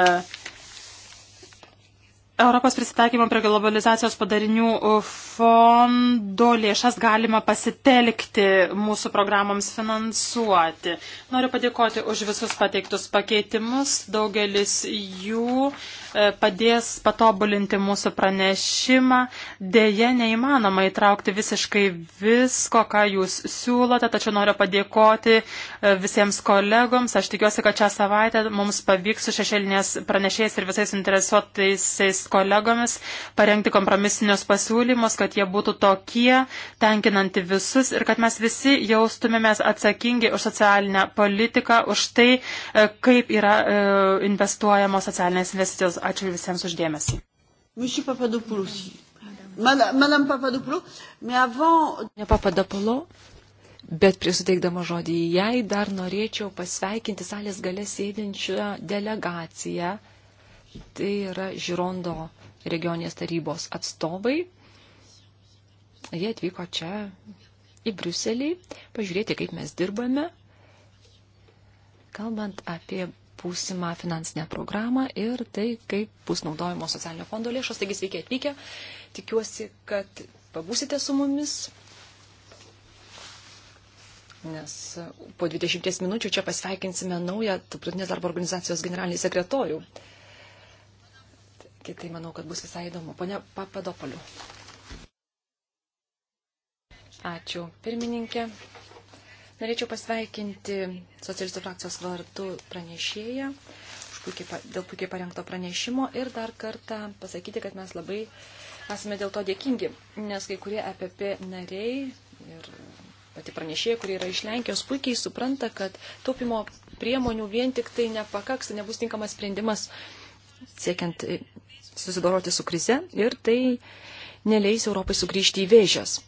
Europos prisitaikymo prie globalizacijos padarinių uh, fondo lėšas galima pasitelkti mūsų programoms finansuoti. Noriu padėkoti už visus pateiktus pakeitimus. Daugelis jų E, padės patobulinti mūsų pranešimą. Deja, neįmanoma įtraukti visiškai visko, ką jūs siūlote, tačiau noriu padėkoti e, visiems kolegoms. Aš tikiuosi, kad šią savaitę mums pavyks su šešėlinės pranešėjais ir visais interesuotaisiais kolegomis parengti kompromisinius pasiūlymus, kad jie būtų tokie, tenkinanti visus ir kad mes visi jaustumėmės atsakingi už socialinę politiką, už tai, e, kaip yra investuojamos socialinės investicijos. Ačiū visiems uždėmesį. Monsieur Papadopoulos. Madame Papadopoulos. Mais avant... Ne Papadopoulos. Bet prieš suteikdama žodį jai dar norėčiau pasveikinti salės gale sėdinčią delegaciją. Tai yra Žirondo regionės tarybos atstovai. Jie atvyko čia į Briuselį pažiūrėti, kaip mes dirbame. Kalbant apie būsimą finansinę programą ir tai, kaip bus naudojamos socialinio fondo lėšos. Taigi sveiki atvykę. Tikiuosi, kad pabūsite su mumis. Nes po 20 minučių čia pasveikinsime naują Tarptautinės darbo organizacijos generalinį sekretorių. Kitai manau, kad bus visai įdomu. Pone Papadopoliu. Ačiū, pirmininkė. Norėčiau pasveikinti socialistų frakcijos vardu pranešėją puikiai, dėl puikiai parengto pranešimo ir dar kartą pasakyti, kad mes labai esame dėl to dėkingi, nes kai kurie EPP nariai ir pati pranešėja, kurie yra iš Lenkijos, puikiai supranta, kad taupimo priemonių vien tik tai nepakaks, tai nebus tinkamas sprendimas siekiant susidoroti su krize ir tai neleis Europai sugrįžti į vėžės.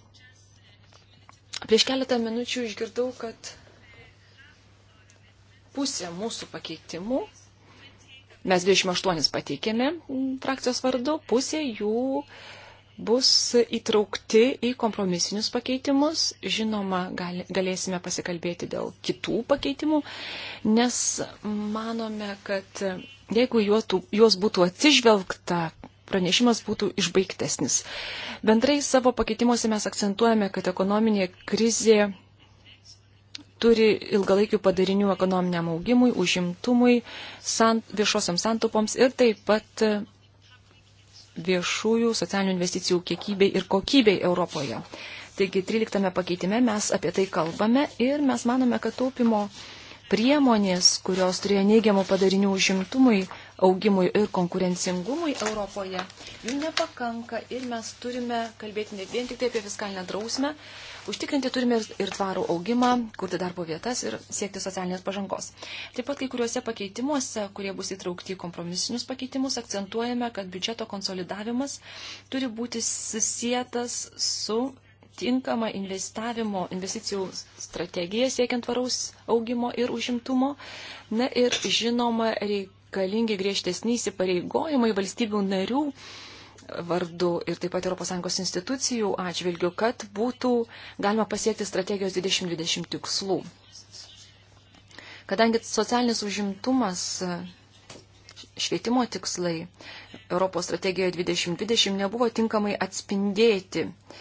Prieš keletą minučių išgirdau, kad pusė mūsų pakeitimų, mes 28 pateikėme frakcijos vardu, pusė jų bus įtraukti į kompromisinius pakeitimus. Žinoma, galėsime pasikalbėti dėl kitų pakeitimų, nes manome, kad jeigu juos būtų atsižvelgta pranešimas būtų išbaigtesnis. Bendrai savo pakeitimuose mes akcentuojame, kad ekonominė krizė turi ilgalaikių padarinių ekonominiam augimui, užimtumui, sant, viešosiam santupoms ir taip pat viešųjų socialinių investicijų kiekybei ir kokybei Europoje. Taigi 13 pakeitime mes apie tai kalbame ir mes manome, kad taupimo priemonės, kurios turėjo neigiamų padarinių užimtumui, už augimui ir konkurencingumui Europoje, jų nepakanka ir mes turime kalbėti ne vien tik tai apie fiskalinę drausmę, užtikrinti turime ir tvarų augimą, kurti darbo vietas ir siekti socialinės pažangos. Taip pat kai kuriuose pakeitimuose, kurie bus įtraukti į kompromisinius pakeitimus, akcentuojame, kad biudžeto konsolidavimas turi būti susijęs su tinkamą investavimo, investicijų strategiją siekiant varaus augimo ir užimtumo. Na ir žinoma, reik, reikalingi griežtesni įsipareigojimai valstybių narių vardu ir taip pat ES institucijų atžvilgių, kad būtų galima pasiekti strategijos 2020 tikslų. Kadangi socialinis užimtumas, švietimo tikslai Europos strategijoje 2020 nebuvo tinkamai atspindėti, uh,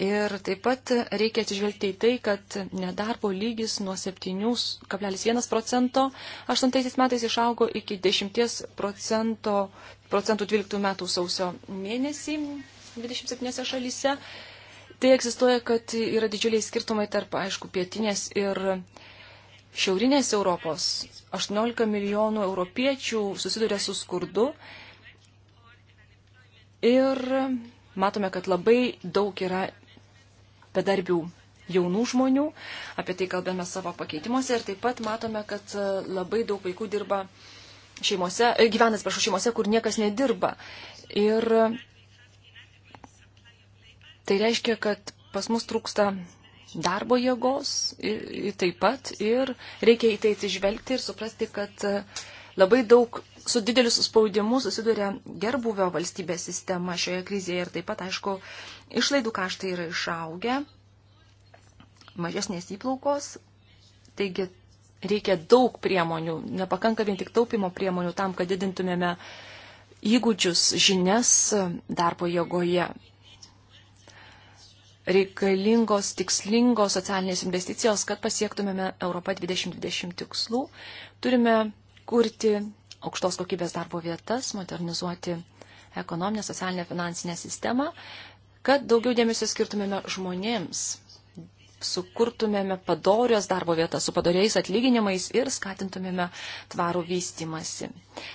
Ir taip pat reikia atsižvelgti į tai, kad nedarbo lygis nuo 7,1 procento 8 metais išaugo iki 10 procento, procentų 12 metų sausio mėnesį 27 šalyse. Tai egzistuoja, kad yra didžiuliai skirtumai tarp, aišku, pietinės ir šiaurinės Europos. 18 milijonų europiečių susiduria su skurdu. Ir matome, kad labai daug yra bedarbių jaunų žmonių. Apie tai kalbame savo pakeitimuose ir taip pat matome, kad e, labai daug vaikų dirba šeimose, e, gyvena, atsiprašau, šeimose, kur niekas nedirba. Ir e, tai reiškia, kad pas mus trūksta darbo jėgos ir, ir taip pat ir reikia į tai atsižvelgti ir suprasti, kad uh, labai daug su dideliu suspaudimu susiduria gerbuvio valstybės sistema šioje krizėje ir taip pat, aišku, išlaidų kaštai yra išaugę, mažesnės įplaukos, taigi reikia daug priemonių, nepakanka vien tik taupimo priemonių tam, kad didintumėme įgūdžius, žinias darbo jėgoje. Reikalingos tikslingos socialinės investicijos, kad pasiektumėme Europą 2020 tikslų. Turime kurti aukštos kokybės darbo vietas, modernizuoti ekonominę, socialinę, finansinę sistemą, kad daugiau dėmesio skirtumėme žmonėms, sukurtumėme padorios darbo vietas su padoriais atlyginimais ir skatintumėme tvarų vystimasi.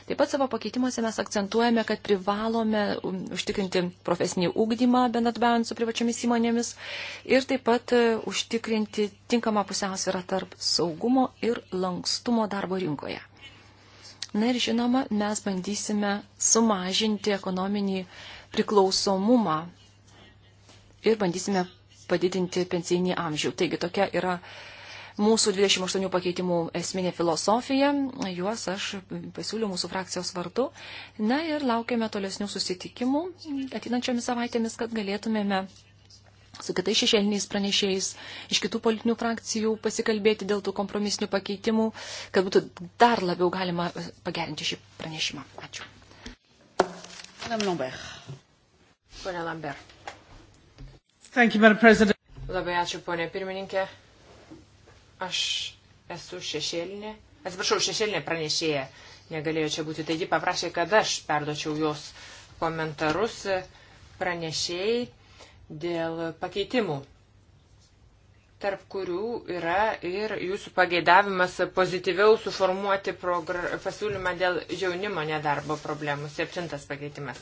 Taip pat savo pakeitimuose mes akcentuojame, kad privalome um, užtikrinti profesinį ūkdymą, bendradarbiaujant su privačiomis įmonėmis ir taip pat e, užtikrinti tinkamą pusiausvyrą tarp saugumo ir lankstumo darbo rinkoje. Na ir žinoma, mes bandysime sumažinti ekonominį priklausomumą ir bandysime padidinti pensinį amžių. Taigi tokia yra mūsų 28 pakeitimų esminė filosofija. Juos aš pasiūliau mūsų frakcijos vardu. Na ir laukiame tolesnių susitikimų atinančiomis savaitėmis, kad galėtumėme su kitais šešėliniais pranešėjais iš kitų politinių frakcijų pasikalbėti dėl tų kompromisinių pakeitimų, kad būtų dar labiau galima pagerinti šį pranešimą. Ačiū. Madame Lambert. Pone Lambert. Thank you, Madam President. Labai ačiū, ponė pirmininkė. Aš esu šešėlinė, atsiprašau, šešėlinė pranešėja. Negalėjo čia būti, taigi paprašė, kad aš perdočiau jos komentarus pranešėjai dėl pakeitimų, tarp kurių yra ir jūsų pageidavimas pozityviau suformuoti pasiūlymą dėl jaunimo nedarbo problemų. Septintas pakeitimas.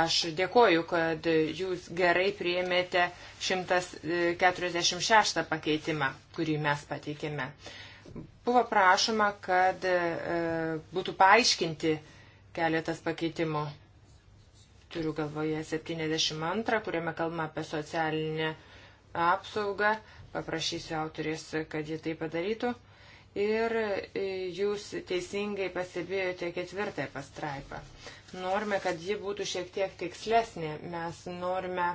Aš dėkoju, kad jūs gerai priėmėte 146 e, pakeitimą, kurį mes pateikėme. Buvo prašoma, kad e, būtų paaiškinti keletas pakeitimų. Turiu galvoje 72, kuriame kalbama apie socialinę apsaugą. Paprašysiu autorės, kad ji tai padarytų. Ir e, jūs teisingai pastebėjote ketvirtąją pastraipą. Norime, kad ji būtų šiek tiek tikslesnė. Mes norime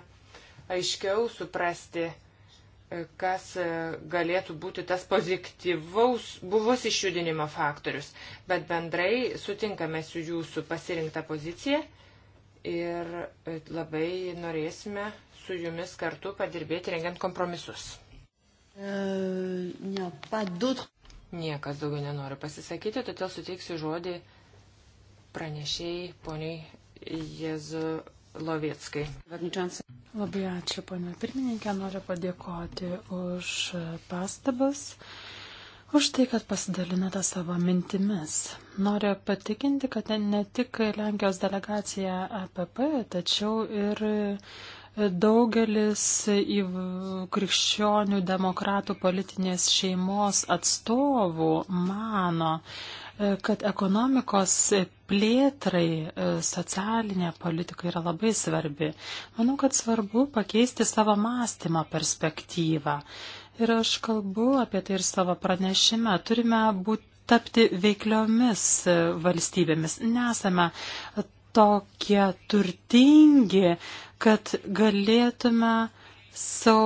aiškiau suprasti, e, kas e, galėtų būti tas pozityvaus buvus išjudinimo faktorius. Bet bendrai sutinkame su jūsų pasirinktą poziciją ir labai norėsime su jumis kartu padirbėti rengiant kompromisus. Euh, Niekas daugiau nenori pasisakyti, todėl suteiksiu žodį pranešėjai poniai Jezu Lovieckai. Labai ačiū, ponia pirmininkė, noriu padėkoti už pastabas. Uh, už tai, kad pasidalinote savo mintimis. Noriu patikinti, kad ne tik Lenkijos delegacija APP, tačiau ir daugelis į krikščionių demokratų politinės šeimos atstovų mano, kad ekonomikos plėtrai socialinė politika yra labai svarbi. Manau, kad svarbu pakeisti savo mąstymą perspektyvą. Ir aš kalbu apie tai ir savo pranešime. Turime būti tapti veikliomis e, valstybėmis. Nesame tokie turtingi, kad galėtume savo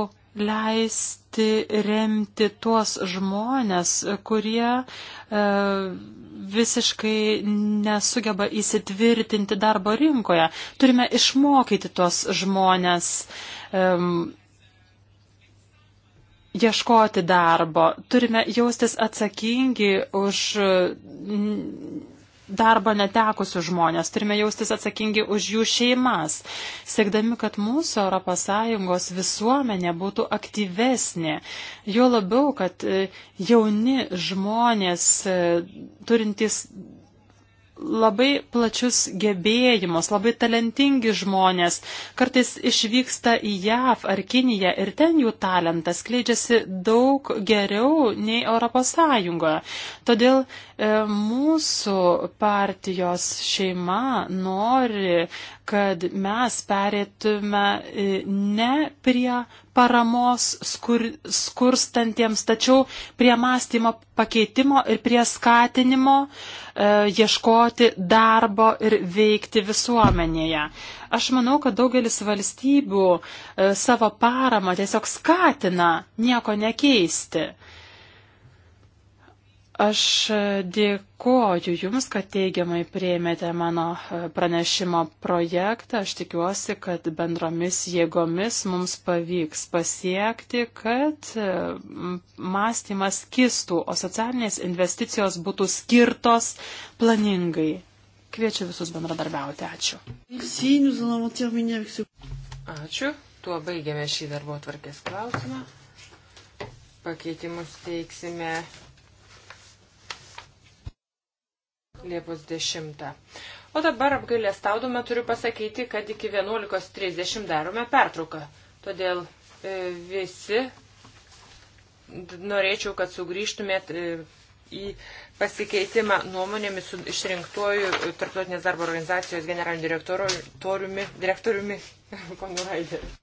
leisti remti tuos žmonės, kurie e, visiškai nesugeba įsitvirtinti darbo rinkoje. Turime išmokyti tuos žmonės e, ieškoti darbo, turime jaustis atsakingi už darbą netekusius žmonės, turime jaustis atsakingi už jų šeimas, siekdami, kad mūsų ES visuomenė būtų aktyvesnė. Jo labiau, kad e, jauni žmonės e, turintys labai plačius gebėjimus, labai talentingi žmonės. Kartais išvyksta į JAV ar Kiniją ir ten jų talentas kleidžiasi daug geriau nei ES. Todėl E, mūsų partijos šeima nori, kad mes perėtume e, ne prie paramos skur, skurstantiems, tačiau prie mąstymo pakeitimo ir prie skatinimo e, ieškoti darbo ir veikti visuomenėje. Aš manau, kad daugelis valstybių e, savo paramą tiesiog skatina nieko nekeisti. Aš dėkoju Jums, kad teigiamai prieimėte mano e, pranešimo projektą. Aš tikiuosi, kad bendromis jėgomis mums pavyks pasiekti, kad e, mąstymas kistų, o socialinės investicijos būtų skirtos planingai. Kviečiu visus bendradarbiauti. Ačiū. Ačiū. Tuo baigėme šį darbo tvarkės klausimą. Pakeitimus teiksime Liepos 10. O dabar apgailę staudome turiu pasakyti, kad iki 11.30 darome pertrauką. Todėl e, visi norėčiau, kad sugrįžtumėt e, į pasikeitimą nuomonėmis su išrinktuoju e, Tarptautinės darbo organizacijos generaliniu direktoriumi, direktoriumi ponu Raideriu.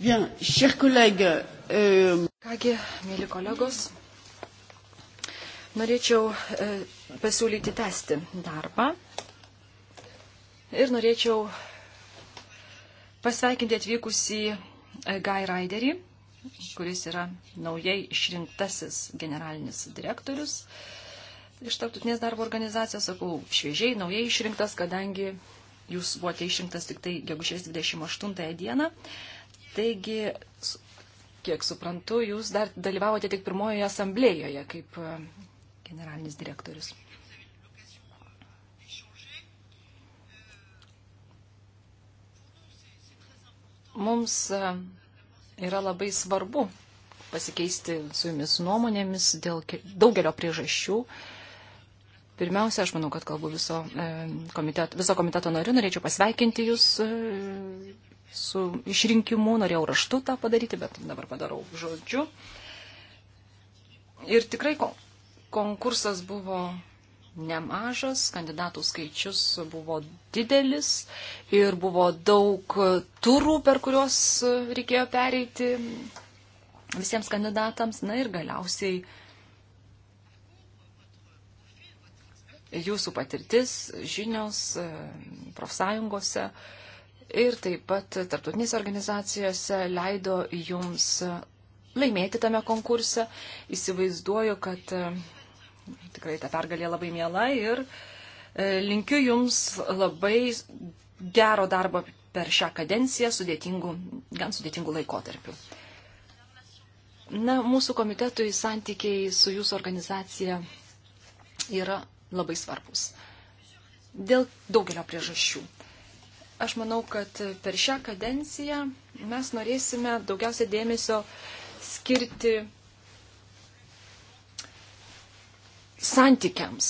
Bien, chers collègues. Euh... Kągi, mėly kolegos, norėčiau e, pasiūlyti tęsti darbą ir norėčiau pasveikinti atvykusį e, Guy Raiderį, kuris yra naujai išrinktasis generalinis direktorius iš Tarptautinės darbo organizacijos, sakau, šviežiai, naujai išrinktas, kadangi jūs buvote išrinktas tik tai gegužės 28 dieną. E, Taigi, kiek suprantu, jūs dar dalyvavote tik pirmojoje asamblėjoje kaip e, generalinis direktorius. Mums e, yra labai svarbu pasikeisti su jumis nuomonėmis dėl daugelio priežasčių. Pirmiausia, aš manau, kad kalbu viso e, komiteto, viso komiteto nariu, norėčiau pasveikinti jūs su išrinkimu, norėjau raštu tą padaryti, bet dabar padarau žodžiu. Ir tikrai konkursas buvo nemažas, kandidatų skaičius buvo didelis ir buvo daug turų, per kuriuos reikėjo pereiti visiems kandidatams. Na ir galiausiai jūsų patirtis, žinios profsąjungose ir taip pat tarptautinėse organizacijose leido jums laimėti tame konkurse. Įsivaizduoju, kad e, tikrai ta pergalė labai miela ir e, linkiu jums labai gero darbo per šią kadenciją sudėtingų, gan sudėtingų laikotarpių. Na, mūsų komitetui santykiai su jūsų organizacija yra labai svarbus. Dėl daugelio priežasčių. Aš manau, kad per šią kadenciją mes norėsime daugiausia dėmesio skirti santykiams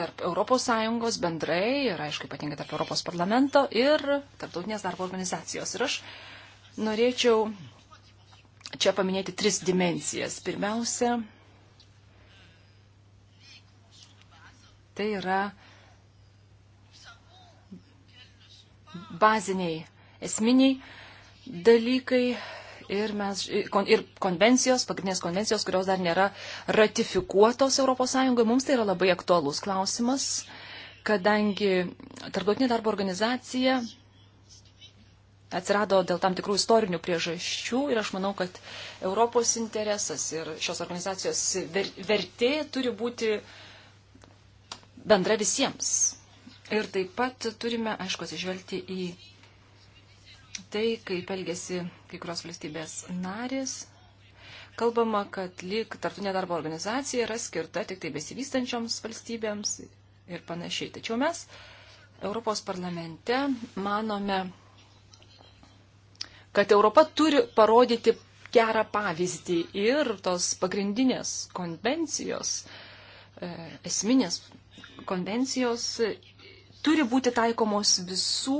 tarp ES bendrai ir, aišku, ypatingai tarp Europos parlamento ir tarptautinės darbo organizacijos. Ir aš norėčiau čia paminėti tris dimensijas. Pirmiausia, tai yra baziniai, esminiai dalykai ir, mes, ir konvencijos, pagrindinės konvencijos, kurios dar nėra ratifikuotos ES, mums tai yra labai aktualus klausimas, kadangi Tarptautinė darbo organizacija atsirado dėl tam tikrų istorinių priežasčių ir aš manau, kad Europos interesas ir šios organizacijos vertė turi būti bendra visiems. Ir taip pat turime, aišku, atsižvelgti į tai, kaip elgesi kai kurios valstybės narės. Kalbama, kad lyg tartunė darbo organizacija yra skirta tik tai besivystančioms valstybėms ir panašiai. Tačiau mes Europos parlamente manome, kad Europa turi parodyti gerą pavyzdį ir tos pagrindinės konvencijos, e, esminės konvencijos turi būti taikomos visų,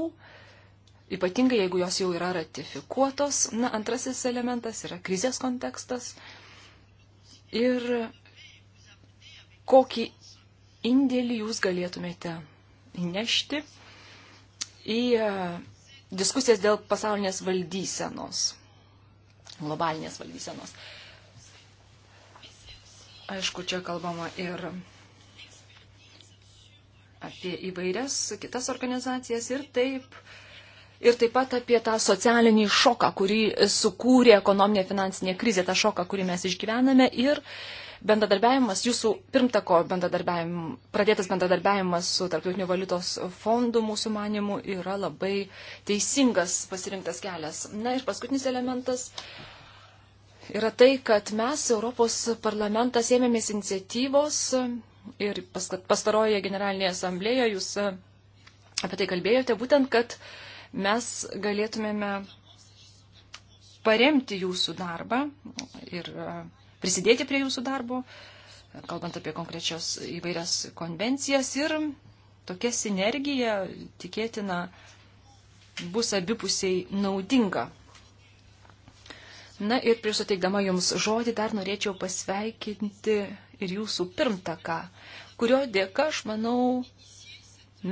ypatingai jeigu jos jau yra ratifikuotos. Na, antrasis elementas yra krizės kontekstas. Ir kokį indėlį jūs galėtumėte įnešti į e, diskusijas dėl pasaulinės valdysenos, globalinės valdysenos. Aišku, čia kalbama ir apie įvairias kitas organizacijas ir taip. Ir taip pat apie tą socialinį šoką, kurį sukūrė ekonominė finansinė krizė, tą šoką, kurį mes išgyvename. Ir bendradarbiavimas, jūsų pirmtako bendradarbiavim, pradėtas bendradarbiavimas su Tarptautinio valiutos fondu mūsų manimu yra labai teisingas pasirinktas kelias. Na ir paskutinis elementas yra tai, kad mes, Europos parlamentas, ėmėmės iniciatyvos ir pastarojoje generalinėje asamblėje jūs e, apie tai kalbėjote, būtent, kad mes galėtumėme paremti jūsų darbą ir e, prisidėti prie jūsų darbo, kalbant apie konkrečios įvairias konvencijas ir tokia sinergija tikėtina bus abipusiai naudinga. Na ir prieš suteikdama Jums žodį dar norėčiau pasveikinti ir jūsų pirmtaką, kurio dėka, aš manau,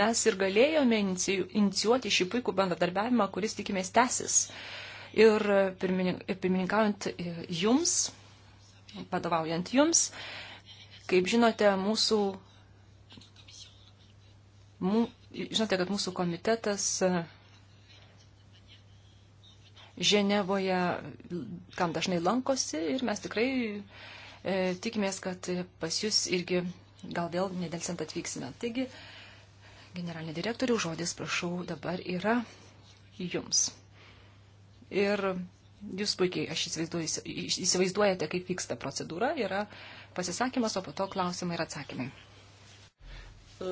mes ir galėjome inicijuoti šį puikų bendradarbiavimą, kuris tikimės tęsis. Ir pirmininkaujant e, jums, vadovaujant jums, kaip žinote, mūsų, mū, žinote, kad mūsų komitetas e, Ženevoje, kam dažnai lankosi ir mes tikrai uh, E, tikimės, kad pas jūs irgi gal vėl nedelsiant atvyksime. Taigi, generalinė direktorių žodis, prašau, dabar yra jums. Ir jūs puikiai, aš įsivaizduojate, kaip vyksta procedūra, yra pasisakymas, o po to klausimai ir atsakymai.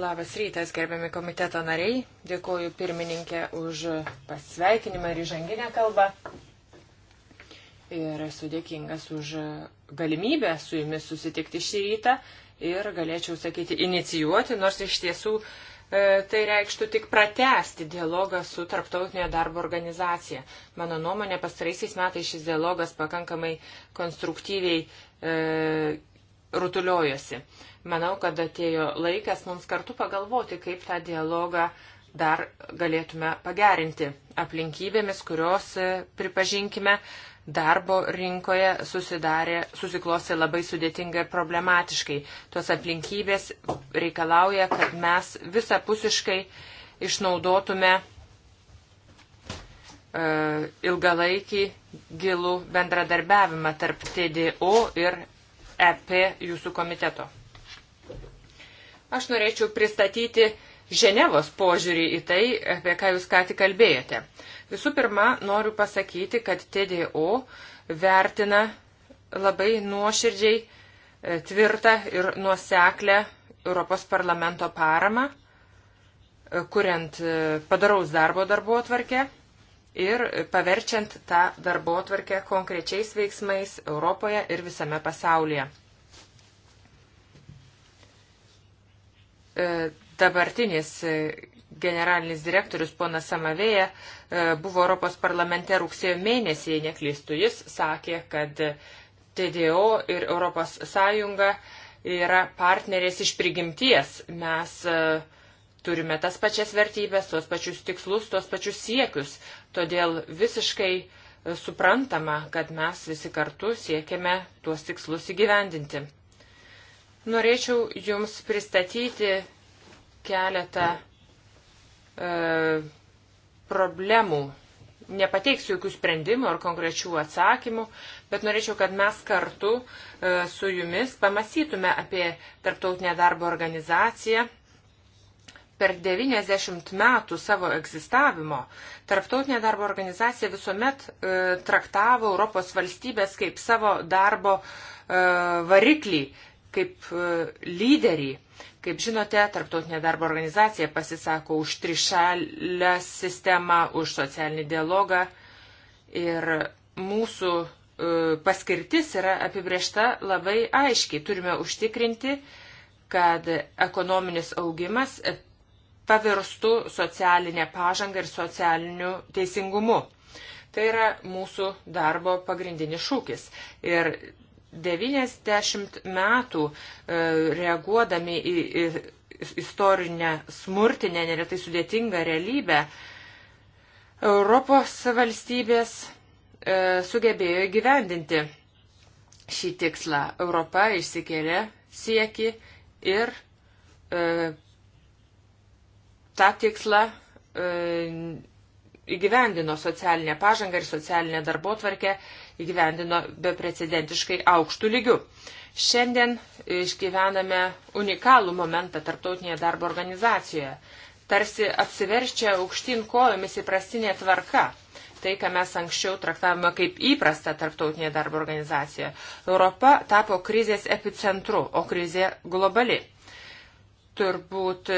Labas rytas, gerbiami komiteto nariai. Dėkuoju pirmininkė už pasveikinimą ir įžanginę kalbą ir esu dėkingas už galimybę su jumis susitikti šį rytą ir galėčiau sakyti inicijuoti, nors iš tiesų e, tai reikštų tik pratesti dialogą su Tarptautinė darbo organizacija. Mano nuomonė, pastaraisiais metais šis dialogas pakankamai konstruktyviai e, rutuliojosi. Manau, kad atėjo laikas mums kartu pagalvoti, kaip tą dialogą dar galėtume pagerinti aplinkybėmis, kurios, e, pripažinkime, e, darbo rinkoje susidarė, susiklosti labai sudėtingai ir problematiškai. Tos aplinkybės reikalauja, kad mes visapusiškai išnaudotume e, ilgalaikį gilų bendradarbiavimą tarp TDO ir EP jūsų komiteto. Aš norėčiau pristatyti Ženevos požiūrį į tai, apie ką jūs ką tik kalbėjote. Visų pirma, noriu pasakyti, kad TDO vertina labai nuoširdžiai e, tvirtą ir nuoseklę Europos parlamento paramą, e, kuriant e, padaraus darbo darbo atvarkę ir paverčiant tą darbo atvarkę konkrečiais veiksmais Europoje ir visame pasaulyje. Dabartinis generalinis direktorius ponas Samavėja e, buvo Europos parlamente rugsėjo mėnesį, jei neklystu, jis sakė, kad TDO ir Europos Sąjunga yra partnerės iš prigimties. Mes e, turime tas pačias vertybės, tuos pačius tikslus, tuos pačius siekius. Todėl visiškai e, suprantama, kad mes visi kartu siekiame tuos tikslus įgyvendinti. Norėčiau Jums pristatyti keletą. Ja E, problemų. Nepateiksiu jokių sprendimų ar konkrečių atsakymų, bet norėčiau, kad mes kartu e, su jumis pamastytume apie Tarptautinę darbo organizaciją. Per 90 metų savo egzistavimo Tarptautinė darbo organizacija visuomet e, traktavo Europos valstybės kaip savo darbo variklį, kaip e, lyderį. Kaip žinote, Tarptautinė darbo organizacija pasisako už trišalę sistemą, už socialinį dialogą ir mūsų e, paskirtis yra apibriešta labai aiškiai. Turime užtikrinti, kad ekonominis augimas pavirstų socialinę pažangą ir socialiniu teisingumu. Tai yra mūsų darbo pagrindinis šūkis. Ir 90 metų e, reaguodami į istorinę smurtinę, neretai sudėtingą realybę, Europos valstybės e, sugebėjo įgyvendinti šį tikslą. Europa išsikėlė sieki ir e, tą tikslą e, įgyvendino socialinę pažangą ir socialinę darbotvarkę įgyvendino beprecedentiškai aukštų lygių. Šiandien išgyvename unikalų momentą tarptautinėje darbo organizacijoje. Tarsi apsiverčia aukštyn kojomis įprastinė tvarka tai, ką mes anksčiau traktavome kaip įprasta tarptautinė darbo organizacija. Europa tapo krizės epicentru, o krizė globali. Turbūt e,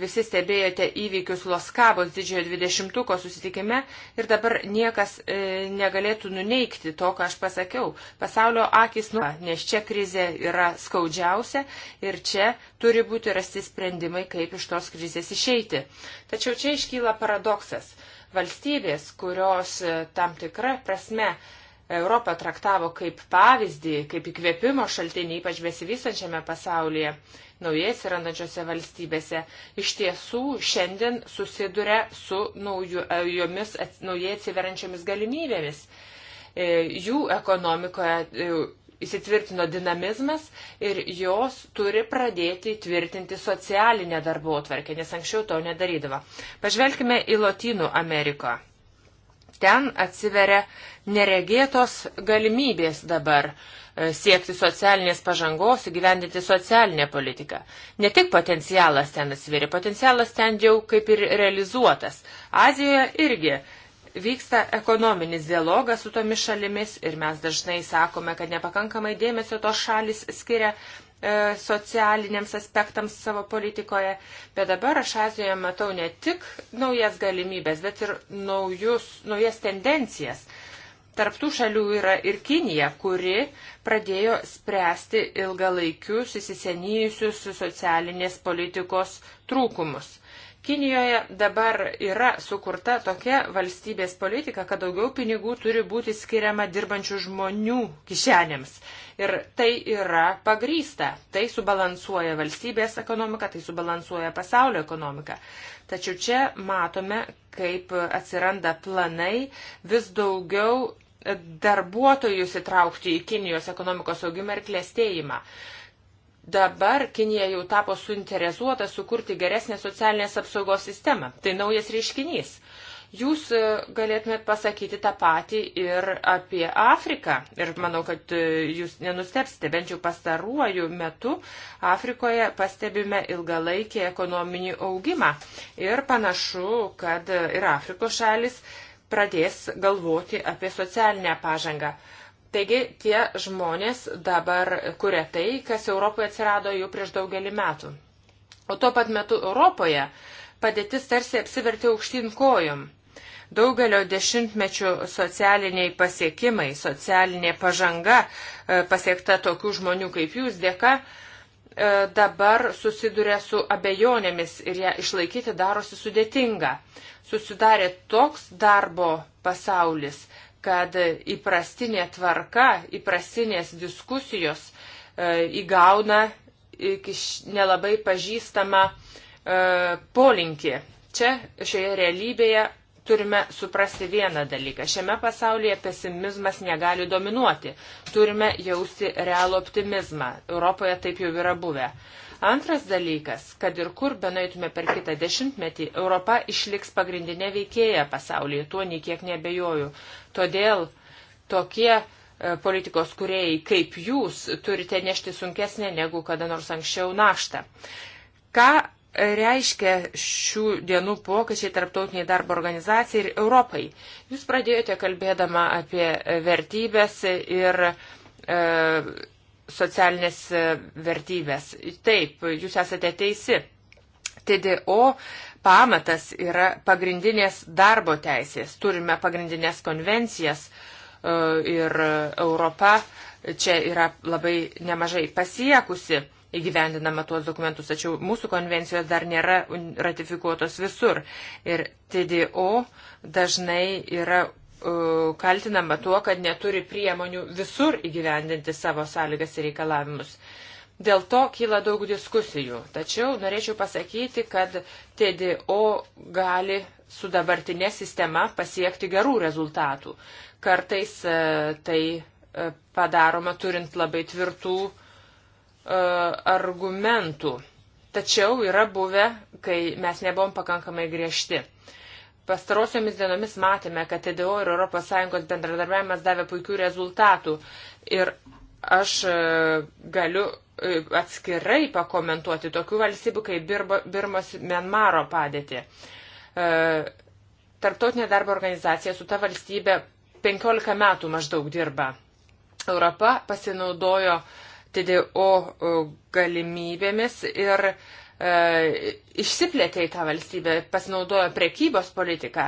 visi stebėjote įvykius Loskavos didžiojo dvidešimtuko susitikime ir dabar niekas e, negalėtų nuneikti to, ką aš pasakiau. Pasaulio akis nu, nes čia krizė yra skaudžiausia ir čia turi būti rasti sprendimai, kaip iš tos krizės išeiti. Tačiau čia iškyla paradoksas. Valstybės, kurios e, tam tikra prasme Europą traktavo kaip pavyzdį, kaip įkvėpimo šaltinį, ypač besivystančiame pasaulyje, naujai atsirandančiose valstybėse, iš tiesų šiandien susiduria su nauju, e, jomis, naujai atsiverančiomis galimybėmis. E, jų ekonomikoje e, įsitvirtino dinamizmas ir jos turi pradėti tvirtinti socialinę darbo atvarkę, nes anksčiau to nedarydavo. Pažvelkime į Latinų Ameriką ten atsiveria neregėtos galimybės dabar e, siekti socialinės pažangos, įgyvendinti socialinę politiką. Ne tik potencialas ten atsiveria, potencialas ten jau kaip ir realizuotas. Azijoje irgi vyksta ekonominis dialogas su tomis šalimis ir mes dažnai sakome, kad nepakankamai dėmesio tos šalis skiria E, socialiniams aspektams savo politikoje, bet dabar aš Azijoje matau ne tik naujas galimybės, bet ir naujus, naujas tendencijas. Tarptų šalių yra ir Kinija, kuri pradėjo spręsti ilgalaikius įsisenyjusius socialinės politikos trūkumus. Kinijoje dabar yra sukurta tokia valstybės politika, kad daugiau pinigų turi būti skiriama dirbančių žmonių kišenėms. Ir tai yra pagrysta. Tai subalansuoja valstybės ekonomiką, tai subalansuoja pasaulio ekonomiką. Tačiau čia matome, kaip atsiranda planai vis daugiau darbuotojus įtraukti į Kinijos ekonomikos augimą ir klėstėjimą. Uh, Dabar Kinija jau tapo suinteresuota sukurti geresnę socialinės apsaugos sistemą. Tai naujas reiškinys. Jūs e, galėtumėt pasakyti tą patį ir apie Afriką. Ir manau, kad e, jūs nenustepsite, bent jau pastaruoju metu Afrikoje pastebime ilgalaikį ekonominį augimą. Ir panašu, kad ir Afrikos šalis pradės galvoti apie socialinę pažangą. Uh, Taigi tie žmonės dabar kuria tai, kas Europoje atsirado jau prieš daugelį metų. O tuo pat metu Europoje padėtis tarsi apsivertė aukštyn kojom. Daugelio dešimtmečių socialiniai pasiekimai, socialinė pažanga e, pasiekta tokių žmonių kaip jūs dėka e, dabar susiduria su abejonėmis ir ją išlaikyti darosi sudėtinga. Susidarė toks darbo pasaulis, kad įprastinė tvarka, įprastinės diskusijos e, įgauna iki nelabai pažįstamą e, polinkį. Čia šioje realybėje turime suprasti vieną dalyką. Šiame pasaulyje pesimizmas negali dominuoti. Turime jausti realų optimizmą. Europoje taip jau yra buvę. Antras dalykas, kad ir kur benaitume per kitą dešimtmetį, Europa išliks pagrindinė veikėja pasaulyje, tuo nei kiek nebejoju. Todėl tokie e, politikos kuriejai kaip jūs turite nešti sunkesnę negu kada nors anksčiau naštą. Ką reiškia šių dienų pokyčiai tarptautiniai darbo organizacijai ir Europai? Jūs pradėjote kalbėdama apie vertybės ir e, socialinės e, vertybės. Taip, jūs esate teisi. TDO pamatas yra pagrindinės darbo teisės. Turime pagrindinės konvencijas e, ir Europa čia yra labai nemažai pasiekusi įgyvendinama tuos dokumentus, tačiau mūsų konvencijos dar nėra ratifikuotos visur. Ir TDO dažnai yra E, kaltinama tuo, kad neturi priemonių visur įgyvendinti savo sąlygas ir reikalavimus. Dėl to kyla daug diskusijų. Tačiau norėčiau pasakyti, kad TDO gali su dabartinė sistema pasiekti gerų rezultatų. Kartais e, tai e, padaroma turint labai tvirtų argumentų. Tačiau yra buvę, kai mes nebuvom pakankamai griežti. Pastarosiomis dienomis matėme, kad TDO ir ES bendradarbiavimas davė puikių rezultatų. Ir aš e, galiu e, atskirai pakomentuoti tokių valstybių kaip Birbo, Birmos Mienmaro padėtį. E, tarptautinė darbo organizacija su ta valstybė 15 metų maždaug dirba. Europa pasinaudojo TDO galimybėmis ir uh, E, išsiplėtė į tą valstybę, pasinaudojo prekybos politiką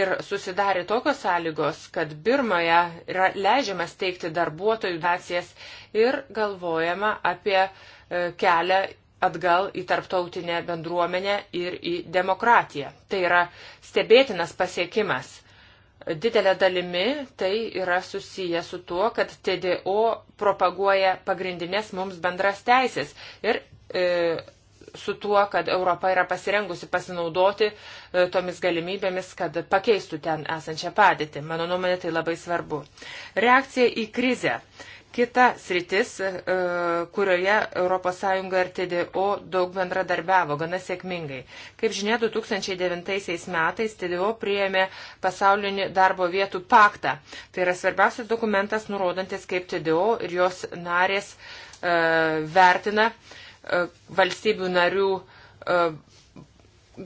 ir susidarė tokios sąlygos, kad Birmoje yra leidžiama steigti darbuotojų nacijas ir galvojama apie e, kelią atgal į tarptautinę bendruomenę ir į demokratiją. Tai yra stebėtinas pasiekimas. Didelė dalimi tai yra susiję su tuo, kad TDO propaguoja pagrindinės mums bendras teisės ir e, su tuo, kad Europa yra pasirengusi pasinaudoti e, tomis galimybėmis, kad pakeistų ten esančią padėtį. Mano nuomonė tai labai svarbu. Reakcija į krizę. Kita sritis, e, kurioje ES ir TDO daug bendradarbiavo, gana sėkmingai. Kaip žinia, 2009 metais TDO priėmė pasaulinį darbo vietų paktą. Tai yra svarbiausias dokumentas nurodantis, kaip TDO ir jos narės e, vertina uh, valstybių narių e,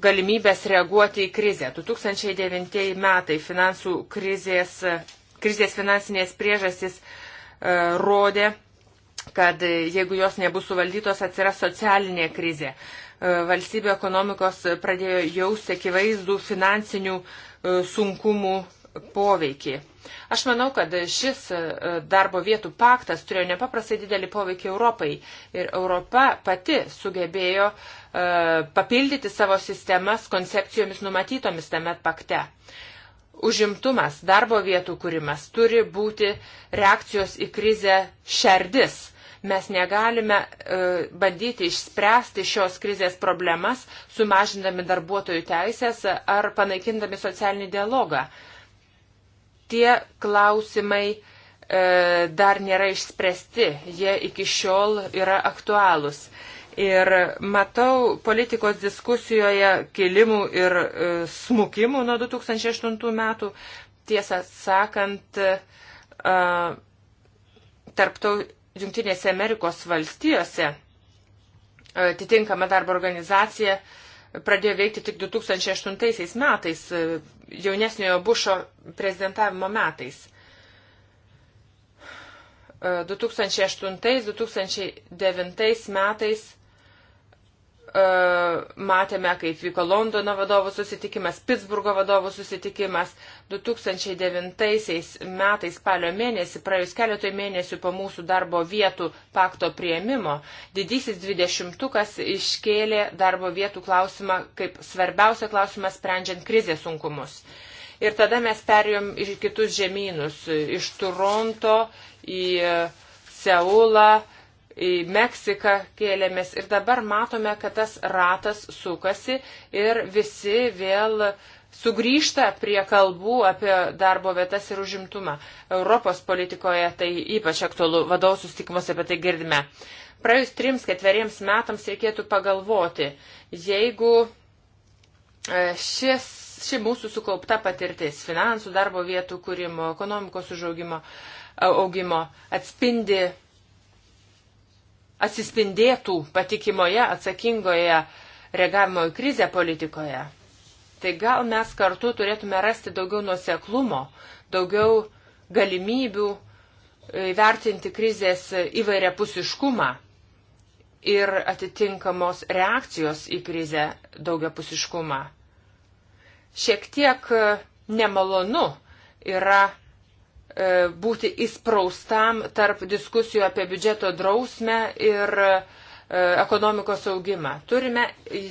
galimybės reaguoti į krizę. 2009 metai finansų krizės, krizės finansinės priežastis e, rodė, kad jeigu jos nebus suvaldytos, atsiras socialinė krizė. E, valstybių ekonomikos pradėjo jausti akivaizdų finansinių sunkumų poveikį. Aš manau, kad šis e, darbo vietų paktas turėjo nepaprastai didelį poveikį Europai ir Europa pati sugebėjo e, papildyti savo sistemas koncepcijomis numatytomis tame pakte. Užimtumas, darbo vietų kūrimas turi būti reakcijos į krizę šerdis mes negalime e, bandyti išspręsti šios krizės problemas, sumažindami darbuotojų teisės ar panaikindami socialinį dialogą tie klausimai e, dar nėra išspręsti, jie iki šiol yra aktualūs. Ir matau politikos diskusijoje kilimų ir e, smukimų nuo 2008 metų. Tiesą sakant, e, tarptau Junktinėse Amerikos valstijose atitinkama darbo organizacija pradėjo veikti tik 2008 metais jaunesniojo Bušo prezidentavimo metais. 2008-2009 e, metais E, matėme, kaip vyko Londono vadovų susitikimas, Pittsburgo vadovų susitikimas 2009 metais spalio mėnesį, praėjus keletoj mėnesių po mūsų darbo vietų pakto prieimimo, didysis dvidešimtukas iškėlė darbo vietų klausimą kaip svarbiausią klausimą sprendžiant krizės sunkumus. Ir tada mes perėjom į kitus žemynus, iš Toronto į Seulą, į Meksiką kėlėmės ir dabar matome, kad tas ratas sukasi ir visi vėl sugrįžta prie kalbų apie darbo vietas ir užimtumą. Europos politikoje tai ypač aktualu, vadovų sustikimuose apie tai girdime. Praėjus trims ketveriems metams reikėtų pagalvoti, jeigu e, šis, ši mūsų sukaupta patirtis finansų darbo vietų kūrimo, ekonomikos užaugimo e, augimo atspindi atsispindėtų patikimoje, atsakingoje reagavimo į krizę politikoje, tai gal mes kartu turėtume rasti daugiau nuoseklumo, daugiau galimybių įvertinti krizės įvairiapusiškumą ir atitinkamos reakcijos į krizę daugiapusiškumą. Šiek tiek nemalonu yra E, būti įspraustam tarp diskusijų apie biudžeto drausmę ir e, ekonomikos augimą. Turime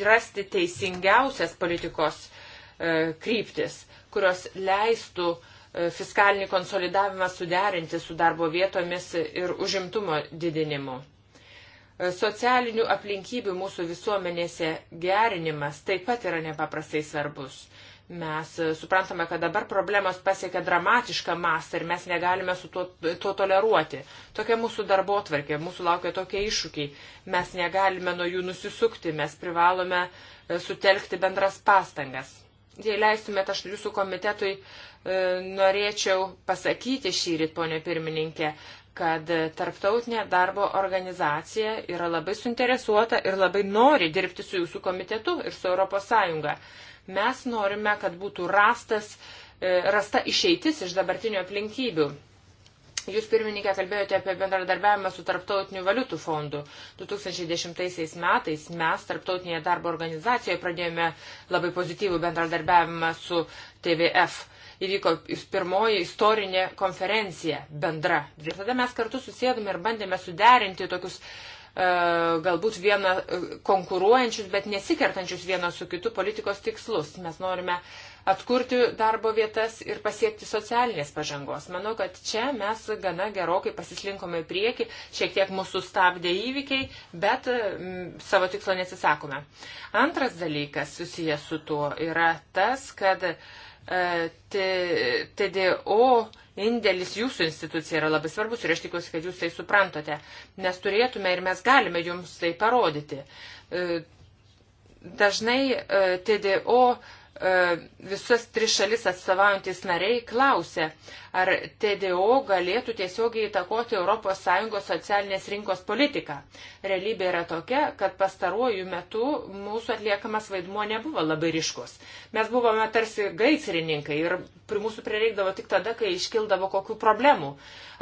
rasti teisingiausias politikos e, kryptis, kurios leistų fiskalinį konsolidavimą suderinti su darbo vietomis ir užimtumo didinimu. Socialinių aplinkybių mūsų visuomenėse gerinimas taip pat yra nepaprastai svarbus. Mes e, suprantame, kad dabar problemos pasiekia dramatišką mastą ir mes negalime su tuo, tuo toleruoti. Tokia mūsų darbo tvarkė, mūsų laukia tokie iššūkiai. Mes negalime nuo jų nusisukti, mes privalome e, sutelkti bendras pastangas. Jei leistumėte, aš jūsų komitetui e, norėčiau pasakyti šį rytą, ponė pirmininkė, kad e, tarptautinė darbo organizacija yra labai suinteresuota ir labai nori dirbti su jūsų komitetu ir su ES. Mes norime, kad būtų rastas, e, rasta išeitis iš dabartinių aplinkybių. Jūs pirmininkė kalbėjote apie bendradarbiavimą su Tarptautiniu valiutų fondu. 2010 metais mes Tarptautinėje darbo organizacijoje pradėjome labai pozityvų bendradarbiavimą su TVF. Įvyko pirmoji istorinė konferencija bendra. Ir tada mes kartu susėdome ir bandėme suderinti tokius E, galbūt vieną e, konkuruojančius, bet nesikertančius vienas su kitu politikos tikslus. Mes norime atkurti darbo vietas ir pasiekti socialinės pažangos. Manau, kad čia mes gana gerokai pasislinkome į priekį, šiek tiek mūsų stabdė įvykiai, bet m, savo tikslo nesisakome. Antras dalykas susijęs su tuo yra tas, kad uh, E, TDO indėlis jūsų institucija yra labai svarbus ir aš tikiuosi, kad jūs tai suprantate, nes turėtume ir mes galime jums tai parodyti. E, Dažnai e, TDO E, visas tris šalis atstovaujantis nariai klausė, ar TDO galėtų tiesiogiai įtakoti ES socialinės rinkos politiką. Realybė yra tokia, kad pastaruoju metu mūsų atliekamas vaidmuo nebuvo labai ryškus. Mes buvome tarsi gaisrininkai ir mūsų prireikdavo tik tada, kai iškildavo kokių problemų.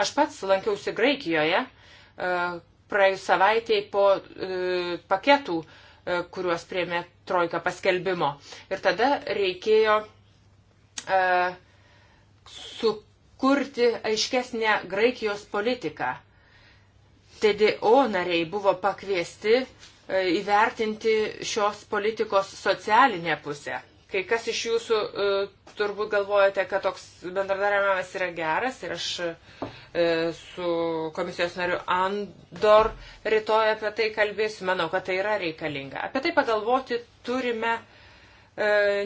Aš pats lankiausi Graikijoje e, praėjus savaitėj po e, paketų. E, E, kuriuos priemė trojka paskelbimo. Ir tada reikėjo e, sukurti aiškesnę Graikijos politiką. TDO nariai buvo pakviesti e, įvertinti šios politikos socialinę pusę. Kai kas iš jūsų turbūt galvojate, kad toks bendradarbiavimas yra geras ir aš uh, E, su komisijos nariu Andor rytoj apie tai kalbėsiu. Manau, kad tai yra reikalinga. Apie tai pagalvoti turime e,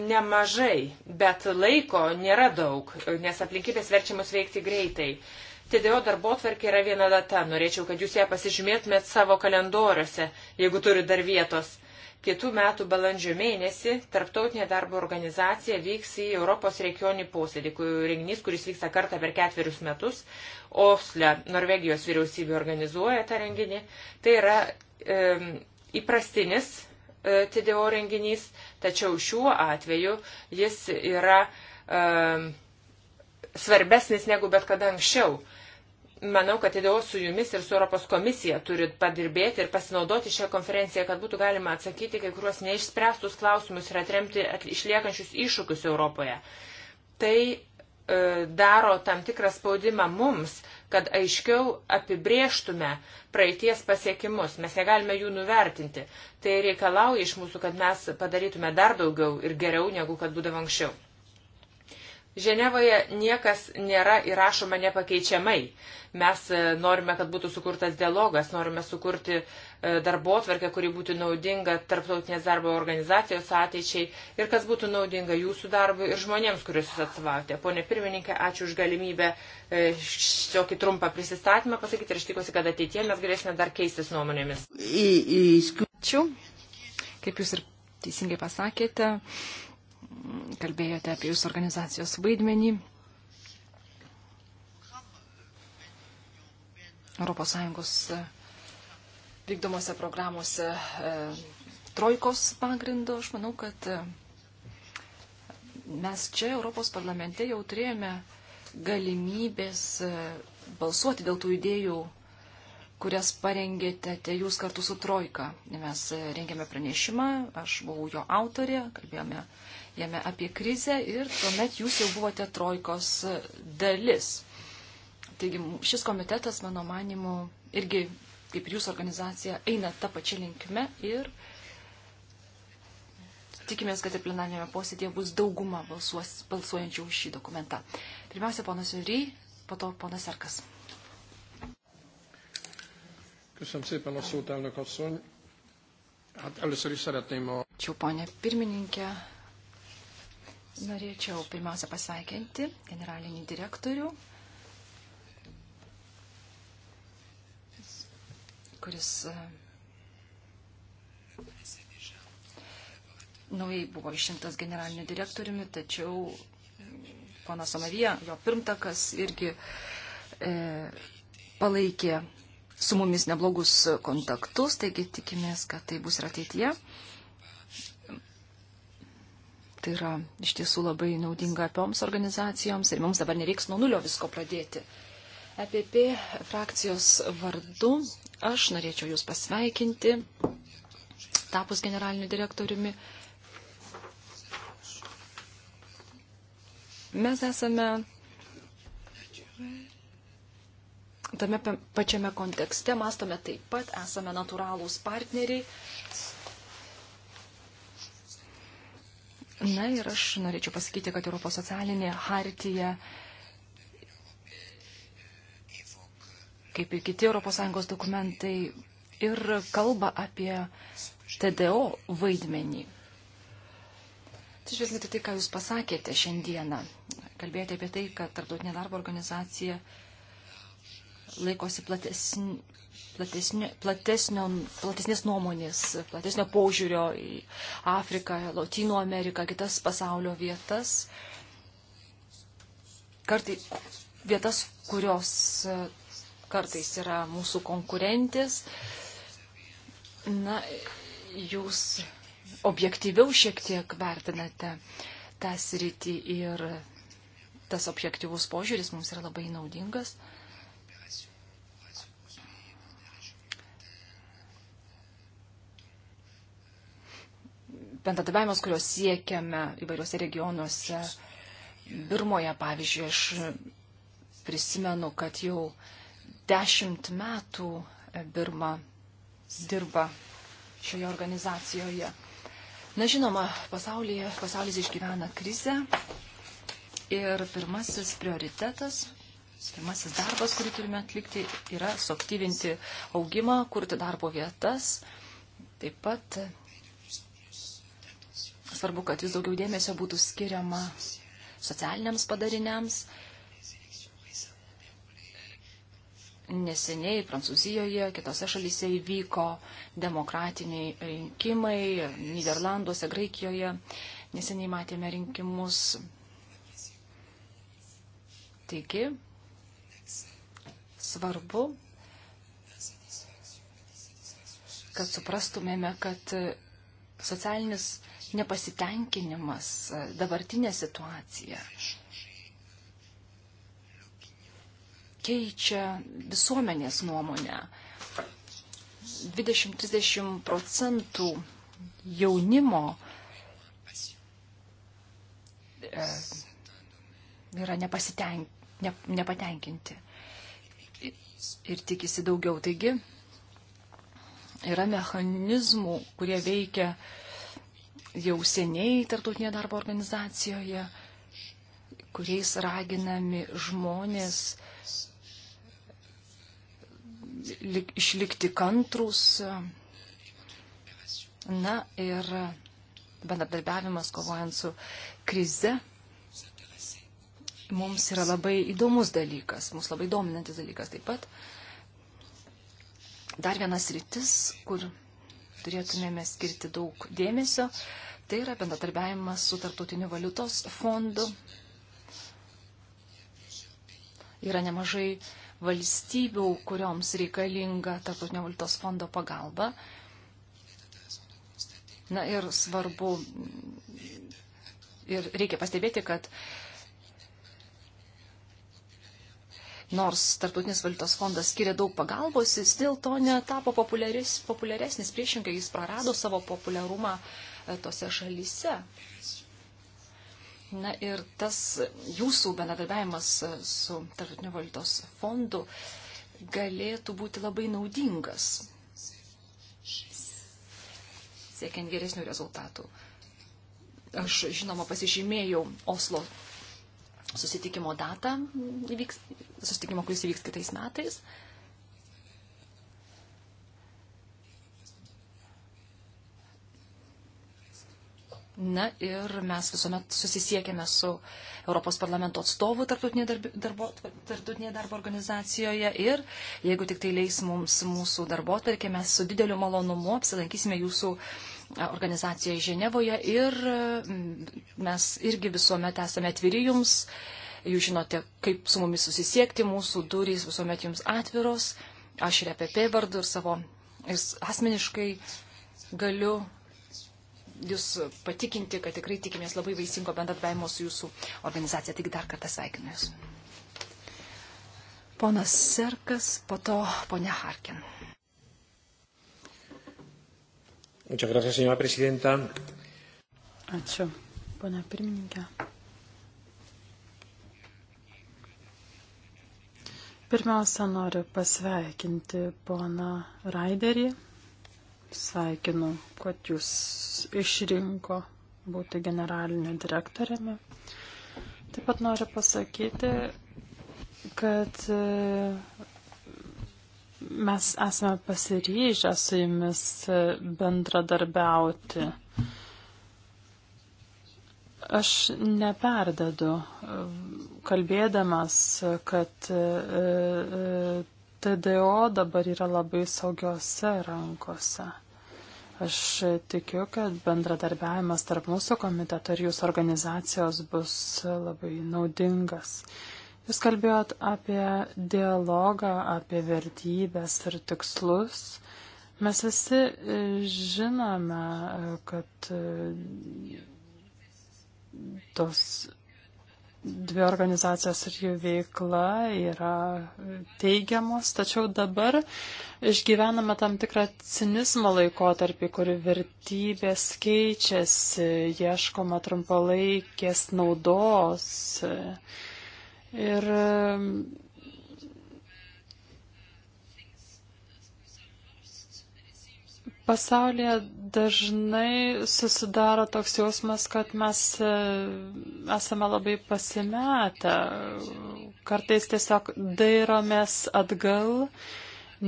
nemažai, bet laiko nėra daug, nes aplinkybės verčia mus veikti greitai. TDO darbo tvarkė yra viena data. Norėčiau, kad jūs ją pasižymėtumėt savo kalendoriuose, jeigu turi dar vietos. Kitų metų balandžio mėnesį Tarptautinė darbo organizacija vyks į Europos regionį posėdį, kur renginys, kuris vyksta kartą per ketverius metus. Osle, Norvegijos vyriausybė organizuoja tą renginį. Tai yra e, įprastinis e, TDO renginys, tačiau šiuo atveju jis yra e, svarbesnis negu bet kada anksčiau manau, kad įdėjau su jumis ir su Europos komisija turit padirbėti ir pasinaudoti šią konferenciją, kad būtų galima atsakyti kai kuriuos neišspręstus klausimus ir atremti išliekančius iššūkius Europoje. Tai e, daro tam tikrą spaudimą mums, kad aiškiau apibrieštume praeities pasiekimus. Mes negalime jų nuvertinti. Tai reikalauja iš mūsų, kad mes padarytume dar daugiau ir geriau, negu kad būdavo anksčiau. Ženevoje niekas nėra įrašoma nepakeičiamai. Mes e, norime, kad būtų sukurtas dialogas, norime sukurti e, darbo atverkę, kuri būtų naudinga tarptautinės darbo organizacijos ateičiai ir kas būtų naudinga jūsų darbui ir žmonėms, kuriuos jūs atsvavote. Pone pirmininkė, ačiū už galimybę e, šiokį trumpą prisistatymą pasakyti ir aš tikiuosi, kad ateitie mes galėsime dar keistis nuomonėmis. Ačiū. Kaip jūs ir teisingai pasakėte, kalbėjote apie jūsų organizacijos vaidmenį. ES e, vykdomose programuose e, trojkos pagrindo, aš manau, kad e, mes čia Europos parlamente jau turėjome galimybės balsuoti dėl tų idėjų, kurias parengėte te jūs kartu su Trojka. Mes rengėme pranešimą, aš buvau jo autorė, kalbėjome jame apie krizę ir tuomet jūs jau buvote trojkos dalis. Taigi šis komitetas, mano manimu, irgi kaip ir jūsų organizacija eina tą pačią linkmę ir tikimės, kad ir plenarinėme posėdėje bus dauguma balsuos, balsuojančių už šį dokumentą. Pirmiausia, ponas Jury, po to ponas Erkas. Köszönöm szépen a szót, elnök asszony. Hát először is szeretném a... Csupanya pirmininkė, Norėčiau pirmiausia pasveikinti generalinį direktorių, kuris e, naujai buvo išrinktas generaliniu direktoriumi, tačiau ponas Omavija, jo pirmtakas, irgi e, palaikė su mumis neblogus kontaktus, taigi tikimės, kad tai bus ir ateityje. Tai yra iš tiesų labai naudinga apioms organizacijoms ir mums dabar nereiks nuo nulio visko pradėti. EPP frakcijos vardu aš norėčiau Jūs pasveikinti, tapus generaliniu direktoriumi. Mes esame tame pačiame kontekste, mastome taip pat, esame natūralūs partneriai Na ir aš norėčiau pasakyti, kad Europos socialinė hartija, kaip ir kiti ES dokumentai, ir kalba apie TDO vaidmenį. Atsižvelgiant į tai, ką Jūs pasakėte šiandieną, kalbėjote apie tai, kad Tartautinė darbo organizacija laikosi platesnį platesnio, platesnio, platesnės nuomonės, platesnio požiūrio į Afriką, Latino Ameriką, kitas pasaulio vietas. Kartai, vietas, kurios e, kartais yra mūsų konkurentės. Na, jūs objektyviau šiek tiek vertinate tą sritį ir tas objektyvus požiūris mums yra labai naudingas. Uh, bendradarbiavimas, kurios siekiame įvairiuose regionuose. Birmoje, pavyzdžiui, aš prisimenu, kad jau dešimt metų Birma dirba šioje organizacijoje. Na žinoma, pasaulyje, pasaulis išgyvena krizę ir pirmasis prioritetas, pirmasis darbas, kurį turime atlikti, yra suaktyvinti augimą, kurti darbo vietas, taip pat svarbu, kad vis daugiau dėmesio būtų skiriama socialiniams padariniams. Neseniai Prancūzijoje, kitose šalyse įvyko demokratiniai rinkimai, Niderlanduose, Graikijoje. Neseniai matėme rinkimus. Taigi, svarbu, kad suprastumėme, kad socialinis nepasitenkinimas e, dabartinė situacija keičia visuomenės nuomonę. 20-30 procentų jaunimo e, yra nepasitenk, ne, nepatenkinti ir tikisi daugiau. Taigi yra mechanizmų, kurie veikia uh, jau seniai tarptautinėje darbo organizacijoje, kuriais raginami žmonės išlikti kantrus. Na ir bendradarbiavimas kovojant su krize mums yra labai įdomus dalykas, mums labai dominantis dalykas taip pat. Dar vienas rytis, kur turėtumėme skirti daug dėmesio. Tai yra bendradarbiavimas su Tartutiniu valiutos fondu. Yra nemažai valstybių, kurioms reikalinga Tartutinio valiutos fondo pagalba. Na ir svarbu, ir reikia pastebėti, kad uh, Nors Tartutinis valiutos fondas skiria daug pagalbos, jis dėl to netapo populiaresnis, priešingai jis prarado savo populiarumą e, tose šalyse. Na ir tas jūsų bendradarbiavimas e, su Tartutinio valiutos fondu galėtų būti labai naudingas, siekiant geresnių rezultatų. Aš, žinoma, pasižymėjau Oslo susitikimo datą, įvyks, susitikimo, kuris įvyks kitais metais. Na ir mes visuomet susisiekėme su Europos parlamento atstovu tarptautinėje darbo, tarptautinė darbo organizacijoje ir jeigu tik tai leis mums mūsų darbo tarkė, mes su dideliu malonumu apsilankysime jūsų uh, organizacijoje Ženevoje ir mm, mes irgi visuomet esame atviri jums. Jūs žinote, kaip su mumis susisiekti, mūsų durys visuomet jums atviros. Aš ir EPP vardu ir savo ir asmeniškai galiu jūs patikinti, kad tikrai tikimės labai vaisingo bendradarbiavimo su jūsų organizacija. Tik dar kartą sveikinu jūs. Ponas Serkas, po to ponia Harkin. Muchas gracias, señora presidenta. Ačiū, ponia pirmininkė. Pirmiausia, noriu pasveikinti poną Raiderį. Sveikinu, kad jūs išrinko būti generaliniu direktoriumi. Taip pat noriu pasakyti, kad Mes esame pasiryžę su jumis e, bendradarbiauti. Aš neperdedu, e, kalbėdamas, kad e, TDO dabar yra labai saugiose rankose. Aš tikiu, kad bendradarbiavimas tarp mūsų komiteto ir jūsų organizacijos bus labai naudingas. Jūs kalbėjot apie dialogą, apie vertybės ir tikslus. Mes visi e, žinome, e, kad e, tos dvi organizacijos ir jų veikla yra teigiamos, tačiau dabar išgyvename tam tikrą cinizmo laikotarpį, kuri vertybės keičiasi, ieškoma trumpalaikės naudos. Ir um, pasaulyje dažnai susidaro toks jausmas, kad mes uh, esame labai pasimetę. Kartais tiesiog dairomės atgal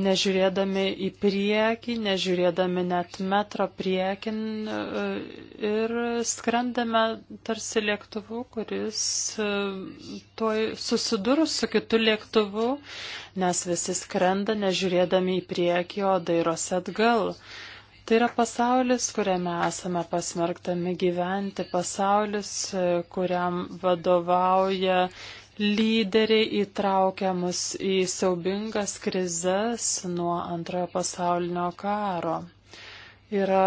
nežiūrėdami į priekį, nežiūrėdami net metro priekin e, ir skrendame tarsi lėktuvu, kuris e, tuoj susidurs su kitu lėktuvu, nes visi skrenda nežiūrėdami į priekį, o dairosi atgal. Tai yra pasaulis, kuriame esame pasmerktami gyventi, pasaulis, kuriam vadovauja lyderiai įtraukiamus į siaubingas krizas nuo antrojo pasaulinio karo. Yra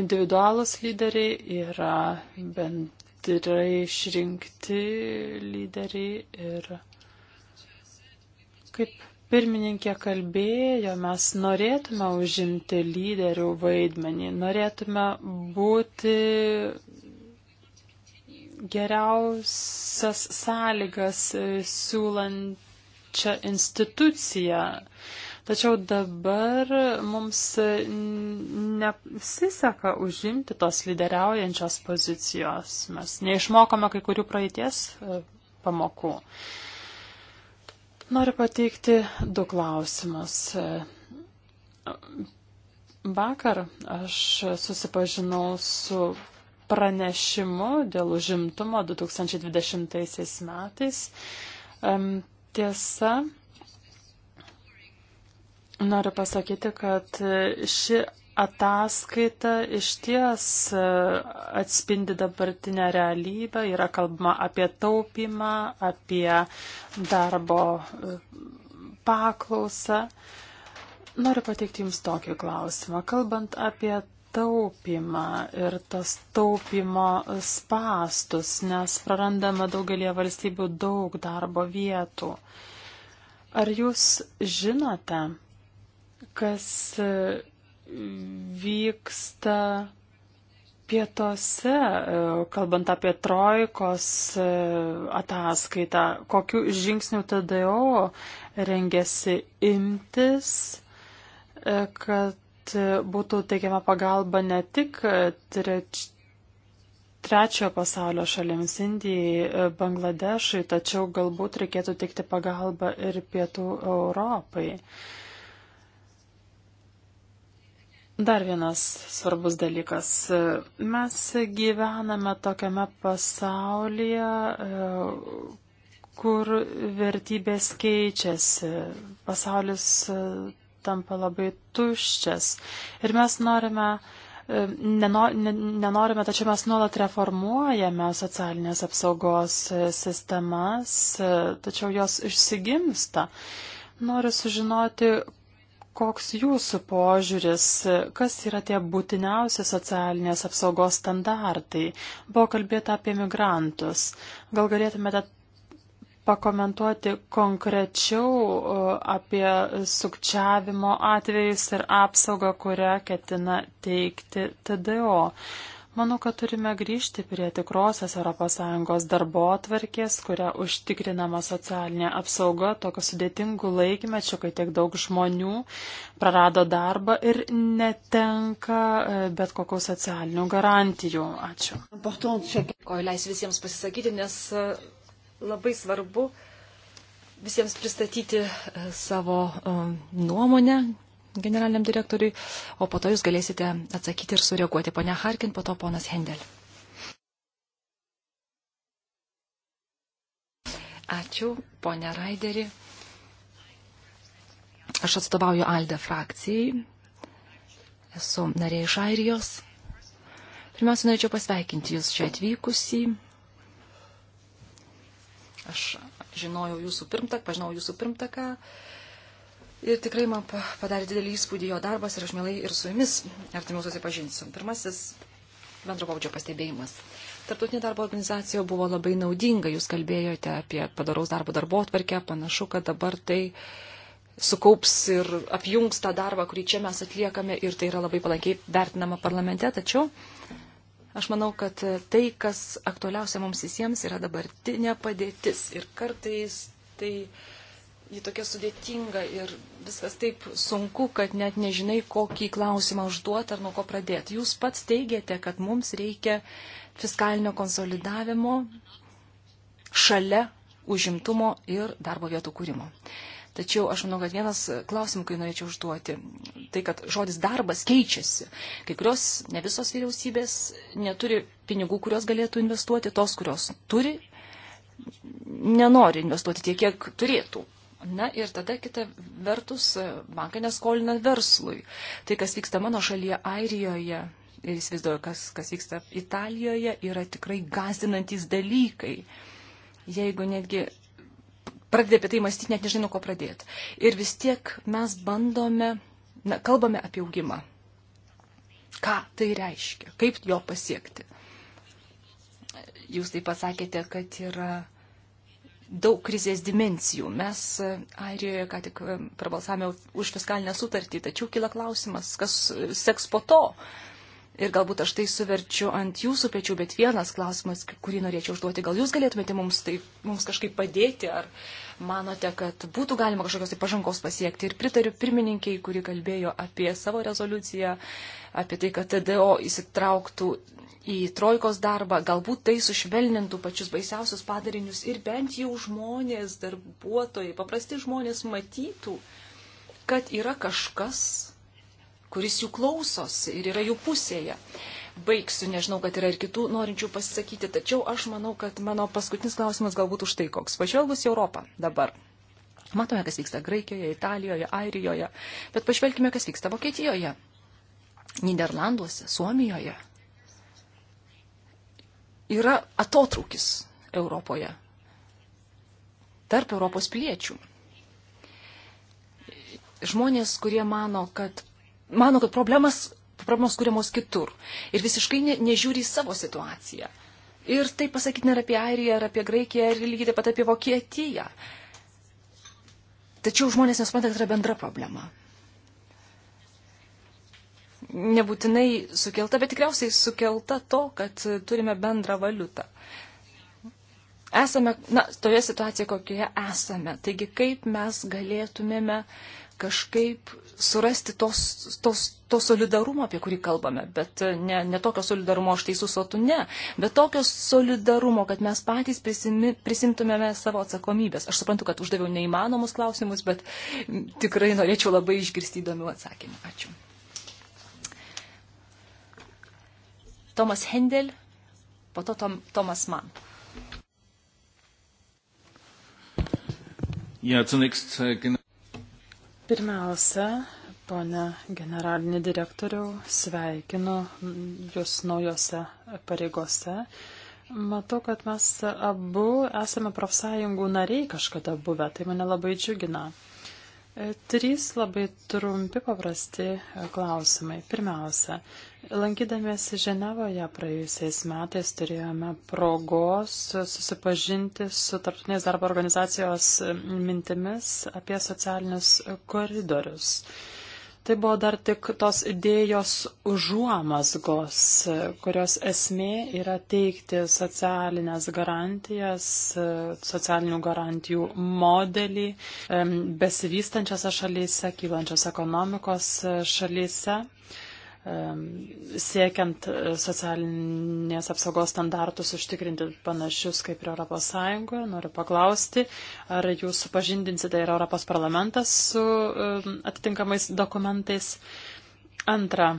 individualus lyderiai, yra bendrai išrinkti lyderiai ir kaip pirmininkė kalbėjo, mes norėtume užimti lyderių vaidmenį, norėtume būti geriausias sąlygas e, siūlančią instituciją. Tačiau dabar mums e, nepsiseka užimti tos lyderiaujančios pozicijos. Mes neišmokome kai kurių praeities e, pamokų. Noriu pateikti du klausimus. Vakar aš susipažinau su pranešimu dėl užimtumo 2020 metais. Tiesa, noriu pasakyti, kad ši ataskaita iš ties e, atspindi dabartinę realybę, yra kalbama apie taupimą, apie darbo e, paklausą. Noriu pateikti Jums tokį klausimą. Kalbant apie taupimą ir tas taupimo spastus, nes prarandama daugelie valstybių daug darbo vietų. Ar jūs žinote, kas vyksta pietose, kalbant apie trojkos ataskaitą, kokiu žingsniu TDO rengėsi imtis, kad būtų teikiama pagalba ne tik treč, trečiojo pasaulio šalims - Indijai, Bangladešai, tačiau galbūt reikėtų teikti pagalbą ir pietų Europai. Dar vienas svarbus dalykas. Mes gyvename tokiame pasaulyje, kur vertybės keičiasi. Pasaulis tampa labai tuščias. Ir mes norime, e, nenorime, tačiau mes nuolat reformuojame socialinės apsaugos e, sistemas, e, tačiau jos išsigimsta. Noriu sužinoti, koks jūsų požiūris, kas yra tie būtiniausi socialinės apsaugos standartai. Buvo kalbėta apie migrantus. Gal galėtumėte pakomentuoti konkrečiau apie sukčiavimo atvejus ir apsaugą, kurią ketina teikti TDO. Manau, kad turime grįžti prie tikrosios ES darbo atvarkės, kuria užtikrinama socialinė apsauga tokio sudėtingų laikmečių, kai tiek daug žmonių prarado darbą ir netenka e, bet kokių socialinių garantijų. Ačiū. Dėkoju, leis visiems pasisakyti, nes e, labai svarbu visiems pristatyti e, savo e, nuomonę generaliniam direktoriui, o po to jūs galėsite atsakyti ir sureaguoti. Pone Harkin, po to ponas Hendel. Ačiū, ponė Raideri. Aš atstovauju Alde frakcijai. Esu narė iš Airijos. Pirmiausia, norėčiau pasveikinti Jūs čia atvykusį. Aš žinojau jūsų pirmtaką, pažinau jūsų pirmtaką. Ir tikrai man padarė didelį įspūdį jo darbas ir aš mielai ir su jumis artimiau susipažinsiu. Pirmasis bendro pavadžio pastebėjimas. Tartutinė darbo organizacija buvo labai naudinga, jūs kalbėjote apie padaraus darbo darbo atvarkę, panašu, kad dabar tai sukaups ir apjungs tą darbą, kurį čia mes atliekame ir tai yra labai palankiai vertinama parlamente, tačiau Aš manau, kad tai, kas aktualiausia mums visiems, yra dabartinė padėtis. Ir kartais tai ji tokia sudėtinga ir viskas taip sunku, kad net nežinai, kokį klausimą užduoti ar nuo ko pradėti. Jūs pats teigiate, kad mums reikia fiskalinio konsolidavimo šalia užimtumo ir darbo vietų kūrimo. Tačiau aš manau, kad vienas klausimų, kai norėčiau užduoti, tai kad žodis darbas keičiasi. Kai kurios, ne visos vyriausybės neturi pinigų, kuriuos galėtų investuoti, tos, kurios turi, nenori investuoti tiek, kiek turėtų. Na ir tada kita vertus, bankai neskolina verslui. Tai, kas vyksta mano šalyje Airijoje ir įsivaizduoju, kas, kas vyksta Italijoje, yra tikrai gazdinantis dalykai. Jeigu netgi pradedi apie tai mąstyti, net nežinai, nuo ko pradėti. Ir vis tiek mes bandome, na, kalbame apie augimą. Ką tai reiškia? Kaip jo pasiekti? Jūs taip pasakėte, kad yra daug krizės dimensijų. Mes e, Airijoje ką tik e, prabalsavome už fiskalinę sutartį, tačiau kila klausimas, kas seks po to. Uh, ir galbūt aš tai suverčiu ant jūsų pečių, bet vienas klausimas, kurį norėčiau užduoti, gal jūs galėtumėte mums, tai, mums kažkaip padėti, ar manote, kad būtų galima kažkokios tai pažangos pasiekti. Ir pritariu pirmininkiai, kuri kalbėjo apie savo rezoliuciją, apie tai, kad TDO įsitrauktų į trojkos darbą, galbūt tai sušvelnintų pačius baisiausius padarinius ir bent jau žmonės, darbuotojai, paprasti žmonės matytų, kad yra kažkas, kuris jų klausosi ir yra jų pusėje. Baigsiu, nežinau, kad yra ir kitų norinčių pasisakyti, tačiau aš manau, kad mano paskutinis klausimas galbūt už tai koks. Pažvelgus į Europą dabar. Matome, kas vyksta Graikijoje, Italijoje, Airijoje, bet pažvelkime, kas vyksta Vokietijoje, Niderlanduose, Suomijoje. Yra atotrūkis Europoje tarp Europos piliečių žmonės, kurie mano, kad mano, kad problemas, problemos kūriamos kitur ir visiškai ne, nežiūri į savo situaciją. Ir tai pasakyti nėra apie Airiją, ar apie Graikiją, ir lygiai taip pat apie Vokietiją. Tačiau žmonės nesupranta, kad tai yra bendra problema. Nebūtinai sukelta, bet tikriausiai sukelta to, kad turime bendrą valiutą. Esame, na, toje situacijoje, kokioje esame. Taigi, kaip mes galėtumėme uh, kažkaip surasti tos, tos, to solidarumo, apie kurį kalbame, bet e, ne, ne tokio solidarumo aš teisus, o tu ne, bet tokio solidarumo, kad mes patys prisimi, prisimtumėme savo atsakomybės. Aš suprantu, kad uždaviau neįmanomus klausimus, bet tikrai norėčiau labai išgirsti įdomių atsakymų. Ačiū. Tomas Hendel, po to Tom, Tomas Mann. Ja, zunächst, äh, genau. Pirmiausia, Pone generalinį direktoriau, sveikinu Jūs naujose pareigose. Matau, kad mes abu esame profsąjungų nariai kažkada buvę, tai mane labai džiugina. E, trys labai trumpi paprasti e, klausimai. Pirmiausia, lankydamėsi Ženevoje praėjusiais metais turėjome progos susipažinti su Tarptautinės darbo organizacijos e, mintimis apie socialinius koridorius. Tai buvo dar tik tos idėjos užuomasgos, kurios esmė yra teikti socialinės garantijas, socialinių garantijų modelį besivystančiose šalyse, kylančios ekonomikos šalyse siekiant e, socialinės apsaugos standartus užtikrinti panašius kaip ir ES, noriu paklausti, ar jūs supažindinsite ir ES su atitinkamais dokumentais. Antra,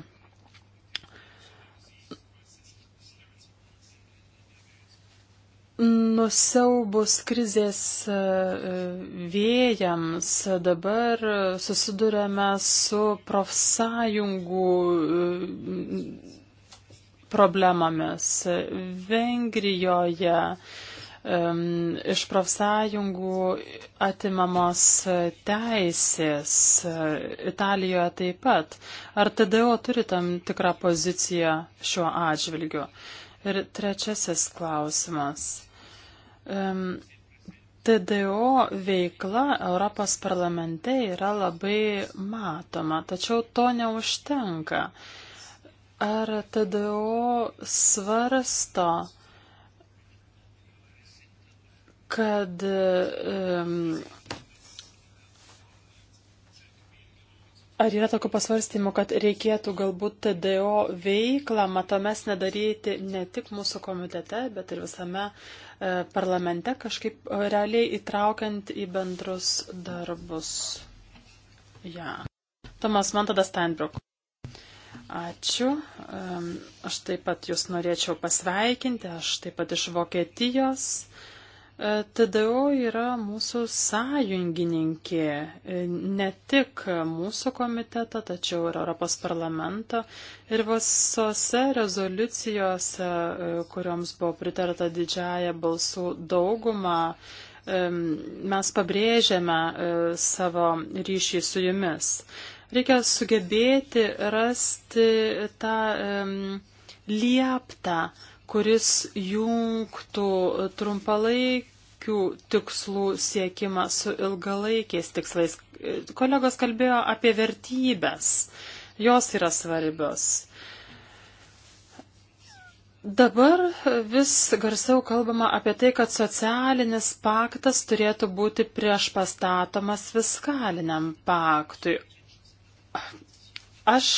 Nusiaubus krizės e, e, vėjams dabar susidurėme su profsąjungų e, problemomis. Vengrijoje iš profsąjungų atimamos teisės, Italijoje taip pat. Ar TDO turi tam tikrą poziciją šiuo atžvilgiu? Ir trečiasis klausimas. TDO veikla Europos parlamente yra labai matoma, tačiau to neužtenka. Ar TDO svarsto, kad um, Ar yra tokių pasvarstymų, kad reikėtų galbūt TDO veiklą matomesnę daryti ne tik mūsų komitete, bet ir visame E, parlamente kažkaip e, realiai įtraukiant į bendrus darbus. Ja. Tomas, man tada Steinbrück. Ačiū. Aš taip pat jūs norėčiau pasveikinti, aš taip pat iš Vokietijos. TDO yra mūsų sąjungininkė, ne tik mūsų komitetą, tačiau ir Europos parlamento. Ir visose rezoliucijose, e, kurioms buvo pritarta didžiaja balsų dauguma, e, mes pabrėžiame e, savo ryšį su jumis. Reikia sugebėti rasti tą lieptą, kuris jungtų trumpalaikių tikslų siekimą su ilgalaikiais tikslais. Kolegos kalbėjo apie vertybės. Jos yra svarbios. Dabar vis garsiau kalbama apie tai, kad socialinis paktas turėtų būti prieš pastatomas fiskaliniam paktui. Aš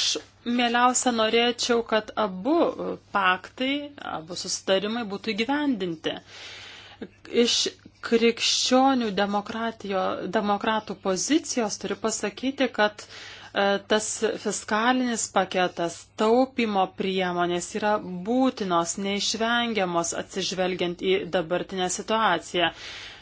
Mieliausia norėčiau, kad abu paktai, abu sustarimai būtų įgyvendinti. Iš krikščionių demokratų pozicijos turiu pasakyti, kad e, tas fiskalinis paketas, taupimo priemonės yra būtinos, neišvengiamos atsižvelgiant į dabartinę situaciją.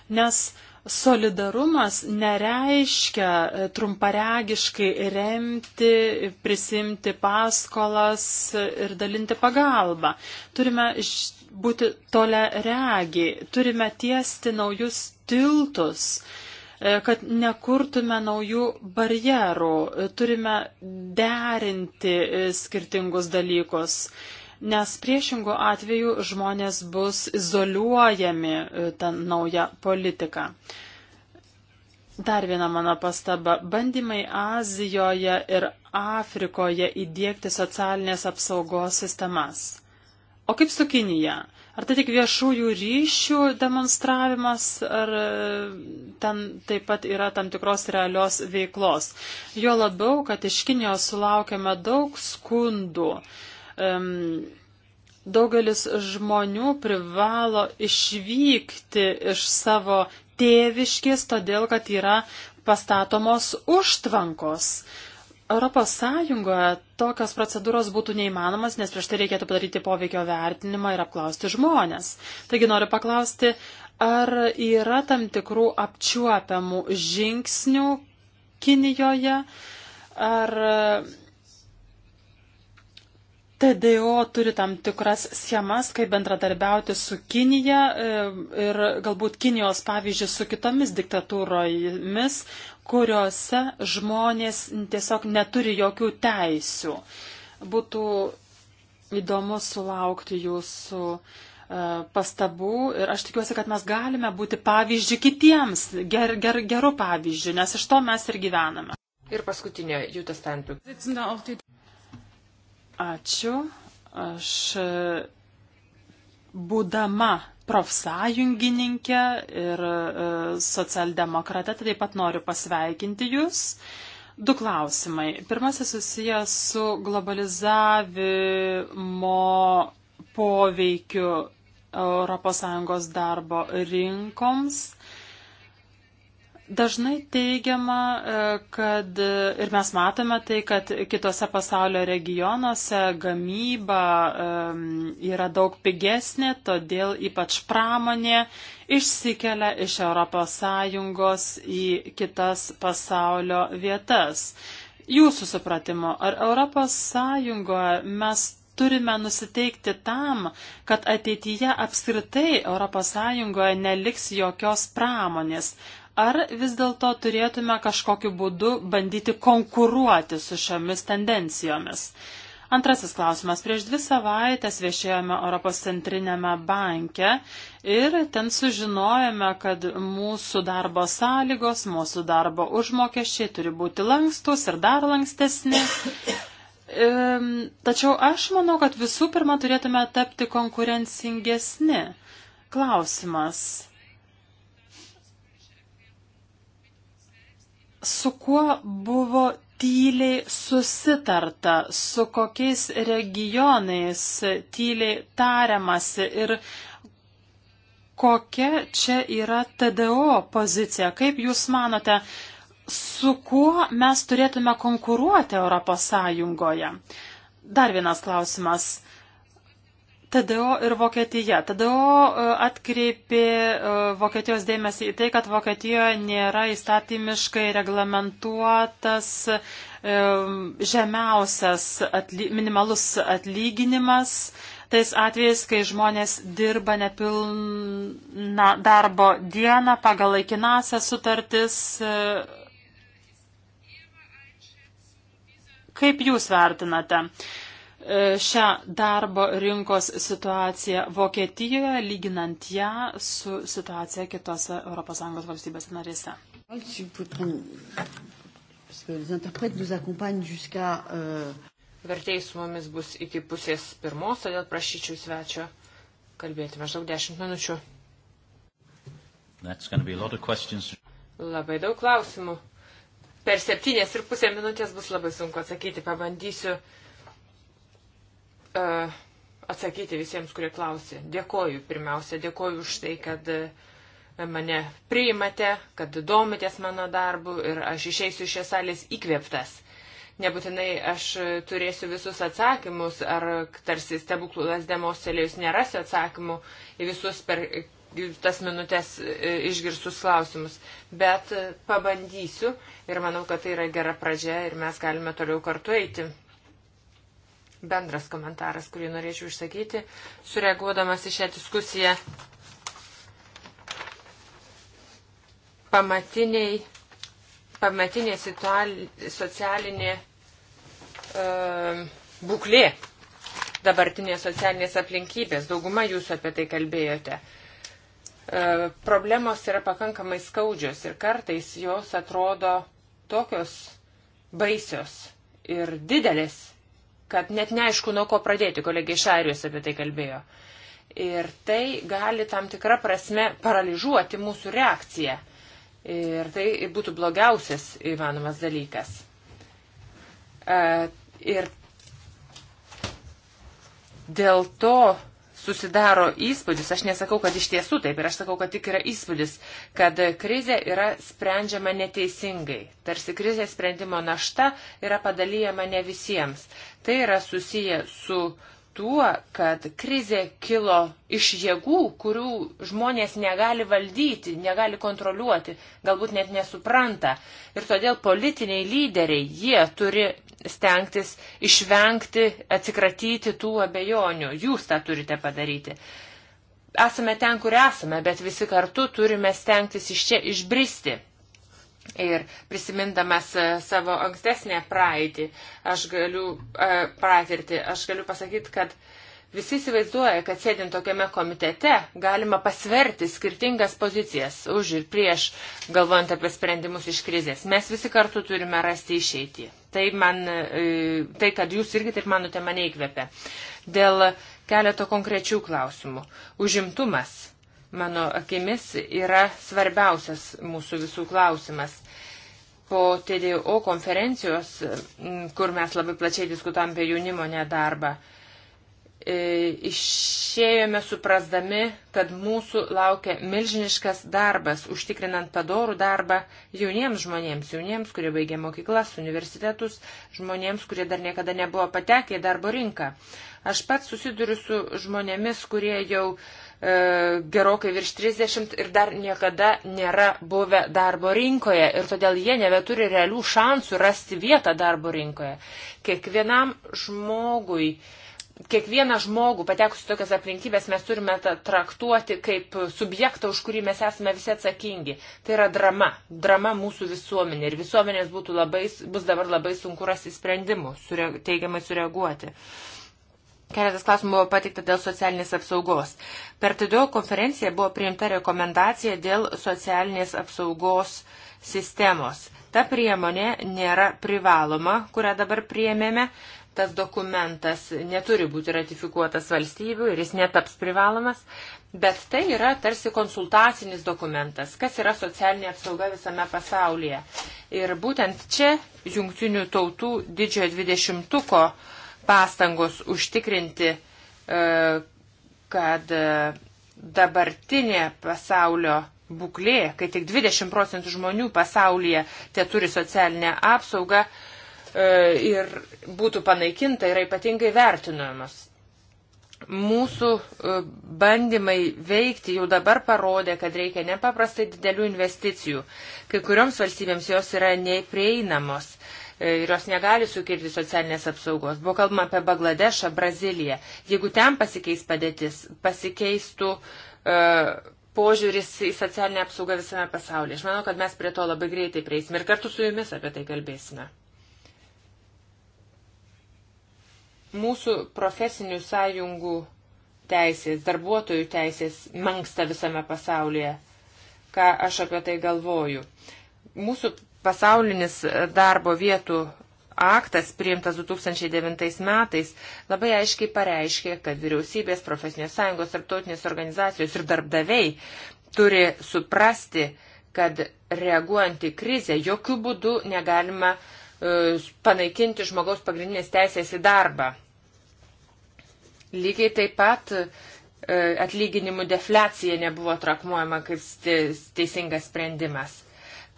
Nes uh, Solidarumas nereiškia e, trumparegiškai remti, prisimti paskolas ir dalinti pagalbą. Turime būti toleregiai, turime tiesti naujus tiltus, e, kad nekurtume naujų barjerų, turime derinti e, skirtingus dalykus nes priešingų atveju žmonės bus izoliuojami e, tą naują politiką. Dar viena mano pastaba. Bandymai Azijoje ir Afrikoje įdėkti socialinės apsaugos sistemas. O kaip su Kinija? Ar tai tik viešųjų ryšių demonstravimas, ar e, ten taip pat yra tam tikros realios veiklos? Jo labiau, kad iš Kinijos sulaukėme daug skundų. Uh, um, daugelis žmonių privalo išvykti iš savo tėviškės, todėl kad yra pastatomos užtvankos. Europos Sąjungoje tokios procedūros būtų neįmanomas, nes prieš tai reikėtų padaryti poveikio vertinimą ir apklausti žmonės. Taigi noriu paklausti, ar yra tam tikrų apčiuopiamų žingsnių Kinijoje, ar TDO turi tam tikras schemas, kaip bendradarbiauti su Kinija e, ir galbūt Kinijos pavyzdžiui su kitomis diktatūromis, kuriuose žmonės tiesiog neturi jokių teisių. Būtų įdomu sulaukti jūsų e, pastabų ir aš tikiuosi, kad mes galime būti pavyzdžių kitiems, ger, ger, gerų pavyzdžių, nes iš to mes ir gyvename. Ir paskutinė, Jūta Stantų. Ačiū. Aš e, būdama profsąjungininkė ir e, socialdemokratė taip pat noriu pasveikinti Jūs. Du klausimai. Pirmasis susijęs su globalizavimo poveikiu ES darbo rinkoms. Dažnai teigiama, e, kad ir mes matome tai, kad kitose pasaulio regionuose gamyba e, yra daug pigesnė, todėl ypač pramonė išsikelia iš ES į kitas pasaulio vietas. Jūsų supratimo, ar ES mes turime nusiteikti tam, kad ateityje apskritai ES neliks jokios pramonės. Ar vis dėlto turėtume kažkokiu būdu bandyti konkuruoti su šiomis tendencijomis? Antrasis klausimas. Prieš dvi savaitės viešėjome Europos centrinėme banke ir ten sužinojome, kad mūsų darbo sąlygos, mūsų darbo užmokesčiai turi būti lankstus ir dar lankstesni. Tačiau aš manau, kad visų pirma turėtume tapti konkurencingesni. Klausimas. su kuo buvo tyliai susitarta, su kokiais regionais tyliai tariamasi ir kokia čia yra TDO pozicija. Kaip Jūs manote, su kuo mes turėtume konkuruoti Europos Sąjungoje? Dar vienas klausimas. TDO ir Vokietija. TDO e, atkreipė e, Vokietijos dėmesį į tai, kad Vokietijoje nėra įstatymiškai reglamentuotas e, žemiausias atly, minimalus atlyginimas tais atvejais, kai žmonės dirba nepilną darbo dieną pagal laikinąsią sutartis. Kaip jūs vertinate? E, šią darbo rinkos situaciją Vokietijoje, lyginant ją su situacija kitose ES valstybėse narėse. Euh, Vertėjai su mumis bus iki pusės pirmos, todėl prašyčiau svečio kalbėti maždaug 10 minučių. Labai daug klausimų. Per septynės ir pusę minutės bus labai sunku atsakyti. Pabandysiu uh, E, atsakyti visiems, kurie klausė. Dėkoju pirmiausia, dėkoju už tai, kad e, mane priimate, kad domitės mano darbu ir aš išeisiu iš šios salės įkvėptas. Nebūtinai aš turėsiu visus atsakymus, ar tarsi stebuklų lasdemos celėjus nerasiu atsakymų į visus per tas minutės e, išgirstus klausimus, bet pabandysiu ir manau, kad tai yra gera pradžia ir mes galime toliau kartu eiti bendras komentaras, kurį norėčiau išsakyti, sureaguodamas į šią diskusiją. Pamatiniai, pamatinė situali, socialinė e, būklė, dabartinės socialinės aplinkybės, dauguma jūsų apie tai kalbėjote uh, problemos yra pakankamai skaudžios ir kartais jos atrodo tokios baisios ir didelės kad net neaišku, nuo ko pradėti, kolegė iš Airijos apie tai kalbėjo. Ir tai gali tam tikrą prasme paralyžuoti mūsų reakciją. Ir tai būtų blogiausias įmanomas dalykas. E, ir dėl to susidaro įspūdis, aš nesakau, kad iš tiesų taip, ir aš sakau, kad tik yra įspūdis, kad krizė yra sprendžiama neteisingai. Tarsi krizės sprendimo našta yra padalyjama ne visiems. Tai yra susiję su tuo, kad krizė kilo iš jėgų, kurių žmonės negali valdyti, negali kontroliuoti, galbūt net nesupranta. Ir todėl politiniai lyderiai, jie turi stengtis išvengti, atsikratyti tų abejonių. Jūs tą turite padaryti. Esame ten, kur esame, bet visi kartu turime stengtis iš čia išbristi. Ir prisimindamas e, savo ankstesnę praeitį, aš galiu, e, pratirtį, aš galiu pasakyti, kad visi įsivaizduoja, kad sėdint tokiame komitete galima pasverti skirtingas pozicijas už ir prieš, galvojant apie sprendimus iš krizės. Mes visi kartu turime rasti išeitį. Tai, man, e, tai kad jūs irgi taip manote, mane įkvepia. Dėl keleto konkrečių klausimų. Užimtumas mano akimis, yra svarbiausias mūsų visų klausimas. Po TDO konferencijos, kur mes labai plačiai diskutam apie jaunimo nedarbą, e, išėjome suprasdami, kad mūsų laukia milžiniškas darbas, užtikrinant padorų darbą jauniems žmonėms, jauniems, kurie baigė mokyklas, universitetus, žmonėms, kurie dar niekada nebuvo patekę į darbo rinką. Aš pats susiduriu su žmonėmis, kurie jau uh, E, gerokai virš 30 ir dar niekada nėra buvę darbo rinkoje ir todėl jie nebeturi realių šansų rasti vietą darbo rinkoje. Kiekvienam žmogui, kiekvieną žmogų patekus tokias aplinkybės mes turime traktuoti kaip subjektą, už kurį mes esame visi atsakingi. Tai yra drama, drama mūsų visuomenė ir visuomenės labai, bus dabar labai sunku rasti sprendimų, sure, teigiamai sureaguoti. Uh, Keletas klausimų buvo patikta dėl socialinės apsaugos. Per TDO konferenciją buvo priimta rekomendacija dėl socialinės apsaugos sistemos. Ta priemonė nėra privaloma, kurią dabar priėmėme. Tas dokumentas neturi būti ratifikuotas valstybių ir jis netaps privalomas, bet tai yra tarsi konsultacinis dokumentas, kas yra socialinė apsauga visame pasaulyje. Ir būtent čia jungtinių tautų didžiojo dvidešimtuko uh, pastangos užtikrinti, e, kad dabartinė pasaulio būklė, kai tik 20 procentų žmonių pasaulyje te turi socialinę apsaugą e, ir būtų panaikinta, yra ypatingai vertinamas. Mūsų e, bandymai veikti jau dabar parodė, kad reikia nepaprastai didelių investicijų. Kai kurioms valstybėms jos yra neprieinamos. E, ir jos negali sukirti socialinės apsaugos. Buvo kalbama apie Bangladešą, Braziliją. Jeigu ten pasikeis padėtis, pasikeistų uh, požiūris į socialinę apsaugą visame pasaulyje. Aš manau, kad mes prie to labai greitai prieisime ir kartu su jumis apie tai kalbėsime. Mūsų profesinių sąjungų teisės, darbuotojų teisės manksta visame pasaulyje. Ką aš apie tai galvoju? Mūsų pasaulinis darbo vietų aktas priimtas 2009 metais labai aiškiai pareiškė, kad vyriausybės, profesinės sąjungos, tarptautinės organizacijos ir darbdaviai turi suprasti, kad reaguojant į krizę jokių būdų negalima uh, panaikinti žmogaus pagrindinės teisės į darbą. Lygiai taip pat uh, atlyginimų deflecija nebuvo trakmuojama kaip teisingas sprendimas.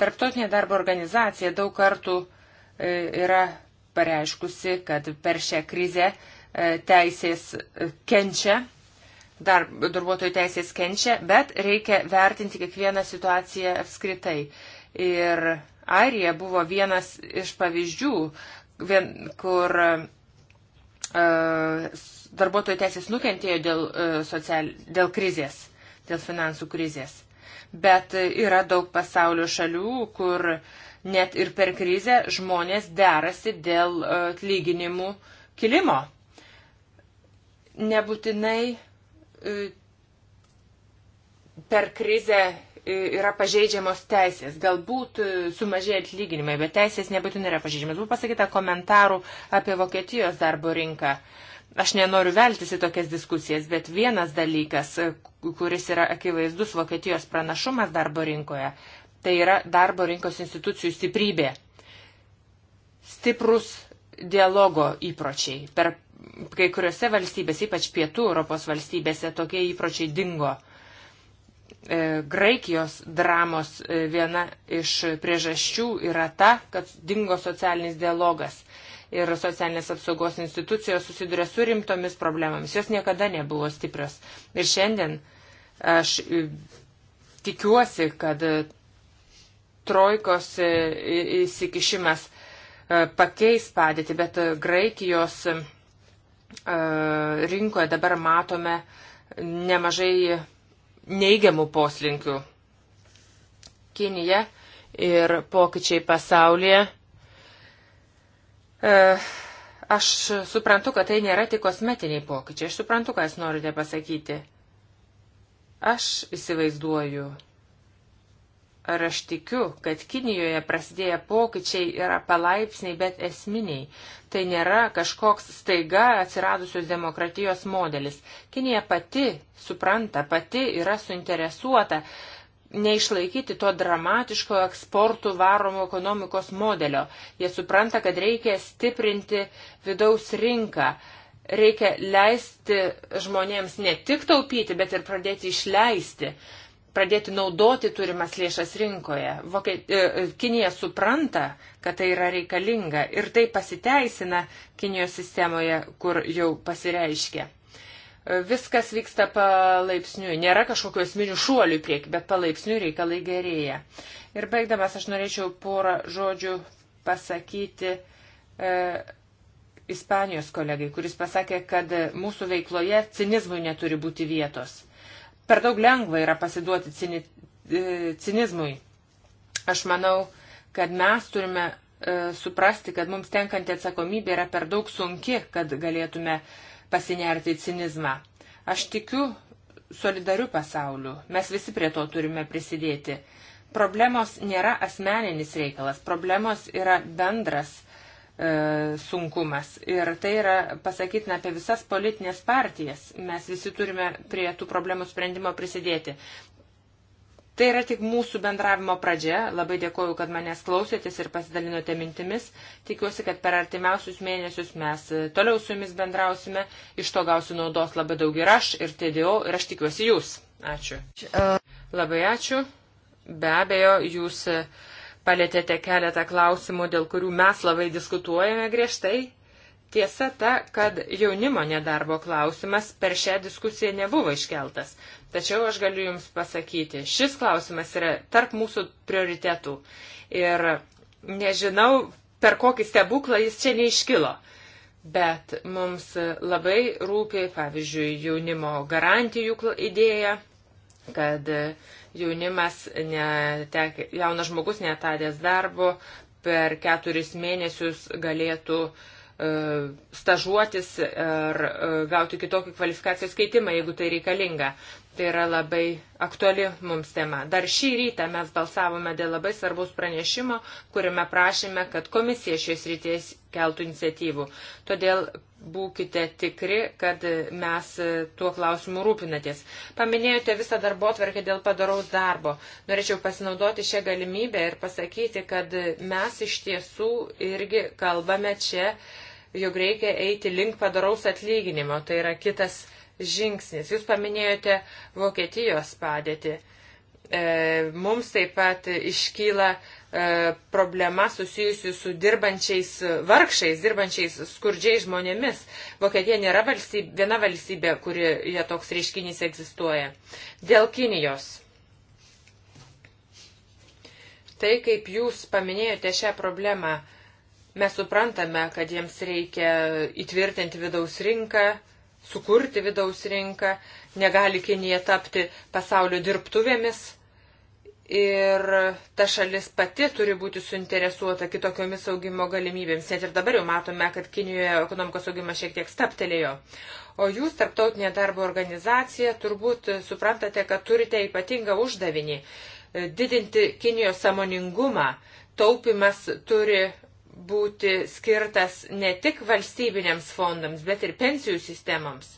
Tarptautinė darbo organizacija daug kartų e, yra pareiškusi, kad per šią krizę e, teisės e, kenčia, dar, darbuotojų teisės kenčia, bet reikia vertinti kiekvieną situaciją apskritai. Ir Airija buvo vienas iš pavyzdžių, vien, kur uh, darbuotojų teisės nukentėjo dėl, uh, social, dėl krizės, dėl finansų krizės bet yra daug pasaulio šalių, kur net ir per krizę žmonės derasi dėl e, atlyginimų kilimo. Nebūtinai e, per krizę e, yra pažeidžiamos teisės. Galbūt sumažėja atlyginimai, bet teisės nebūtinai yra pažeidžiamas. Buvo pasakyta komentarų apie Vokietijos darbo rinką. Uh, Aš nenoriu veltis į tokias diskusijas, bet vienas dalykas, kuris yra akivaizdus Vokietijos pranašumas darbo rinkoje, tai yra darbo rinkos institucijų stiprybė. Stiprus dialogo įpročiai. Per kai kuriuose valstybėse, ypač pietų Europos valstybėse, tokie įpročiai dingo. E, Graikijos dramos e, viena iš priežasčių yra ta, kad dingo socialinis dialogas ir socialinės apsaugos institucijos susiduria su rimtomis problemomis. Jos niekada nebuvo stiprios. Ir šiandien aš e, tikiuosi, kad e, trojkos e, įsikišimas pakeis padėtį, bet Graikijos rinkoje dabar matome nemažai neigiamų poslinkių. Kinija ir pokyčiai pasaulyje E, aš suprantu, kad tai nėra tik kosmetiniai pokyčiai. Aš suprantu, ką jūs norite pasakyti. Aš įsivaizduoju, ar aš tikiu, kad Kinijoje prasidėję pokyčiai yra palaipsniai, bet esminiai. Tai nėra kažkoks staiga atsiradusios demokratijos modelis. Kinija pati supranta, pati yra suinteresuota uh, neišlaikyti to dramatiško eksportų varomo ekonomikos modelio. Jie supranta, kad reikia stiprinti vidaus rinką, reikia leisti žmonėms ne tik taupyti, bet ir pradėti išleisti, pradėti naudoti turimas lėšas rinkoje. Vokie, e, Kinija supranta, kad tai yra reikalinga ir tai pasiteisina Kinijos sistemoje, kur jau pasireiškia. Viskas vyksta palaipsniui, nėra kažkokio esminių šuolių į priekį, bet palaipsniui reikalai gerėja. Ir baigdamas aš norėčiau porą žodžių pasakyti e, Ispanijos kolegai, kuris pasakė, kad mūsų veikloje cinizmui neturi būti vietos. Per daug lengva yra pasiduoti cini, e, cinizmui. Aš manau, kad mes turime e, suprasti, kad mums tenkanti atsakomybė yra per daug sunki, kad galėtume e, pasinerti į cinizmą. Aš tikiu solidariu pasauliu. Mes visi prie to turime prisidėti. Problemos nėra asmeninis reikalas, problemos yra bendras e, sunkumas. Ir tai yra pasakytina apie visas politinės partijas. Mes visi turime prie tų problemų sprendimo prisidėti. Tai yra tik mūsų bendravimo pradžia. Labai dėkoju, kad manęs klausėtės ir pasidalinote mintimis. Tikiuosi, kad per artimiausius mėnesius mes e, toliau su jumis bendrausime. Iš to gausiu naudos labai daug ir aš, ir TDO, ir aš tikiuosi jūs. Ačiū. Labai ačiū. Be abejo, jūs e, palėtėte keletą klausimų, dėl kurių mes labai diskutuojame griežtai. Tiesa ta, kad jaunimo nedarbo klausimas per šią diskusiją nebuvo iškeltas. Tačiau aš galiu Jums pasakyti, šis klausimas yra tarp mūsų prioritetų. Ir nežinau, per kokį stebuklą jis čia neiškilo. Bet mums labai rūpi, pavyzdžiui, jaunimo garantijų idėja, kad jaunimas, netek, jaunas žmogus netadęs darbo per keturis mėnesius galėtų uh, E, stažuotis ar e, gauti kitokį kvalifikacijos keitimą, jeigu tai reikalinga. Tai yra labai aktuali mums tema. Dar šį rytą mes balsavome dėl labai svarbus pranešimo, kuriame prašėme, kad komisija šiais ryties keltų iniciatyvų. Todėl būkite tikri, kad mes tuo klausimu rūpinatės. Paminėjote visą darbo tvarkę dėl padaraus darbo. Norėčiau pasinaudoti šią galimybę ir pasakyti, kad mes iš tiesų irgi kalbame čia, jog reikia eiti link padaraus atlyginimo. Tai yra kitas žingsnis. Jūs paminėjote Vokietijos padėtį. E, mums taip pat iškyla E, problema susijusi su dirbančiais vargšiais, dirbančiais skurdžiai žmonėmis. Vokietija nėra valstybė, viena valstybė, kurioje toks reiškinys egzistuoja. Dėl Kinijos. Tai, kaip jūs paminėjote šią problemą, mes suprantame, kad jiems reikia įtvirtinti vidaus rinką, sukurti vidaus rinką, negali Kinija tapti pasaulio dirbtuvėmis ir ta šalis pati turi būti suinteresuota kitokiomis augimo galimybėms. Net ir dabar jau matome, kad Kinijoje ekonomikos augimas šiek tiek staptelėjo. O jūs, tarptautinė darbo organizacija, turbūt suprantate, kad turite ypatingą uždavinį - didinti Kinijos samoningumą. Taupimas turi būti skirtas ne tik valstybiniams fondams, bet ir pensijų sistemams.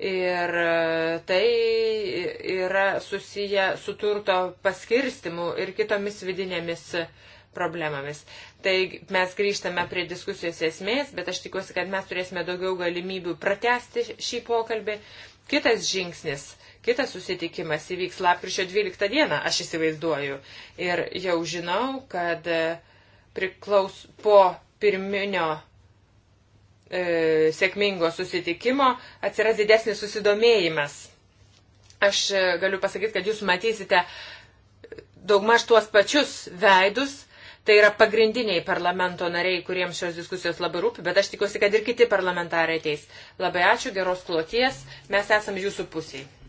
Ir e, tai yra susiję su turto paskirstimu ir kitomis vidinėmis problemomis. Tai mes grįžtame prie diskusijos esmės, bet aš tikiuosi, kad mes turėsime daugiau galimybių pratesti šį pokalbį. Kitas žingsnis, kitas susitikimas įvyks lapkričio 12 dieną, aš įsivaizduoju. Ir jau žinau, kad e, priklaus po pirminio e, sėkmingo susitikimo atsiras didesnis susidomėjimas. Aš e, galiu pasakyti, kad jūs matysite daugmaž tuos pačius veidus. Tai yra pagrindiniai parlamento nariai, kuriems šios diskusijos labai rūpi, bet aš tikiuosi, kad ir kiti parlamentarai ateis. Labai ačiū, geros kloties, mes esam jūsų pusėje.